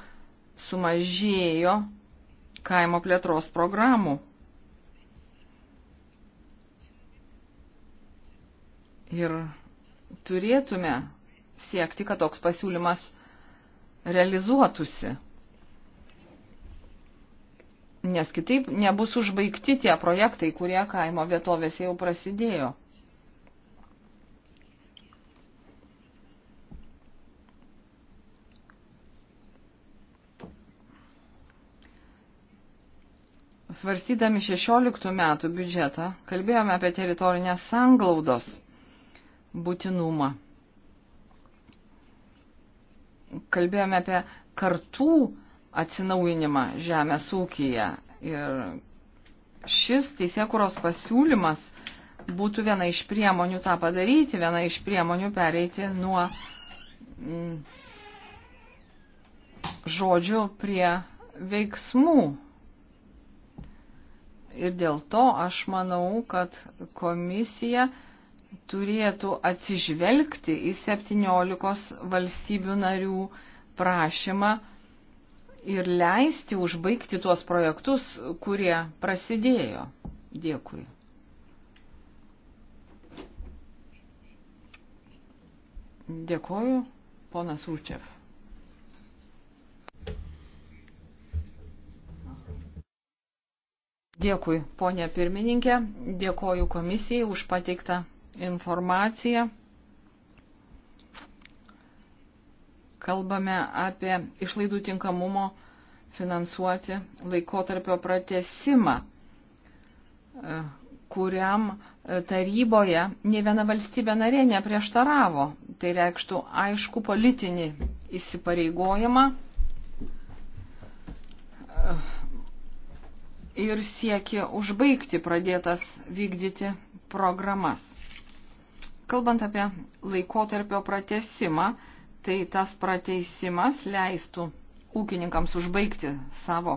sumažėjo kaimo plėtros programų. Ir turėtume siekti, kad toks pasiūlymas realizuotųsi nes kitaip nebus užbaigti tie projektai, kurie kaimo vietovėse jau prasidėjo. Svarstydami 16 metų biudžetą kalbėjome apie teritorinės sanglaudos būtinumą. Kalbėjome apie kartų atsinaujinimą žemės ūkyje. Ir šis teisėkuros pasiūlymas būtų viena iš priemonių tą padaryti, viena iš priemonių pereiti nuo mm, žodžių prie veiksmų. Ir dėl to aš manau, kad komisija turėtų atsižvelgti į 17 valstybių narių prašymą ir leisti užbaigti tuos projektus, kurie prasidėjo. Dėkui. Dėkoju, ponas Určev. Dėkui, ponė pirmininkė, dėkoju komisijai už pateiktą informaciją. kalbame apie išlaidų tinkamumo finansuoti laikotarpio pratesimą, e, kuriam e, taryboje ne viena valstybė narė neprieštaravo. Tai reikštų aišku politinį įsipareigojimą e, ir siekia užbaigti pradėtas vykdyti programas. Kalbant apie laikotarpio pratesimą, tai tas prateisimas leistų ūkininkams užbaigti savo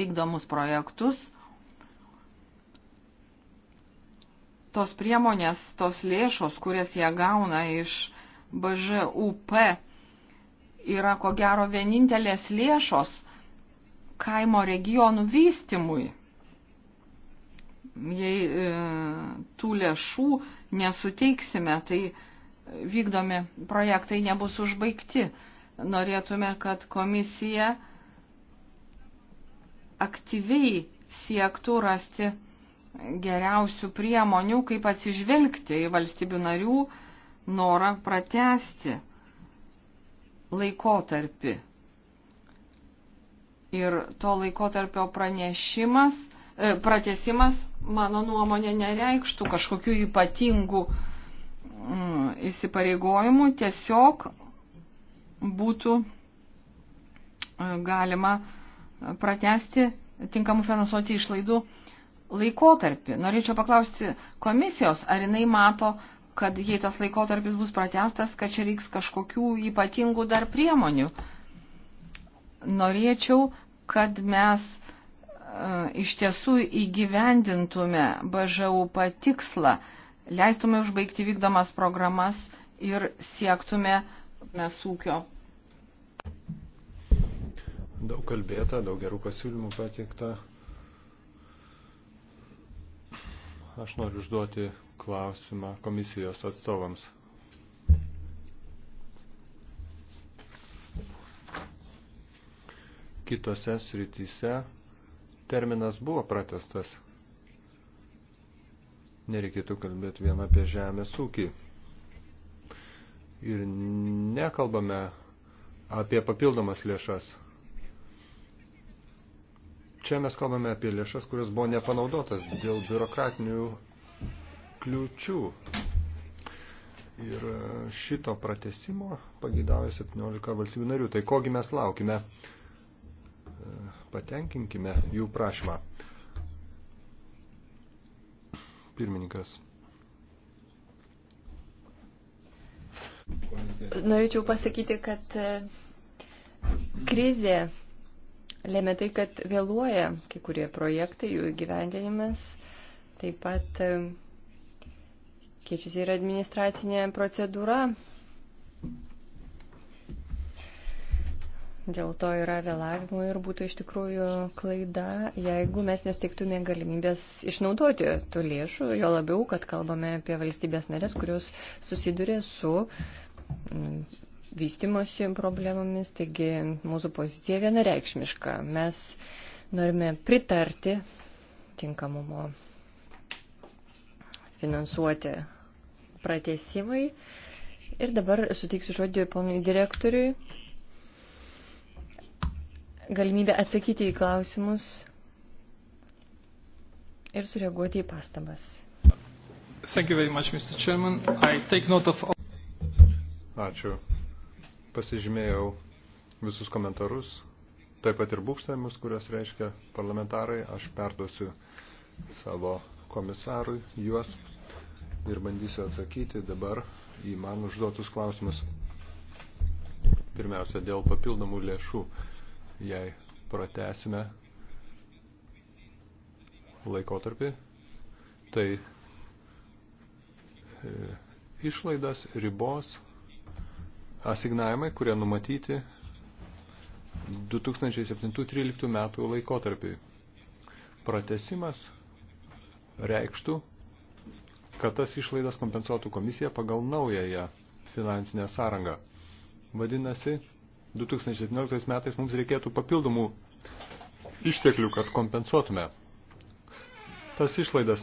vykdomus projektus. Tos priemonės, tos lėšos, kurias jie gauna iš BŽUP, yra ko gero vienintelės lėšos kaimo regionų vystimui. Jei e, tų lėšų nesuteiksime, tai e, vykdomi projektai nebus užbaigti. Norėtume, kad komisija aktyviai siektų rasti geriausių priemonių, kaip atsižvelgti į valstybių narių norą pratesti laikotarpį. Ir to laikotarpio pranešimas, e, pratesimas, mano nuomonė, nereikštų kažkokių ypatingų uh, Mm, įsipareigojimų tiesiog būtų e, galima pratesti tinkamų finansuoti išlaidų laikotarpį. Norėčiau paklausti komisijos, ar jinai mato, kad jei tas laikotarpis bus pratestas, kad čia reiks kažkokių ypatingų dar priemonių. Norėčiau, kad mes e, iš tiesų įgyvendintume BŽUP tikslą, e, leistume užbaigti vykdomas programas ir siektume mes ūkio. Daug kalbėta, daug gerų pasiūlymų pateikta. Aš noriu užduoti klausimą komisijos atstovams. Kitose srityse terminas buvo pratestas nereikėtų kalbėti vien apie žemės ūkį. Ir nekalbame apie papildomas lėšas. Čia mes kalbame apie lėšas, kurios buvo nepanaudotas dėl biurokratinių kliučių. Ir šito pratesimo pagidavo 17 valstybių narių. Tai kogi mes laukime? Patenkinkime jų prašymą. Pirmininkas. Norėčiau pasakyti, kad e, krizė lėmė tai, kad vėluoja kai kurie projektai, jų gyvendinimas, taip pat e, keičiasi ir administracinė procedūra Dėl to yra vėlavimų ir būtų iš tikrųjų klaida, jeigu mes nesuteiktume galimybės išnaudoti tų lėšų, jo labiau, kad kalbame apie valstybės narės, kurios susiduria su mm, vystimosi problemomis, taigi mūsų pozicija vienareikšmiška. Mes norime pritarti tinkamumo finansuoti pratesimai. Ir dabar suteiksiu žodį ponui direktoriui galimybę atsakyti į klausimus ir sureaguoti į pastabas. Much, of... Ačiū. Pasižymėjau visus komentarus, taip pat ir būkštavimus, kurios reiškia parlamentarai. Aš perduosiu savo komisarui juos ir bandysiu atsakyti dabar į man užduotus klausimus. Pirmiausia, dėl papildomų lėšų jei pratesime laikotarpį, tai e, išlaidas ribos asignavimai, kurie numatyti 2007-2013 metų laikotarpį. Pratesimas reikštų, kad tas išlaidas kompensuotų komisija pagal naująją finansinę sąrangą. Vadinasi, 2017 metais mums reikėtų papildomų išteklių, kad kompensuotume tas išlaidas,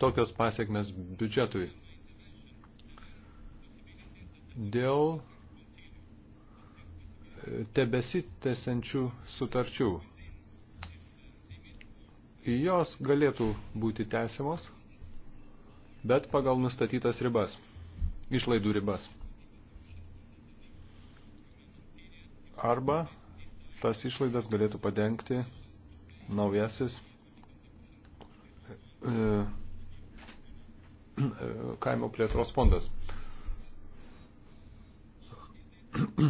tokios pasiekmes biudžetui. Dėl e, tebesitėsiančių sutarčių. Jos galėtų būti tęsiamos, bet pagal nustatytas ribas, išlaidų ribas. arba tas išlaidas galėtų padengti naujasis e, kaimo plėtros fondas.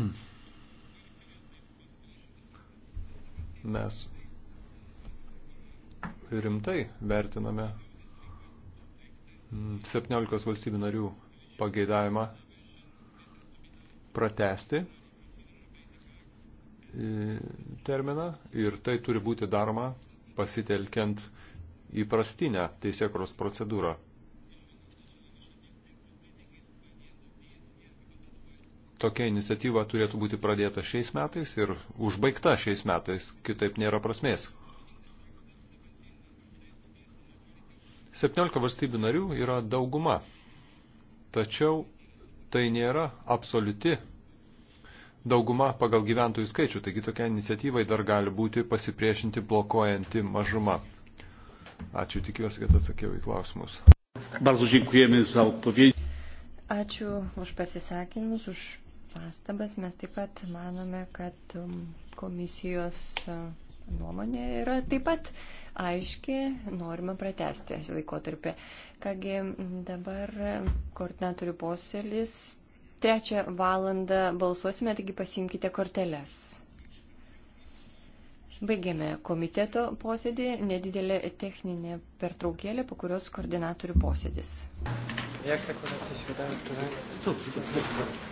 Mes rimtai vertiname 17 mm, valstybių narių pageidavimą pratesti terminą ir tai turi būti daroma pasitelkiant įprastinę teisėkros procedūrą. Tokia iniciatyva turėtų būti pradėta šiais metais ir užbaigta šiais metais, kitaip nėra prasmės. 17 valstybių narių yra dauguma, tačiau tai nėra absoliuti dauguma pagal gyventojų skaičių, taigi tokia iniciatyvai dar gali būti pasipriešinti blokuojanti mažuma. Ačiū, tikiuosi, kad atsakiau į klausimus. Bardzo dziękujemy za odpowiedź. Ačiū už pasisakymus, už pastabas. Mes taip pat manome, kad um, komisijos nuomonė yra taip pat aiški, norima pratesti šį laikotarpį. Kągi dabar koordinatorių posėlis Trečią valandą balsuosime, taigi pasimkite korteles. Baigėme komiteto posėdį, nedidelė techninė pertraukėlė, po kurios koordinatorių posėdis. Jak ta kolekcja się wydaje?